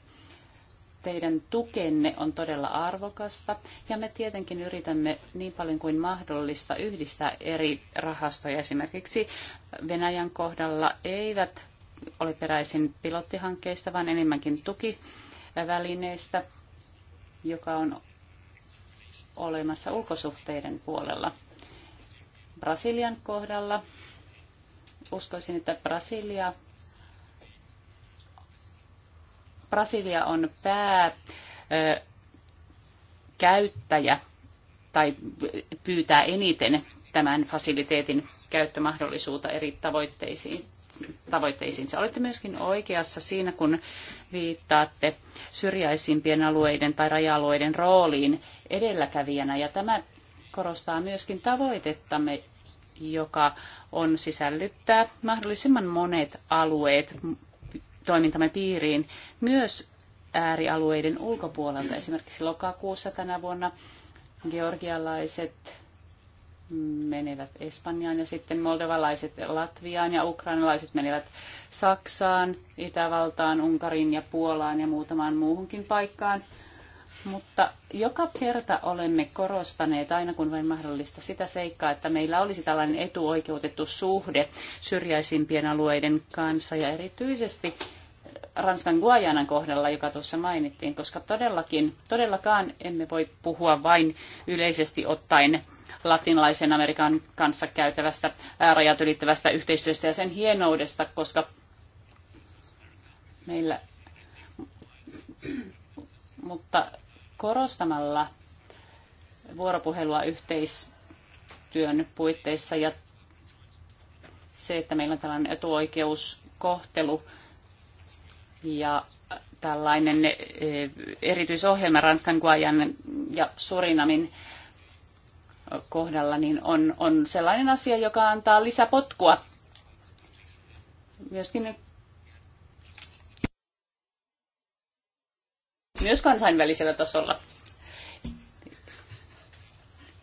teidän tukenne on todella arvokasta ja me tietenkin yritämme niin paljon kuin mahdollista yhdistää eri rahastoja. Esimerkiksi Venäjän kohdalla eivät ole peräisin pilottihankkeista, vaan enemmänkin tukivälineistä, joka on olemassa ulkosuhteiden puolella. Brasilian kohdalla uskoisin, että Brasilia Brasilia on pää käyttäjä tai pyytää eniten tämän fasiliteetin käyttömahdollisuutta eri tavoitteisiin tavoitteisiinsa. Olette myöskin oikeassa siinä, kun viittaatte syrjäisimpien alueiden tai raja-alueiden rooliin edelläkävijänä. Ja tämä korostaa myöskin tavoitettamme, joka on sisällyttää mahdollisimman monet alueet toimintamme piiriin myös äärialueiden ulkopuolelta. Esimerkiksi lokakuussa tänä vuonna georgialaiset menevät Espanjaan ja sitten moldovalaiset Latviaan ja ukrainalaiset menevät Saksaan, Itävaltaan, Unkarin ja Puolaan ja muutamaan muuhunkin paikkaan. Mutta joka kerta olemme korostaneet, aina kun vain mahdollista, sitä seikkaa, että meillä olisi tällainen etuoikeutettu suhde syrjäisimpien alueiden kanssa ja erityisesti Ranskan Guajanan kohdalla, joka tuossa mainittiin, koska todellakin, todellakaan emme voi puhua vain yleisesti ottaen latinalaisen Amerikan kanssa käytävästä rajat ylittävästä yhteistyöstä ja sen hienoudesta, koska meillä mutta korostamalla vuoropuhelua yhteistyön puitteissa ja se, että meillä on tällainen etuoikeuskohtelu ja tällainen eh, erityisohjelma Ranskan, Guajan ja Surinamin kohdalla niin on, on sellainen asia, joka antaa lisäpotkua myöskin myös kansainvälisellä tasolla.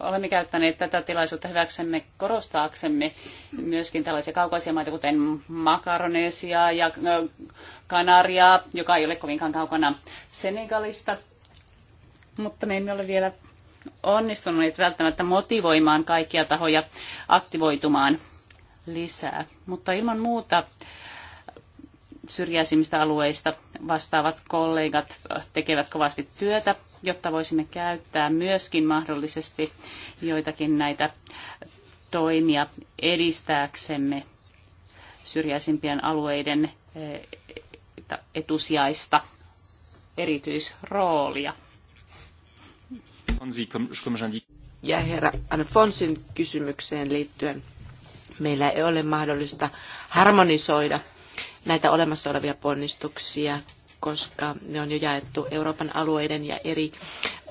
Olemme käyttäneet tätä tilaisuutta hyväksemme korostaaksemme myöskin tällaisia kaukaisia maita, kuten Makaronesia ja Kanaria, joka ei ole kovinkaan kaukana Senegalista. Mutta me emme ole vielä onnistuneet välttämättä motivoimaan kaikkia tahoja aktivoitumaan lisää. Mutta ilman muuta syrjäisimmistä alueista vastaavat kollegat äh, tekevät kovasti työtä, jotta voisimme käyttää myöskin mahdollisesti joitakin näitä toimia edistääksemme syrjäisimpien alueiden äh, etusijaista erityisroolia. Ja herra Alfonsin kysymykseen liittyen, meillä ei ole mahdollista harmonisoida – näitä olemassa olevia ponnistuksia, koska ne on jo jaettu Euroopan alueiden ja eri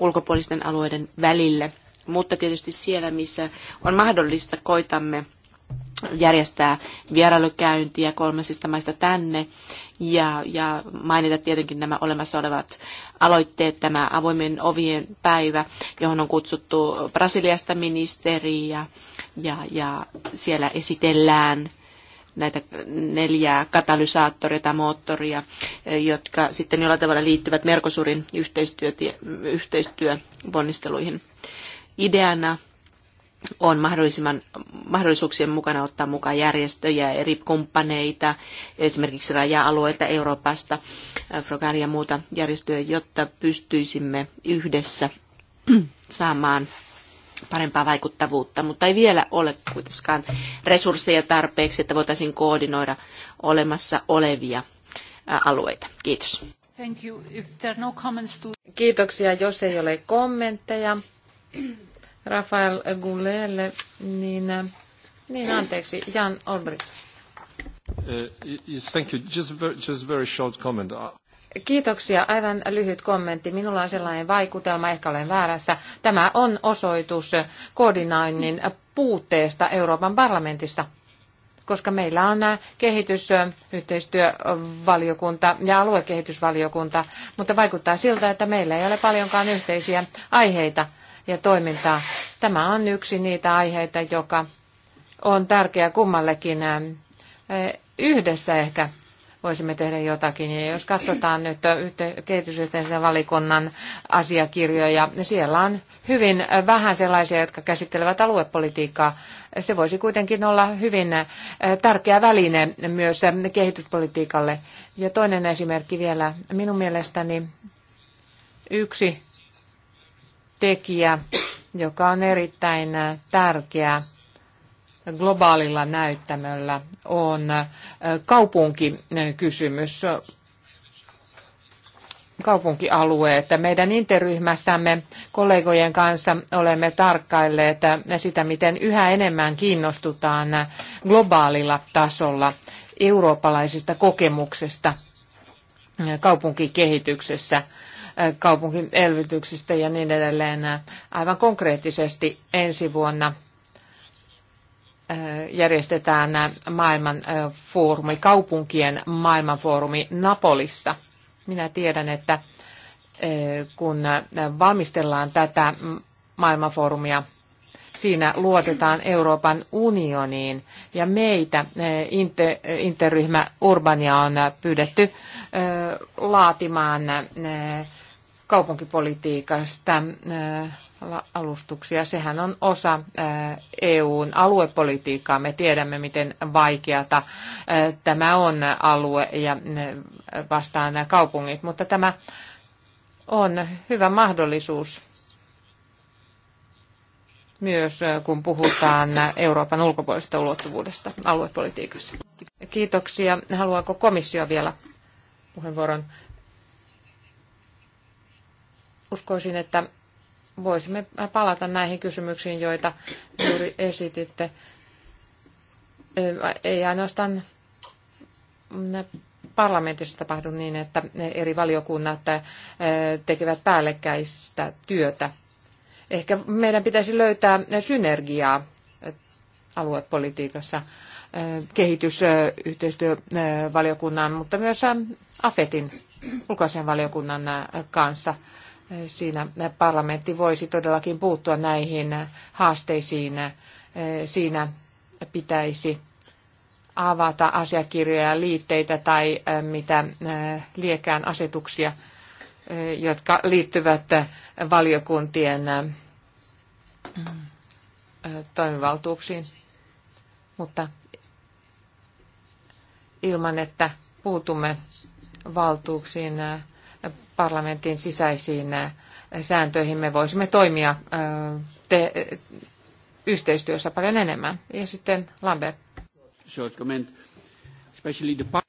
ulkopuolisten alueiden välille. Mutta tietysti siellä, missä on mahdollista, koitamme järjestää vierailukäyntiä kolmesista maista tänne ja, ja mainita tietenkin nämä olemassa olevat aloitteet, tämä avoimen ovien päivä, johon on kutsuttu Brasiliasta ministeri ja, ja, ja siellä esitellään näitä neljää katalysaattoria tai moottoria, eh, jotka sitten jollain tavalla liittyvät Merkosurin yhteistyöponnisteluihin. Ideana on mahdollisimman, mahdollisuuksien mukana ottaa mukaan järjestöjä, eri kumppaneita, esimerkiksi raja-alueita Euroopasta, eh, Frogaria ja muuta järjestöjä, jotta pystyisimme yhdessä saamaan parempaa vaikuttavuutta, mutta ei vielä ole kuitenkaan resursseja tarpeeksi, että voitaisiin koordinoida olemassa olevia alueita. Kiitos. Thank you. If there are no comments to... Kiitoksia, jos ei ole kommentteja. Rafael Gulelle, niin, niin anteeksi, Jan Olbrit. Uh, yes, thank you. Just very, just very short comment. Kiitoksia. Aivan lyhyt kommentti. Minulla on sellainen vaikutelma, ehkä olen väärässä. Tämä on osoitus koordinoinnin puutteesta Euroopan parlamentissa, koska meillä on kehitysyhteistyövaliokunta ja aluekehitysvaliokunta, mutta vaikuttaa siltä, että meillä ei ole paljonkaan yhteisiä aiheita ja toimintaa. Tämä on yksi niitä aiheita, joka on tärkeä kummallekin yhdessä ehkä voisimme tehdä jotakin. Ja jos katsotaan nyt kehitysyhteisön valikunnan asiakirjoja, niin siellä on hyvin vähän sellaisia, jotka käsittelevät aluepolitiikkaa. Se voisi kuitenkin olla hyvin tärkeä väline myös kehityspolitiikalle. Ja toinen esimerkki vielä minun mielestäni yksi tekijä, joka on erittäin tärkeä globaalilla näyttämöllä on kaupunkikysymys, kaupunkialueet. Meidän interryhmässämme kollegojen kanssa olemme tarkkailleet sitä, miten yhä enemmän kiinnostutaan globaalilla tasolla eurooppalaisista kokemuksesta kaupunkikehityksessä kaupunkin elvytyksestä ja niin edelleen aivan konkreettisesti ensi vuonna järjestetään maailman foorumi, kaupunkien maailmanfoorumi Napolissa. Minä tiedän, että kun valmistellaan tätä maailmanfoorumia, siinä luotetaan Euroopan unioniin ja meitä interryhmä Urbania on pyydetty laatimaan kaupunkipolitiikasta alustuksia. Sehän on osa EUn aluepolitiikkaa. Me tiedämme, miten vaikeata tämä on alue ja vastaan nämä kaupungit, mutta tämä on hyvä mahdollisuus myös kun puhutaan Euroopan ulkopuolisesta ulottuvuudesta aluepolitiikassa. Kiitoksia. Haluaako komissio vielä puheenvuoron? Uskoisin, että voisimme palata näihin kysymyksiin, joita juuri esititte. Ei ainoastaan parlamentissa tapahdu niin, että eri valiokunnat eh, tekevät päällekkäistä työtä. Ehkä meidän pitäisi löytää synergiaa eh, aluepolitiikassa eh, kehitysyhteistyövaliokunnan, mutta myös AFETin ulkoisen valiokunnan kanssa. Siinä parlamentti voisi todellakin puuttua näihin haasteisiin. Siinä pitäisi avata asiakirjoja, liitteitä tai mitä liekään asetuksia, jotka liittyvät valiokuntien toimivaltuuksiin. Mutta ilman, että puutumme valtuuksiin parlamentin sisäisiin äh, sääntöihin me voisimme toimia äh, te, yhteistyössä paljon enemmän. Ja sitten Lambert.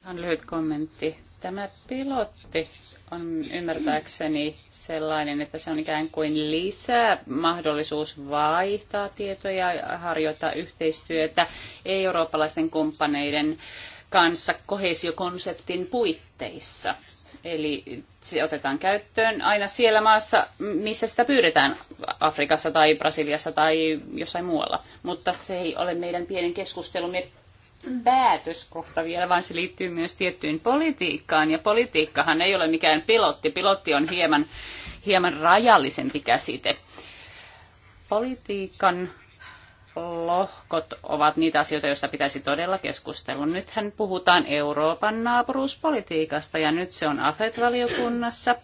Ihan lyhyt kommentti. Tämä pilotti on ymmärtääkseni sellainen, että se on ikään kuin lisää mahdollisuus vaihtaa tietoja ja harjoittaa yhteistyötä eurooppalaisten kumppaneiden kanssa kohesiokonseptin puitteissa. Eli se otetaan käyttöön aina siellä maassa, missä sitä pyydetään, Afrikassa tai Brasiliassa tai jossain muualla. Mutta se ei ole meidän pienen keskustelumme päätöskohta vielä, vaan se liittyy myös tiettyyn politiikkaan. Ja politiikkahan ei ole mikään pilotti. Pilotti on hieman, hieman rajallisempi käsite. Politiikan lohkot ovat niitä asioita, joista pitäisi todella keskustella. Nythän puhutaan Euroopan naapuruuspolitiikasta ja nyt se on AFET-valiokunnassa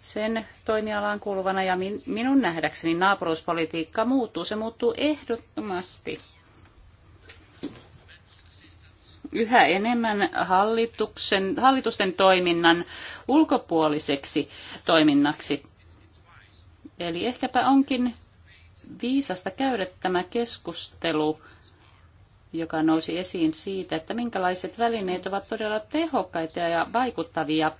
sen toimialaan kuuluvana ja min, minun nähdäkseni naapuruuspolitiikka muuttuu. Se muuttuu ehdottomasti. Yhä enemmän hallituksen, hallitusten toiminnan ulkopuoliseksi toiminnaksi. Eli ehkäpä onkin viisasta käydä tämä keskustelu, joka nousi esiin siitä, että minkälaiset välineet ovat todella tehokkaita ja vaikuttavia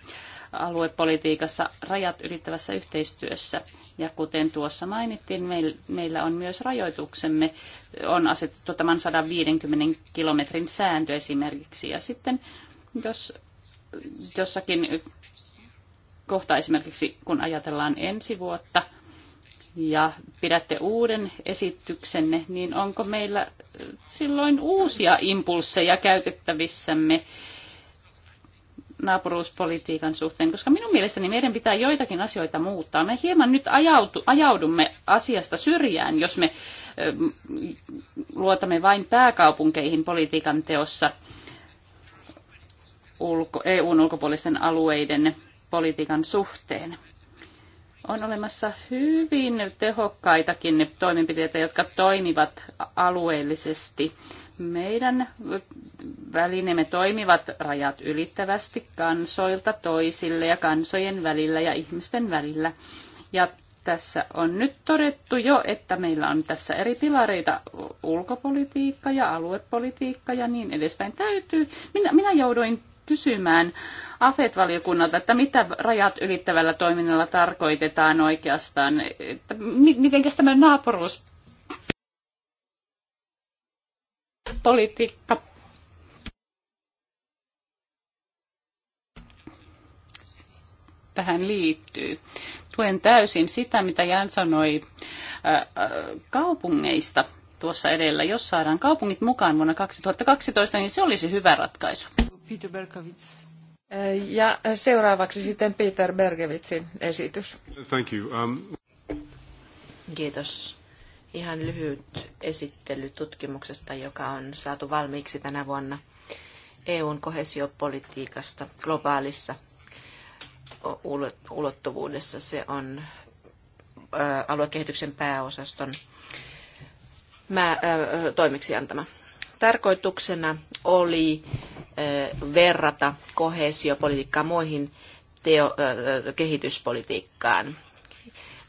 aluepolitiikassa rajat ylittävässä yhteistyössä. Ja kuten tuossa mainittiin, meillä on myös rajoituksemme, on asetettu tämän 150 kilometrin sääntö esimerkiksi. Ja sitten jos jossakin kohta esimerkiksi, kun ajatellaan ensi vuotta – ja pidätte uuden esityksenne, niin onko meillä silloin uusia impulsseja käytettävissämme naapuruuspolitiikan suhteen? Koska minun mielestäni meidän pitää joitakin asioita muuttaa. Me hieman nyt ajautu, ajaudumme asiasta syrjään, jos me luotamme vain pääkaupunkeihin politiikan teossa ulko, EUn ulkopuolisten alueiden politiikan suhteen on olemassa hyvin tehokkaitakin toimenpiteitä, jotka toimivat alueellisesti. Meidän välineemme toimivat rajat ylittävästi kansoilta toisille ja kansojen välillä ja ihmisten välillä. Ja tässä on nyt todettu jo, että meillä on tässä eri pilareita, ulkopolitiikka ja aluepolitiikka ja niin edespäin. Täytyy, minä, minä jouduin kysymään AFET-valiokunnalta, että mitä rajat ylittävällä toiminnalla tarkoitetaan oikeastaan, että miten tämä naapuruus politiikka tähän liittyy. Tuen täysin sitä, mitä Jan sanoi äh, äh, kaupungeista tuossa edellä. Jos saadaan kaupungit mukaan vuonna 2012, niin se olisi hyvä ratkaisu. Peter Berkowitz. Äh, ja seuraavaksi sitten Peter Bergevitsin esitys. Thank you. Um... Kiitos. Ihan lyhyt esittely tutkimuksesta, joka on saatu valmiiksi tänä vuonna EUn kohesiopolitiikasta globaalissa ulottuvuudessa. Se on aluekehityksen pääosaston mä, toimeksiantama. Tarkoituksena oli verrata kohesiopolitiikkaa muihin teo, kehityspolitiikkaan.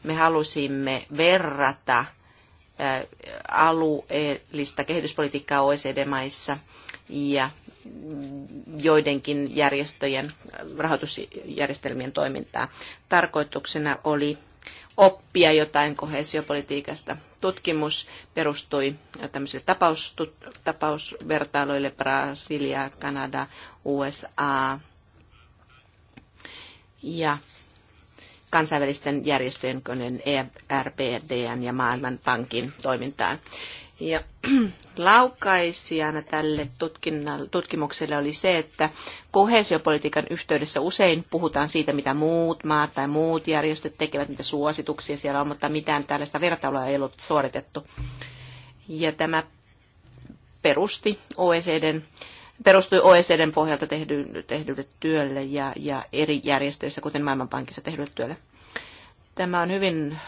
Me halusimme verrata alueellista kehityspolitiikkaa OECD-maissa ja joidenkin järjestöjen rahoitusjärjestelmien toimintaa. Tarkoituksena oli oppia jotain kohesiopolitiikasta tutkimus perustui tämmöisille tapaus, tapausvertailuille Brasilia, Kanada, USA ja kansainvälisten järjestöjen, kuten eRBD:n ja Maailmanpankin toimintaan. Ja laukaisijana tälle tutkimukselle oli se, että kohesiopolitiikan yhteydessä usein puhutaan siitä, mitä muut maat tai muut järjestöt tekevät, mitä suosituksia siellä on, mutta mitään tällaista vertailua ei ollut suoritettu. Ja tämä perusti OECDn perustui OECDn pohjalta tehdylle, tehdylle työlle ja, ja eri järjestöissä, kuten Maailmanpankissa tehdylle työlle. Tämä on hyvin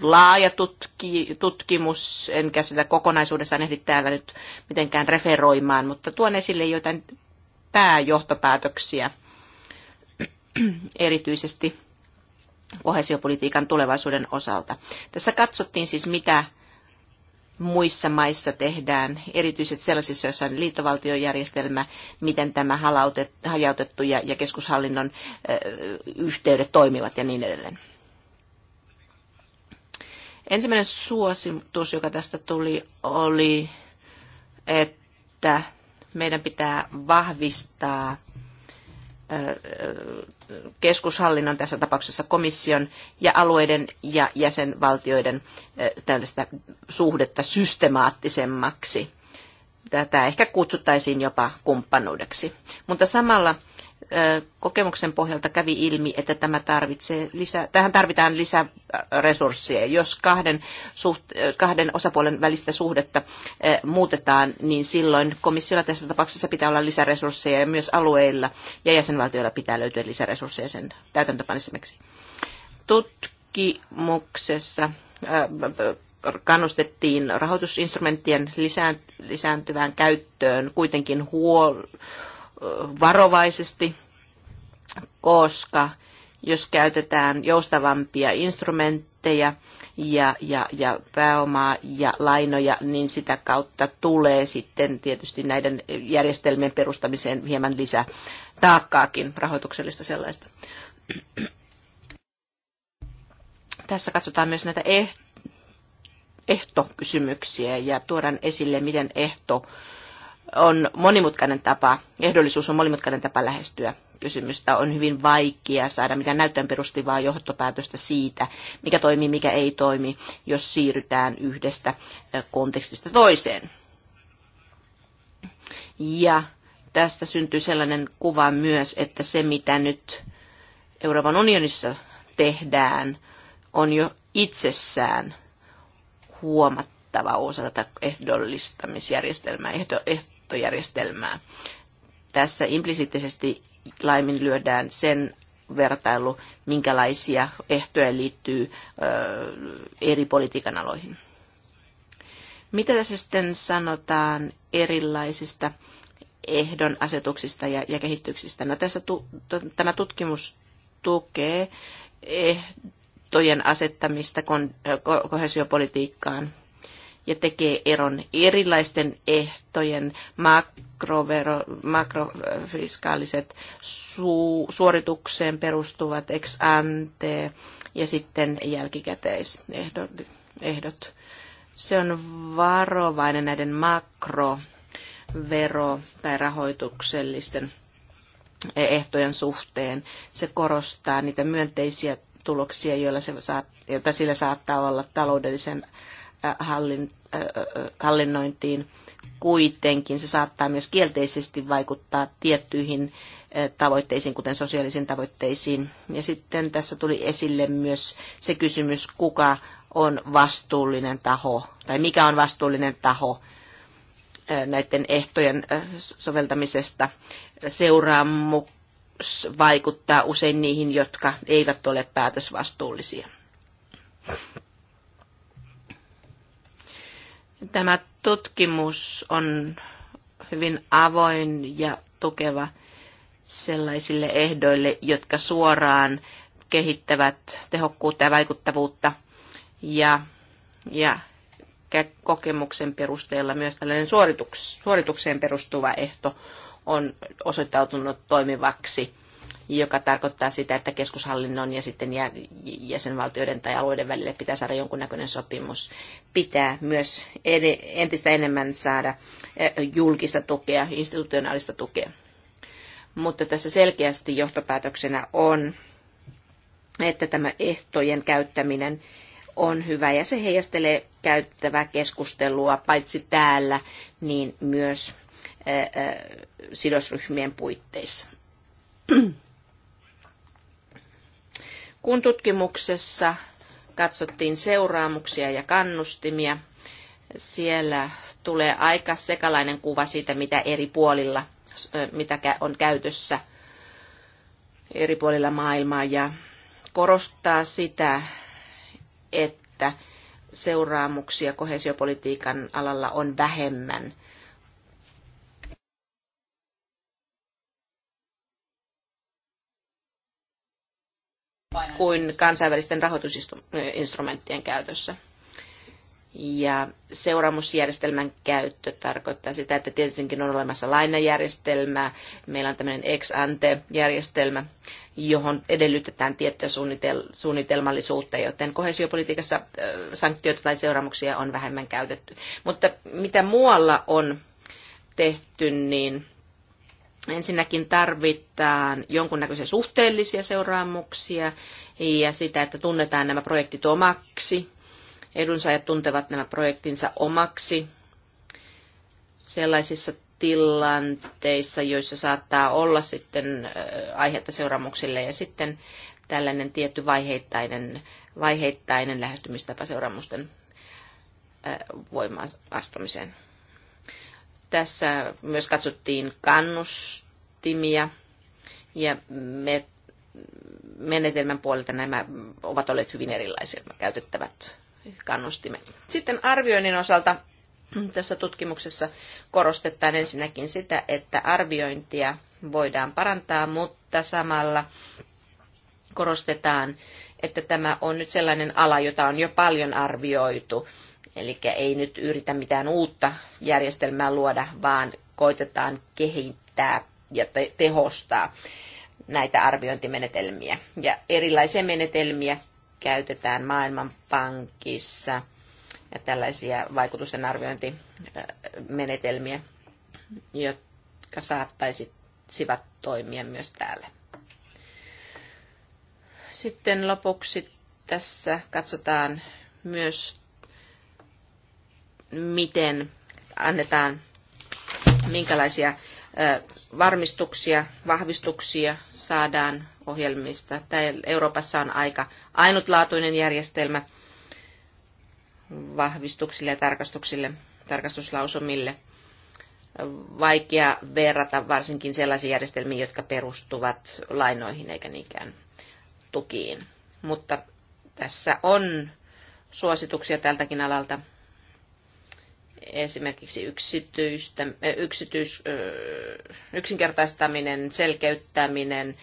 laaja tutki, tutkimus, enkä sitä kokonaisuudessaan ehdi täällä nyt mitenkään referoimaan, mutta tuon esille joitain pääjohtopäätöksiä erityisesti kohesiopolitiikan tulevaisuuden osalta. Tässä katsottiin siis, mitä muissa maissa tehdään, erityisesti sellaisissa, joissa on liittovaltiojärjestelmä, miten tämä hajautettu ja, ja keskushallinnon yhteydet toimivat ja niin edelleen. Ensimmäinen suositus, joka tästä tuli, oli, että meidän pitää vahvistaa keskushallinnon, tässä tapauksessa komission ja alueiden ja jäsenvaltioiden tällaista suhdetta systemaattisemmaksi. Tätä ehkä kutsuttaisiin jopa kumppanuudeksi. Mutta samalla kokemuksen pohjalta kävi ilmi, että tämä tarvitsee lisää, tähän tarvitaan lisää resursseja. Jos kahden, suht, kahden osapuolen välistä suhdetta muutetaan, niin silloin komissiolla tässä tapauksessa pitää olla lisäresursseja ja myös alueilla ja jäsenvaltioilla pitää löytyä lisäresursseja sen täytäntöpanisemmeksi. Tutkimuksessa kannustettiin rahoitusinstrumenttien lisääntyvään käyttöön kuitenkin huol- varovaisesti, koska jos käytetään joustavampia instrumentteja ja, ja, ja pääomaa ja lainoja, niin sitä kautta tulee sitten tietysti näiden järjestelmien perustamiseen hieman lisää taakkaakin, rahoituksellista sellaista. Tässä katsotaan myös näitä eh- ehtokysymyksiä ja tuodaan esille, miten ehto on monimutkainen tapa, ehdollisuus on monimutkainen tapa lähestyä kysymystä. On hyvin vaikea saada mitään näyttöön perustuvaa johtopäätöstä siitä, mikä toimii, mikä ei toimi, jos siirrytään yhdestä kontekstista toiseen. Ja tästä syntyy sellainen kuva myös, että se mitä nyt Euroopan unionissa tehdään, on jo itsessään huomattava osa tätä ehdollistamisjärjestelmää. Eh- kattojärjestelmää. Tässä implisiittisesti laiminlyödään sen vertailu, minkälaisia ehtoja liittyy eri politiikan aloihin. Mitä tässä sitten sanotaan erilaisista ehdon asetuksista ja, ja kehityksistä? No, tässä tu, tämä tutkimus tukee ehtojen asettamista kon, ko, kohesiopolitiikkaan ja tekee eron erilaisten ehtojen makrovero, makrofiskaaliset su, suoritukseen perustuvat ex ante ja sitten jälkikäteisehdot. Ehdot. Se on varovainen näiden makrovero- tai rahoituksellisten ehtojen suhteen. Se korostaa niitä myönteisiä tuloksia, joilla se saa, joita sillä saattaa olla taloudellisen hallin, hallinnointiin. Kuitenkin se saattaa myös kielteisesti vaikuttaa tiettyihin tavoitteisiin, kuten sosiaalisiin tavoitteisiin. Ja sitten tässä tuli esille myös se kysymys, kuka on vastuullinen taho, tai mikä on vastuullinen taho näiden ehtojen soveltamisesta. Seuraamus vaikuttaa usein niihin, jotka eivät ole päätösvastuullisia. Tämä tutkimus on hyvin avoin ja tukeva sellaisille ehdoille, jotka suoraan kehittävät tehokkuutta ja vaikuttavuutta. Ja, ja kokemuksen perusteella myös tällainen suorituks, suoritukseen perustuva ehto on osoittautunut toimivaksi joka tarkoittaa sitä, että keskushallinnon ja sitten jäsenvaltioiden tai alueiden välille pitää saada jonkunnäköinen sopimus. Pitää myös entistä enemmän saada eh, julkista tukea, institutionaalista tukea. Mutta tässä selkeästi johtopäätöksenä on, että tämä ehtojen käyttäminen on hyvä ja se heijastelee käyttävää keskustelua paitsi täällä, niin myös eh, eh, sidosryhmien puitteissa kun tutkimuksessa katsottiin seuraamuksia ja kannustimia, siellä tulee aika sekalainen kuva siitä, mitä eri puolilla, mitä on käytössä eri puolilla maailmaa ja korostaa sitä, että seuraamuksia kohesiopolitiikan alalla on vähemmän kuin kansainvälisten rahoitusinstrumenttien käytössä. Ja seuraamusjärjestelmän käyttö tarkoittaa sitä, että tietenkin on olemassa lainajärjestelmä, Meillä on tämmöinen ex ante järjestelmä, johon edellytetään tiettyä suunnitel- suunnitelmallisuutta, joten kohesiopolitiikassa sanktioita tai seuraamuksia on vähemmän käytetty. Mutta mitä muualla on tehty, niin Ensinnäkin tarvitaan jonkunnäköisiä suhteellisia seuraamuksia ja sitä, että tunnetaan nämä projektit omaksi. Edunsaajat tuntevat nämä projektinsa omaksi sellaisissa tilanteissa, joissa saattaa olla sitten aihetta seuraamuksille ja sitten tällainen tietty vaiheittainen, vaiheittainen lähestymistapa seuraamusten voimaan astumiseen. Tässä myös katsottiin kannustimia ja me menetelmän puolelta nämä ovat olleet hyvin erilaisia käytettävät kannustimet. Sitten arvioinnin osalta tässä tutkimuksessa korostetaan ensinnäkin sitä, että arviointia voidaan parantaa, mutta samalla korostetaan, että tämä on nyt sellainen ala, jota on jo paljon arvioitu Eli ei nyt yritä mitään uutta järjestelmää luoda, vaan koitetaan kehittää ja te- tehostaa näitä arviointimenetelmiä. Ja erilaisia menetelmiä käytetään Maailmanpankissa ja tällaisia vaikutusten arviointimenetelmiä, jotka saattaisivat toimia myös täällä. Sitten lopuksi tässä katsotaan myös miten annetaan, minkälaisia varmistuksia, vahvistuksia saadaan ohjelmista. Täällä Euroopassa on aika ainutlaatuinen järjestelmä vahvistuksille ja tarkastuksille, tarkastuslausumille. Vaikea verrata varsinkin sellaisiin järjestelmiin, jotka perustuvat lainoihin eikä niinkään tukiin. Mutta tässä on suosituksia tältäkin alalta esimerkiksi yksityistä, äh, yksityis, äh, yksinkertaistaminen, selkeyttäminen,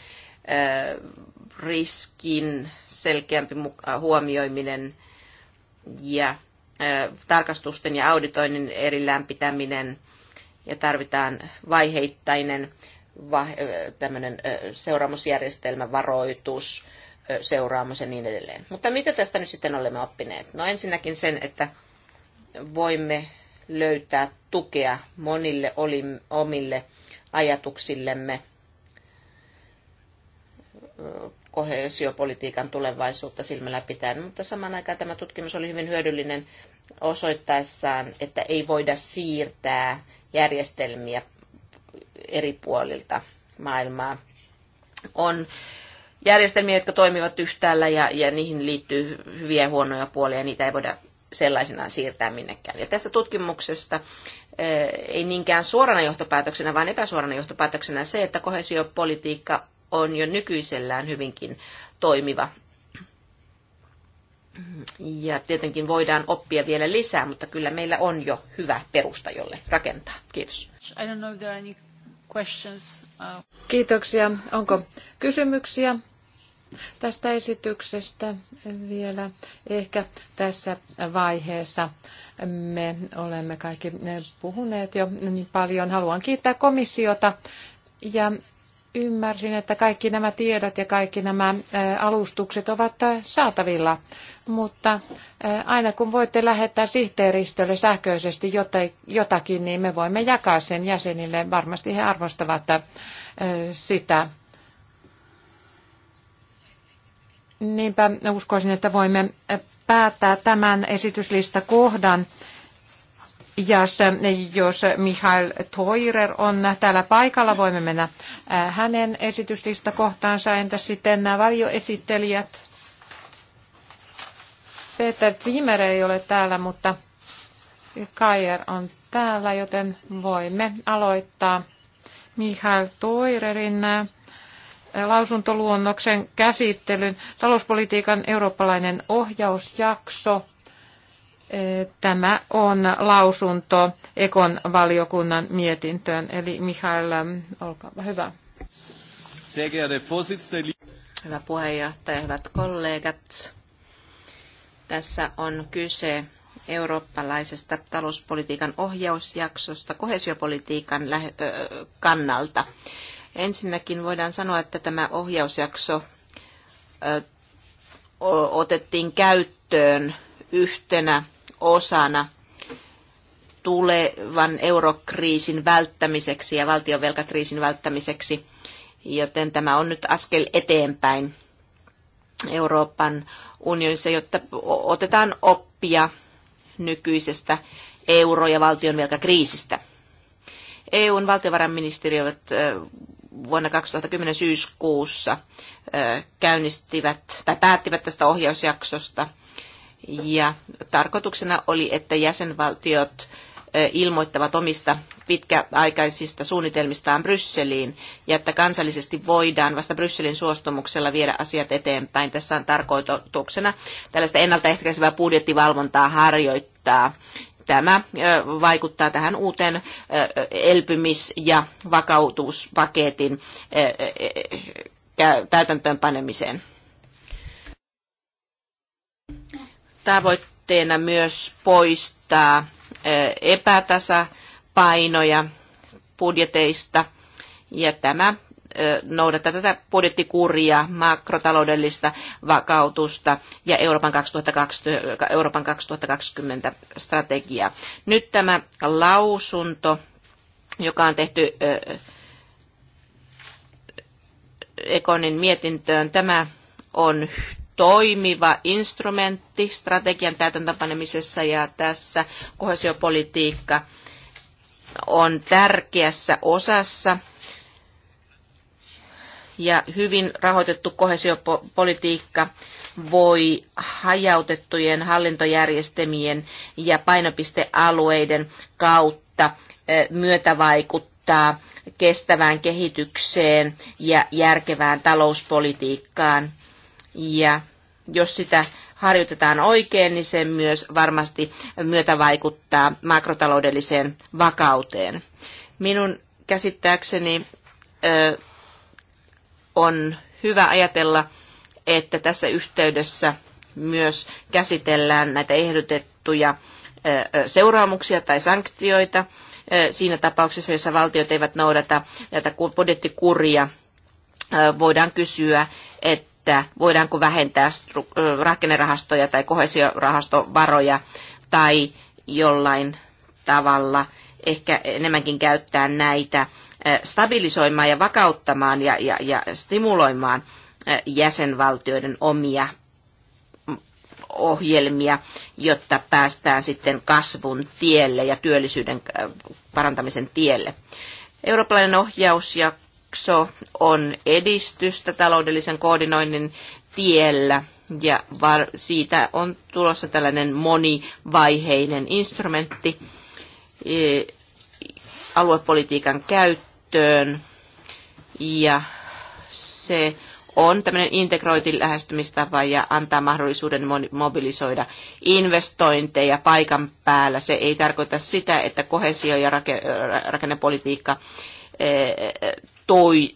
äh, riskin selkeämpi huomioiminen ja tarkastusten ja auditoinnin erillään pitäminen ja tarvitaan vaiheittainen seuraamusjärjestelmä, varoitus, seuraamus ja niin edelleen. Mutta mitä tästä nyt sitten olemme oppineet? No ensinnäkin sen, että voimme löytää tukea monille omille ajatuksillemme kohesiopolitiikan tulevaisuutta silmällä pitäen. Mutta saman aikaan tämä tutkimus oli hyvin hyödyllinen osoittaessaan, että ei voida siirtää järjestelmiä eri puolilta maailmaa. On järjestelmiä, jotka toimivat yhtäällä ja, ja niihin liittyy hyviä ja huonoja puolia, niitä ei voida sellaisenaan siirtää minnekään. Ja tästä tutkimuksesta ei niinkään suorana johtopäätöksenä, vaan epäsuorana johtopäätöksenä se, että kohesiopolitiikka on jo nykyisellään hyvinkin toimiva. Ja tietenkin voidaan oppia vielä lisää, mutta kyllä meillä on jo hyvä perusta, jolle rakentaa. Kiitos. Uh, Kiitoksia. Onko kysymyksiä? tästä esityksestä vielä. Ehkä tässä vaiheessa me olemme kaikki puhuneet jo niin paljon. Haluan kiittää komissiota ja ymmärsin, että kaikki nämä tiedot ja kaikki nämä alustukset ovat saatavilla, mutta aina kun voitte lähettää sihteeristölle sähköisesti jotakin, niin me voimme jakaa sen jäsenille. Varmasti he arvostavat sitä. Niinpä uskoisin, että voimme päättää tämän esityslistakohdan. Ja jos Mihail Toirer on täällä paikalla, voimme mennä äh, hänen esityslistakohtaansa. Entä sitten nämä varjoesittelijät? Peter Zimmer ei ole täällä, mutta Kajer on täällä, joten voimme aloittaa Mihail Toirerin äh, lausuntoluonnoksen käsittelyn talouspolitiikan eurooppalainen ohjausjakso. Eh, tämä on lausunto Ekon valiokunnan mietintöön. Eli Mihail, eh, olkaa hyvä. Hyvä puheenjohtaja, hyvät kollegat. Tässä on kyse eurooppalaisesta talouspolitiikan ohjausjaksosta kohesiopolitiikan kannalta. Ensinnäkin voidaan sanoa, että tämä ohjausjakso otettiin käyttöön yhtenä osana tulevan eurokriisin välttämiseksi ja valtionvelkakriisin välttämiseksi, joten tämä on nyt askel eteenpäin Euroopan unionissa, jotta otetaan oppia nykyisestä euro- ja valtionvelkakriisistä. EUn valtiovarainministeriöt vuonna 2010 syyskuussa käynnistivät tai päättivät tästä ohjausjaksosta. Ja tarkoituksena oli, että jäsenvaltiot ilmoittavat omista pitkäaikaisista suunnitelmistaan Brysseliin ja että kansallisesti voidaan vasta Brysselin suostumuksella viedä asiat eteenpäin. Tässä on tarkoituksena tällaista ennaltaehkäisevää budjettivalvontaa harjoittaa tämä vaikuttaa tähän uuteen elpymis- ja vakautuspaketin täytäntöönpanemiseen. Tavoitteena myös poistaa epätasapainoja budjeteista ja tämä noudata tätä budjettikuria, makrotaloudellista vakautusta ja Euroopan 2020, Euroopan 2020 strategiaa. Nyt tämä lausunto, joka on tehty Ekonin mietintöön, tämä on toimiva instrumentti strategian täytäntöpanemisessa ja tässä kohesiopolitiikka on tärkeässä osassa – ja hyvin rahoitettu kohesiopolitiikka voi hajautettujen hallintojärjestelmien ja painopistealueiden kautta myötävaikuttaa kestävään kehitykseen ja järkevään talouspolitiikkaan. Ja jos sitä harjoitetaan oikein, niin se myös varmasti myötävaikuttaa makrotaloudelliseen vakauteen. Minun käsittääkseni on hyvä ajatella, että tässä yhteydessä myös käsitellään näitä ehdotettuja seuraamuksia tai sanktioita siinä tapauksessa, jossa valtiot eivät noudata näitä budjettikuria. Voidaan kysyä, että voidaanko vähentää rakennerahastoja tai kohesiorahastovaroja tai jollain tavalla ehkä enemmänkin käyttää näitä Eh, stabilisoimaan ja vakauttamaan ja, ja, ja stimuloimaan eh, jäsenvaltioiden omia ohjelmia, jotta päästään sitten kasvun tielle ja työllisyyden eh, parantamisen tielle. Eurooppalainen ohjausjakso on edistystä taloudellisen koordinoinnin tiellä ja siitä on tulossa tällainen monivaiheinen instrumentti aluepolitiikan käyttö käyttöön ja se on tämmöinen integroitin lähestymistapa ja antaa mahdollisuuden mobilisoida investointeja paikan päällä. Se ei tarkoita sitä, että kohesio- ja rakennepolitiikka eh, toi,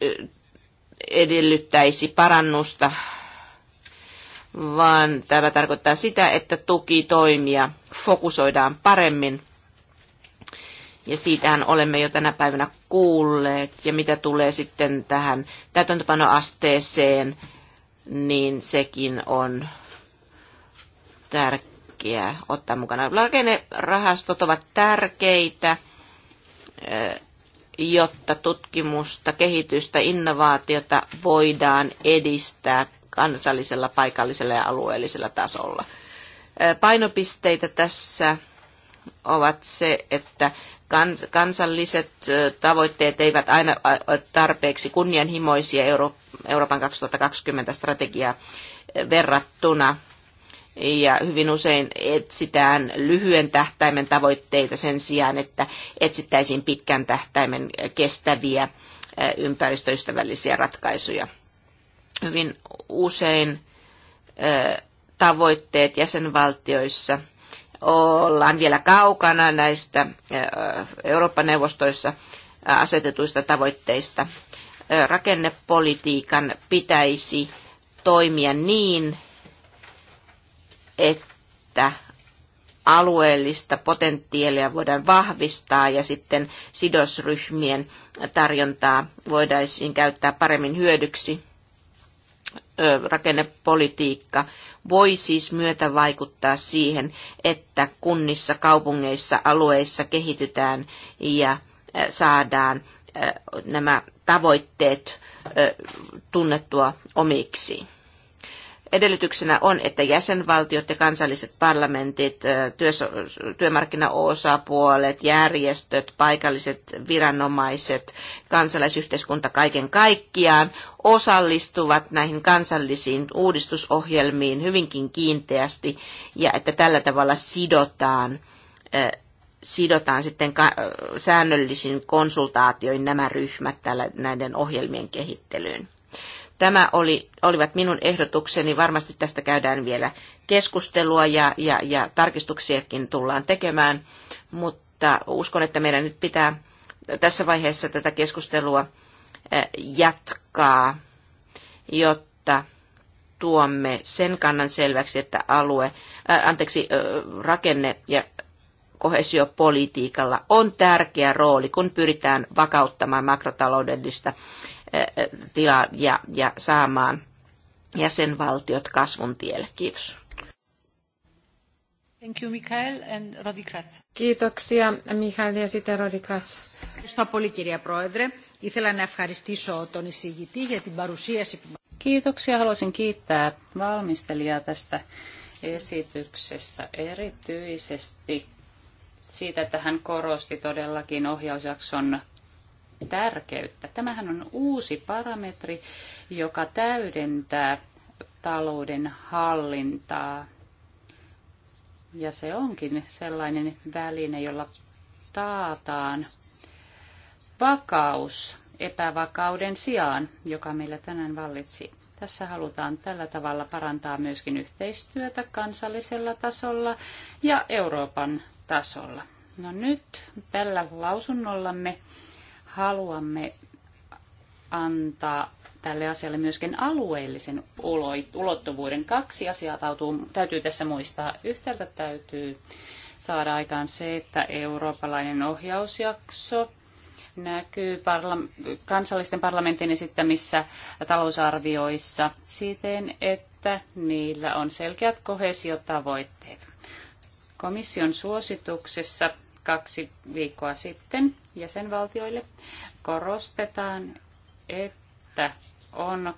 eh, edellyttäisi parannusta, vaan tämä tarkoittaa sitä, että tukitoimia fokusoidaan paremmin – ja siitähän olemme jo tänä päivänä kuulleet. Ja mitä tulee sitten tähän täytäntöpanoasteeseen, niin sekin on tärkeää ottaa mukana. Rakennerahastot ovat tärkeitä, eh, jotta tutkimusta, kehitystä, innovaatiota voidaan edistää kansallisella, paikallisella ja alueellisella tasolla. Eh, painopisteitä tässä ovat se, että kansalliset tavoitteet eivät aina tarpeeksi kunnianhimoisia Euroopan 2020 strategiaa verrattuna. Ja hyvin usein etsitään lyhyen tähtäimen tavoitteita sen sijaan, että etsittäisiin pitkän tähtäimen kestäviä ympäristöystävällisiä ratkaisuja. Hyvin usein tavoitteet jäsenvaltioissa – ollaan vielä kaukana näistä Eurooppa-neuvostoissa asetetuista tavoitteista. Rakennepolitiikan pitäisi toimia niin, että alueellista potentiaalia voidaan vahvistaa ja sitten sidosryhmien tarjontaa voidaan käyttää paremmin hyödyksi. Rakennepolitiikka voi siis myötä vaikuttaa siihen, että kunnissa, kaupungeissa, alueissa kehitytään ja äh, saadaan äh, nämä tavoitteet äh, tunnettua omiksi. Edellytyksenä on, että jäsenvaltiot ja kansalliset parlamentit, työmarkkinaosapuolet, järjestöt, paikalliset viranomaiset, kansalaisyhteiskunta kaiken kaikkiaan osallistuvat näihin kansallisiin uudistusohjelmiin hyvinkin kiinteästi ja että tällä tavalla sidotaan sidotaan sitten säännöllisin konsultaatioin nämä ryhmät näiden ohjelmien kehittelyyn. Tämä oli, olivat minun ehdotukseni. Varmasti tästä käydään vielä keskustelua ja, ja, ja tarkistuksiakin tullaan tekemään, mutta uskon, että meidän nyt pitää tässä vaiheessa tätä keskustelua jatkaa, jotta tuomme sen kannan selväksi, että alue, äh, anteeksi, äh, rakenne ja kohesiopolitiikalla on tärkeä rooli, kun pyritään vakauttamaan makrotaloudellista tilaa ja, ja saamaan jäsenvaltiot kasvun tielle. Kiitos. Thank you, Mikael, and Kiitoksia, Mikael ja sitten Rodi Kratsas. Ευχαριστώ πολύ, κυρία Πρόεδρε. Ήθελα να ευχαριστήσω τον εισηγητή για την παρουσίαση. Kiitoksia. Haluaisin kiittää valmistelijaa tästä esityksestä erityisesti siitä, että hän korosti todellakin ohjausjakson tärkeyttä. Tämähän on uusi parametri, joka täydentää talouden hallintaa. Ja se onkin sellainen väline, jolla taataan vakaus epävakauden sijaan, joka meillä tänään vallitsi. Tässä halutaan tällä tavalla parantaa myöskin yhteistyötä kansallisella tasolla ja Euroopan tasolla. No nyt tällä lausunnollamme haluamme antaa tälle asialle myöskin alueellisen ulottuvuuden. Kaksi asiaa tautuu, täytyy tässä muistaa. Yhtäältä täytyy saada aikaan se, että eurooppalainen ohjausjakso näkyy parla- kansallisten parlamentin esittämissä talousarvioissa siten, että niillä on selkeät kohesiotavoitteet. Komission suosituksessa kaksi viikkoa sitten jäsenvaltioille korostetaan, että on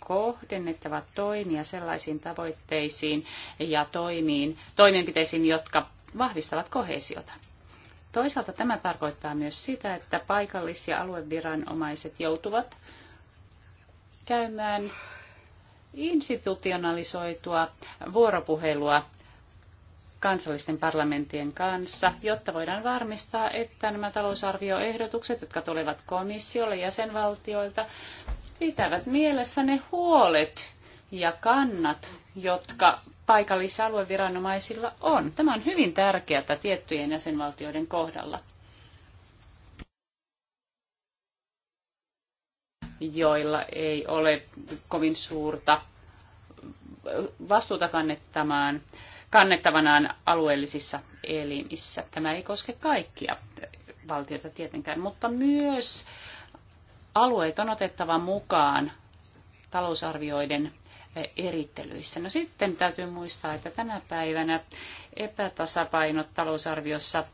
kohdennettava toimia sellaisiin tavoitteisiin ja toimiin, toimenpiteisiin, jotka vahvistavat kohesiota. Toisaalta tämä tarkoittaa myös sitä, että paikallis- ja alueviranomaiset joutuvat käymään institutionalisoitua vuoropuhelua kansallisten parlamenttien kanssa, jotta voidaan varmistaa, että nämä talousarvioehdotukset, jotka tulevat komissiolle jäsenvaltioilta, pitävät mielessä ne huolet ja kannat, jotka paikallisalueviranomaisilla on. Tämä on hyvin tärkeää tiettyjen jäsenvaltioiden kohdalla. joilla ei ole kovin suurta vastuuta kannettamaan kannettavanaan alueellisissa elimissä. Tämä ei koske kaikkia valtioita tietenkään, mutta myös alueet on otettava mukaan talousarvioiden erittelyissä. No sitten täytyy muistaa, että tänä päivänä epätasapainot talousarviossa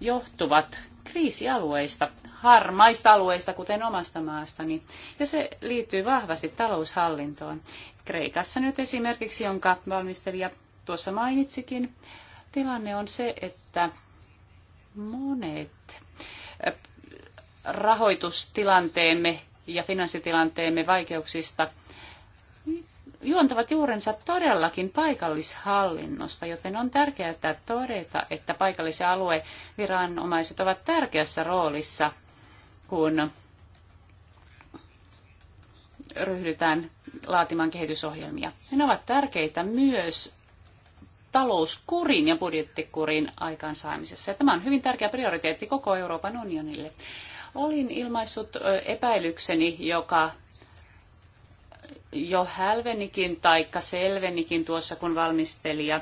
johtuvat kriisialueista, harmaista alueista, kuten omasta maastani, ja se liittyy vahvasti taloushallintoon. Kreikassa nyt esimerkiksi, jonka valmistelija tuossa mainitsikin. Tilanne on se, että monet rahoitustilanteemme ja finanssitilanteemme vaikeuksista juontavat juurensa todellakin paikallishallinnosta, joten on tärkeää todeta, että paikallis- ja alueviranomaiset ovat tärkeässä roolissa, kun ryhdytään laatimaan kehitysohjelmia. Ne ovat tärkeitä myös talouskurin ja budjettikurin aikaansaamisessa. Ja tämä on hyvin tärkeä prioriteetti koko Euroopan unionille. Olin ilmaissut epäilykseni, joka jo hälvenikin tai selvenikin tuossa, kun valmistelija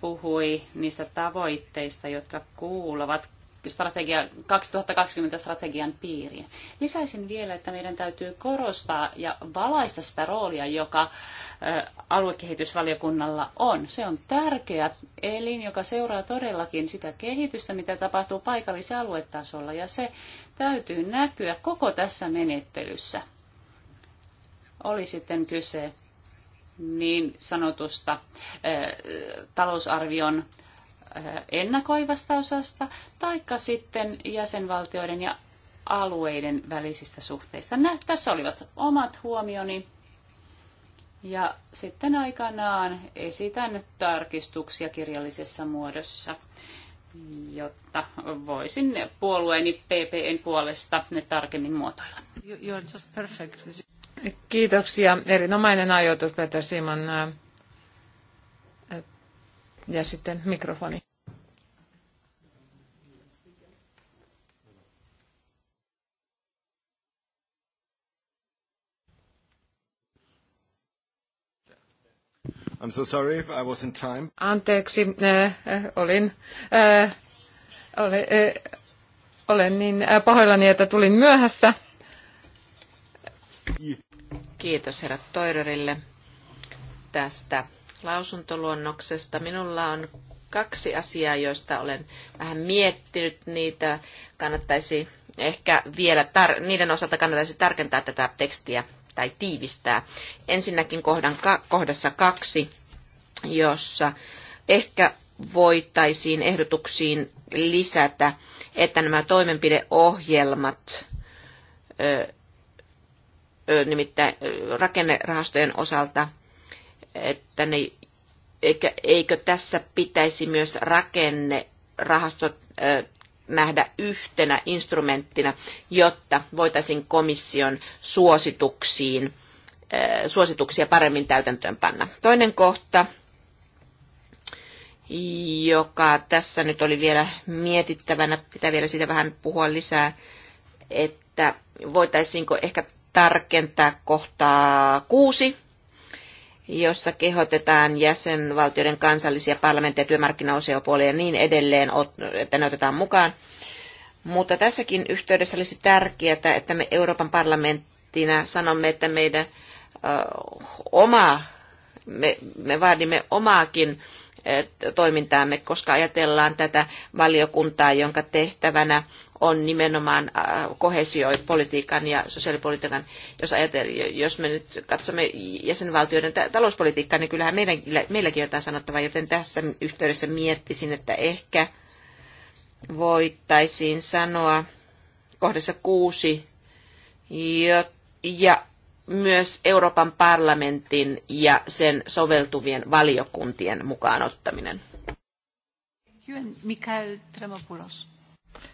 puhui niistä tavoitteista, jotka kuuluvat strategia, 2020 strategian piiriin. Lisäisin vielä, että meidän täytyy korostaa ja valaista sitä roolia, joka aluekehitysvaliokunnalla on. Se on tärkeä elin, joka seuraa todellakin sitä kehitystä, mitä tapahtuu paikallis- ja aluetasolla, ja se täytyy näkyä koko tässä menettelyssä. Oli sitten kyse niin sanotusta talousarvion ennakoivasta osasta, taikka sitten jäsenvaltioiden ja alueiden välisistä suhteista. Nä, tässä olivat omat huomioni ja sitten aikanaan esitän tarkistuksia kirjallisessa muodossa, jotta voisin puolueeni PPN puolesta ne tarkemmin muotoilla. You're just perfect. Kiitoksia. Erinomainen ajoitus, Peter Simon. Ja sitten mikrofoni. I'm so sorry, I was in time. Anteeksi, äh, olin, äh, äh, olen niin äh, pahoillani, että tulin myöhässä. Kiitos herra Toirerille tästä lausuntoluonnoksesta. Minulla on kaksi asiaa, joista olen vähän miettinyt niitä. Kannattaisi ehkä vielä, niiden osalta kannattaisi tarkentaa tätä tekstiä tai tiivistää. Ensinnäkin kohdan, kohdassa kaksi, jossa ehkä voitaisiin ehdotuksiin lisätä, että nämä toimenpideohjelmat, nimittäin rakennerahastojen osalta, että ne, eikö, eikö tässä pitäisi myös rakenne rahastot nähdä yhtenä instrumenttina, jotta voitaisiin komission suosituksiin, eh, suosituksia paremmin täytäntöön panna. Toinen kohta, joka tässä nyt oli vielä mietittävänä, pitää vielä siitä vähän puhua lisää, että voitaisiinko ehkä tarkentaa kohtaa kuusi, jossa kehotetaan jäsenvaltioiden kansallisia parlamentteja, työmarkkinaosiopuolia ja niin edelleen, että ne otetaan mukaan. Mutta tässäkin yhteydessä olisi tärkeää, että me Euroopan parlamenttina sanomme, että meidän ö, oma, me, me vaadimme omaakin Eh, toimintaamme, koska ajatellaan tätä valiokuntaa, jonka tehtävänä on nimenomaan äh, kohesiopolitiikan ja sosiaalipolitiikan, jos, jos me nyt katsomme jäsenvaltioiden talouspolitiikkaa, niin kyllähän meidän, meilläkin on jotain sanottavaa, joten tässä yhteydessä miettisin, että ehkä voitaisiin sanoa kohdassa kuusi, ja myös Euroopan parlamentin ja sen soveltuvien valiokuntien mukaan ottaminen. Mikael Tremopoulos.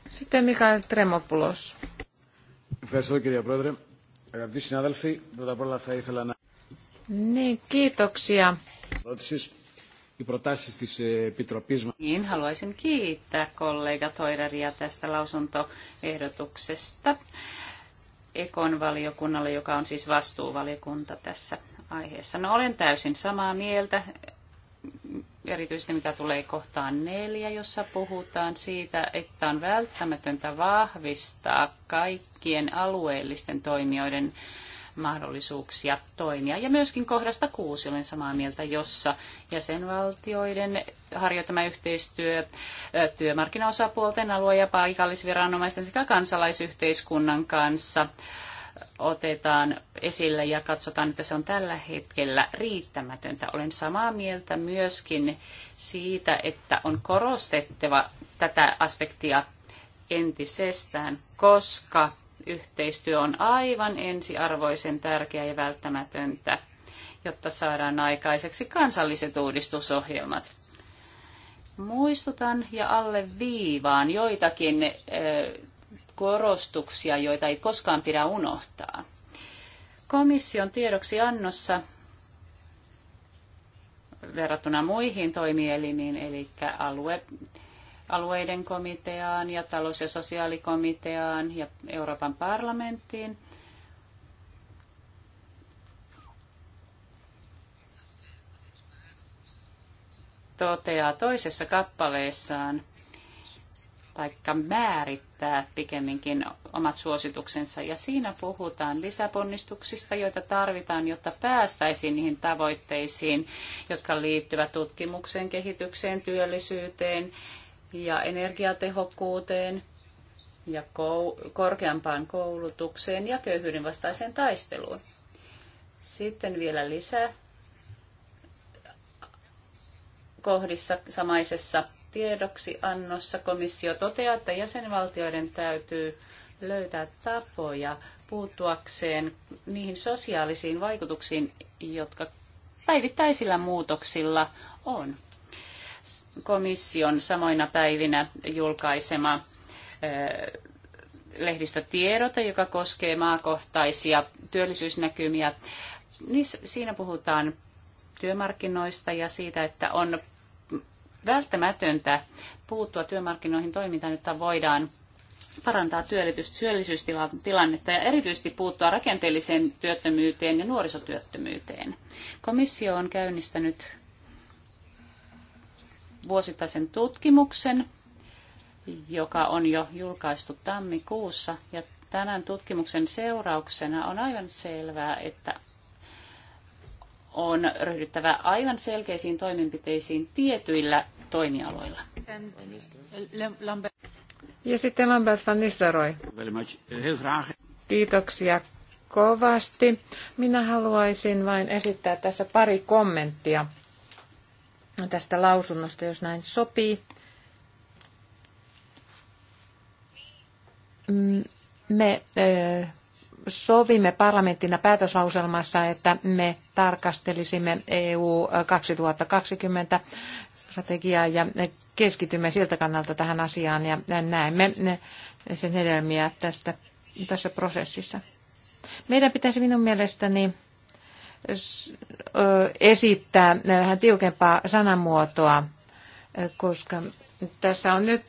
Sitten Mikael Tremopoulos. Niin, kiitoksia. Niin, haluaisin kiittää kollega Toiraria tästä lausuntoehdotuksesta. Ekon valiokunnalle, joka on siis vastuuvaliokunta tässä aiheessa. No olen täysin samaa mieltä, erityisesti mitä tulee kohtaan neljä, jossa puhutaan siitä, että on välttämätöntä vahvistaa kaikkien alueellisten toimijoiden mahdollisuuksia toimia. Ja myöskin kohdasta kuusi olen samaa mieltä, jossa jäsenvaltioiden harjoittama yhteistyö työmarkkinaosapuolten alue- ja paikallisviranomaisten sekä kansalaisyhteiskunnan kanssa otetaan esille ja katsotaan, että se on tällä hetkellä riittämätöntä. Olen samaa mieltä myöskin siitä, että on korostettava tätä aspektia entisestään, koska yhteistyö on aivan ensiarvoisen tärkeä ja välttämätöntä, jotta saadaan aikaiseksi kansalliset uudistusohjelmat. Muistutan ja alle viivaan joitakin korostuksia, joita ei koskaan pidä unohtaa. Komission annossa verrattuna muihin toimielimiin, eli alue- alueiden komiteaan ja talous- ja sosiaalikomiteaan ja Euroopan parlamenttiin. Toteaa toisessa kappaleessaan, taikka määrittää pikemminkin omat suosituksensa. Ja siinä puhutaan lisäponnistuksista, joita tarvitaan, jotta päästäisiin niihin tavoitteisiin, jotka liittyvät tutkimukseen, kehitykseen, työllisyyteen ja energiatehokkuuteen ja kou- korkeampaan koulutukseen ja köyhyyden vastaiseen taisteluun. Sitten vielä lisää kohdissa samaisessa tiedoksiannossa komissio toteaa, että jäsenvaltioiden täytyy löytää tapoja puuttuakseen niihin sosiaalisiin vaikutuksiin, jotka päivittäisillä muutoksilla on komission samoina päivinä julkaisema lehdistötiedote, joka koskee maakohtaisia työllisyysnäkymiä. siinä puhutaan työmarkkinoista ja siitä, että on välttämätöntä puuttua työmarkkinoihin toimintaan, jotta voidaan parantaa työllisyystilannetta ja erityisesti puuttua rakenteelliseen työttömyyteen ja nuorisotyöttömyyteen. Komissio on käynnistänyt vuosittaisen tutkimuksen, joka on jo julkaistu tammikuussa. Ja tämän tutkimuksen seurauksena on aivan selvää, että on ryhdyttävä aivan selkeisiin toimenpiteisiin tietyillä toimialoilla. Ja sitten Lambert van Nistelrooy. Kiitoksia kovasti. Minä haluaisin vain esittää tässä pari kommenttia No, tästä lausunnosta, jos näin sopii. Mm, me sovimme parlamenttina päätöslauselmassa, että me tarkastelisimme EU 2020 strategiaa ja keskitymme siltä kannalta tähän asiaan ja näemme sen hedelmiä tästä, tässä prosessissa. Meidän pitäisi minun mielestäni esittää vähän tiukempaa sanamuotoa, koska tässä on nyt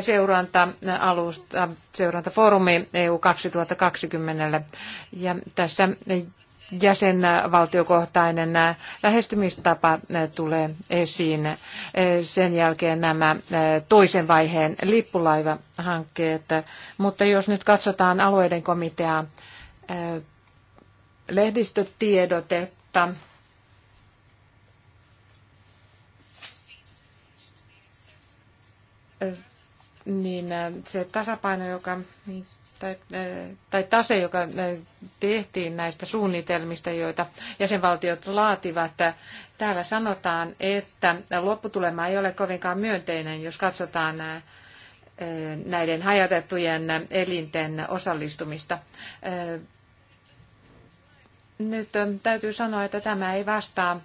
seuranta-alusta, seurantafoorumi EU 2020, ja tässä jäsenvaltiokohtainen lähestymistapa tulee esiin. Sen jälkeen nämä toisen vaiheen lippulaivahankkeet. Mutta jos nyt katsotaan alueiden komitea lehdistötiedotetta. Niin äh, se tasapaino, joka, tai, äh, tai tase, joka äh, tehtiin näistä suunnitelmista, joita jäsenvaltiot laativat, täällä sanotaan, että lopputulema ei ole kovinkaan myönteinen, jos katsotaan näiden hajatettujen elinten osallistumista nyt ähm, täytyy sanoa, että tämä ei vastaa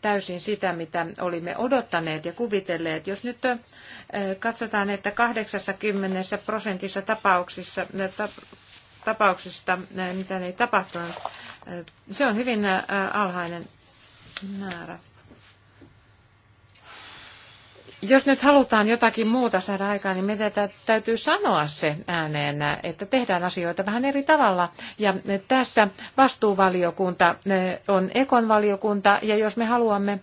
täysin sitä, mitä olimme odottaneet ja kuvitelleet. Jos nyt äh, katsotaan, että 80 prosentissa tapauksissa, äh, tapauksista, äh, mitä ei tapahtunut, se on hyvin alhainen määrä jos nyt halutaan jotakin muuta saada aikaan, niin meidän täytyy sanoa se ääneen, että tehdään asioita vähän eri tavalla. Ja tässä vastuuvaliokunta eh, on ekon valiokunta, ja jos me haluamme,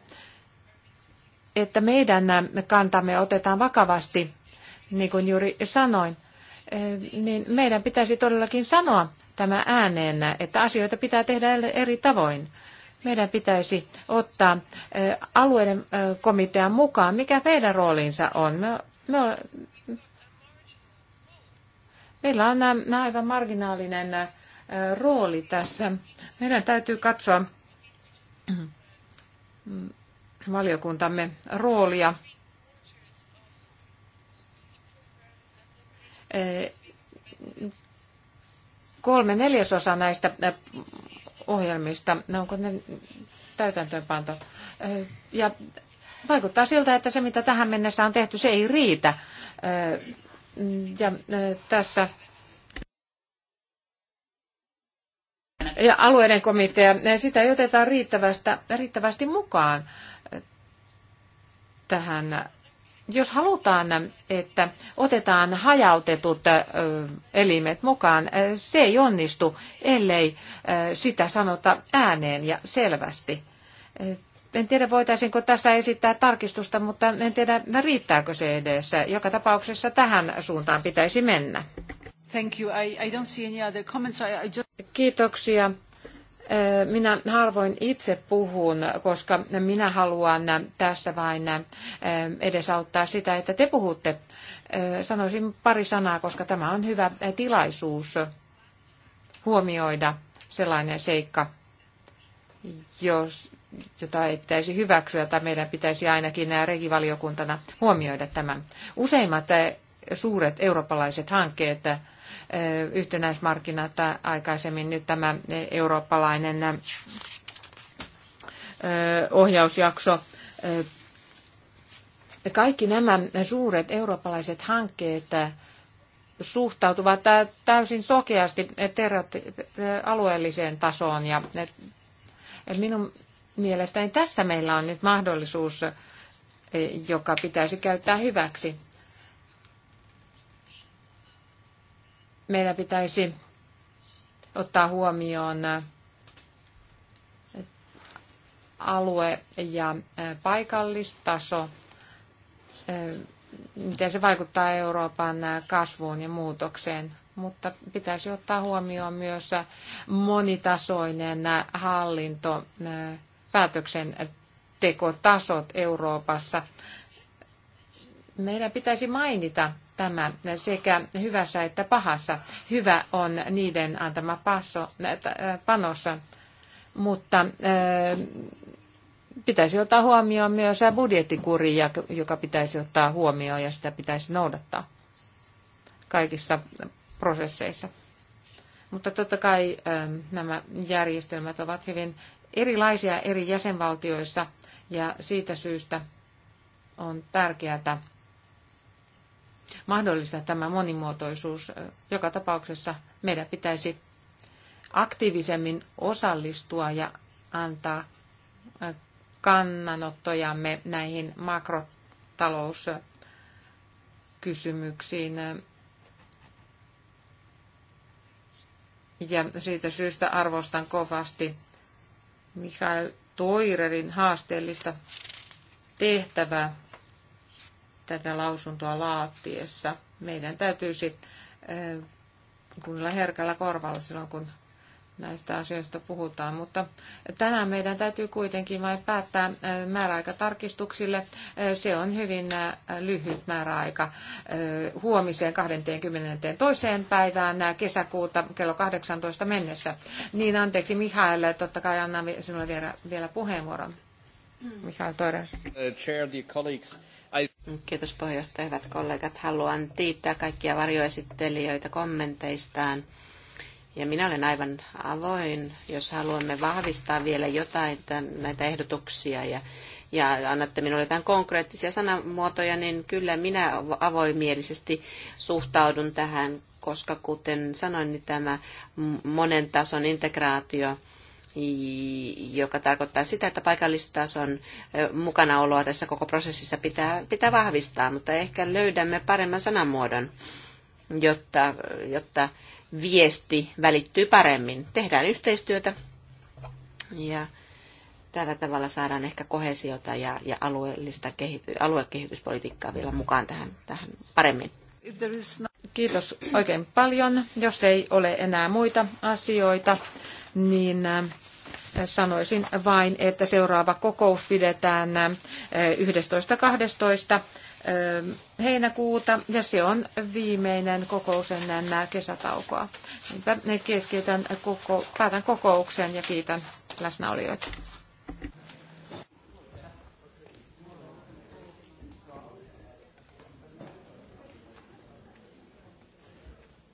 että meidän kantamme otetaan vakavasti, niin kuin juuri sanoin, eh, niin meidän pitäisi todellakin sanoa tämä ääneen, että asioita pitää tehdä eri tavoin meidän pitäisi ottaa alueiden komitean mukaan, mikä meidän roolinsa on. Me, me, meillä on aivan marginaalinen rooli tässä. Meidän täytyy katsoa mm, valiokuntamme roolia. Kolme neljäsosa näistä ohjelmista, ne onko ne täytäntöönpanto. Ja vaikuttaa siltä, että se mitä tähän mennessä on tehty, se ei riitä. Ja tässä ja alueiden komitea, sitä ei oteta riittävästi mukaan tähän jos halutaan, että otetaan hajautetut elimet mukaan, se ei onnistu, ellei sitä sanota ääneen ja selvästi. En tiedä, voitaisiinko tässä esittää tarkistusta, mutta en tiedä, riittääkö se edessä. Joka tapauksessa tähän suuntaan pitäisi mennä. Thank you. I, don't see any other comments. Kiitoksia. Minä harvoin itse puhun, koska minä haluan tässä vain edesauttaa sitä, että te puhutte. Sanoisin pari sanaa, koska tämä on hyvä tilaisuus huomioida sellainen seikka, jos, jota ei pitäisi hyväksyä, tai meidän pitäisi ainakin regivaliokuntana huomioida tämän. Useimmat suuret eurooppalaiset hankkeet yhtenäismarkkinat aikaisemmin. Nyt tämä eurooppalainen ohjausjakso. Kaikki nämä suuret eurooppalaiset hankkeet suhtautuvat täysin sokeasti alueelliseen tasoon. Ja minun mielestäni tässä meillä on nyt mahdollisuus, joka pitäisi käyttää hyväksi. meidän pitäisi ottaa huomioon äh, alue- ja äh, paikallistaso, äh, miten se vaikuttaa Euroopan kasvuun ja muutokseen. Mutta pitäisi ottaa huomioon myös monitasoinen hallinto, päätöksentekotasot Euroopassa. Meidän pitäisi mainita tämä sekä hyvässä että pahassa. Hyvä on niiden antama passo, panos, mutta pitäisi ottaa huomioon myös budjettikuri, joka pitäisi ottaa huomioon ja sitä pitäisi noudattaa kaikissa prosesseissa. Mutta totta kai nämä järjestelmät ovat hyvin erilaisia eri jäsenvaltioissa ja siitä syystä on tärkeää, mahdollista tämä monimuotoisuus. Joka tapauksessa meidän pitäisi aktiivisemmin osallistua ja antaa kannanottojamme näihin makrotalouskysymyksiin. Ja siitä syystä arvostan kovasti Mikael Toirerin haasteellista tehtävää tätä lausuntoa laattiessa. Meidän täytyisi kuunnella herkällä korvalla silloin, kun näistä asioista puhutaan, mutta tänään meidän täytyy kuitenkin vain päättää määräaikatarkistuksille. Se on hyvin lyhyt määräaika huomiseen 22. päivään kesäkuuta kello 18 mennessä. Niin anteeksi Mihail, totta kai annan sinulle vielä, vielä puheenvuoron. Mihail Toire. Chair, colleagues. Kiitos puheenjohtaja, hyvät kollegat. Haluan kiittää kaikkia varjoesittelijöitä kommenteistaan. Ja minä olen aivan avoin, jos haluamme vahvistaa vielä jotain tämän, näitä ehdotuksia ja, ja annatte minulle jotain konkreettisia sanamuotoja, niin kyllä minä avoimielisesti suhtaudun tähän, koska kuten sanoin, niin tämä monen tason integraatio – joka tarkoittaa sitä, että paikallistason mukanaoloa tässä koko prosessissa pitää, pitää vahvistaa, mutta ehkä löydämme paremman sanamuodon, jotta, jotta viesti välittyy paremmin. Tehdään yhteistyötä ja tällä tavalla saadaan ehkä kohesiota ja, ja alueellista kehity, aluekehityspolitiikkaa vielä mukaan tähän, tähän paremmin. Kiitos oikein paljon. Jos ei ole enää muita asioita, niin sanoisin vain, että seuraava kokous pidetään 11.12. heinäkuuta ja se on viimeinen kokous ennen kesätaukoa. keskeytän koko, päätän kokouksen ja kiitän läsnäolijoita.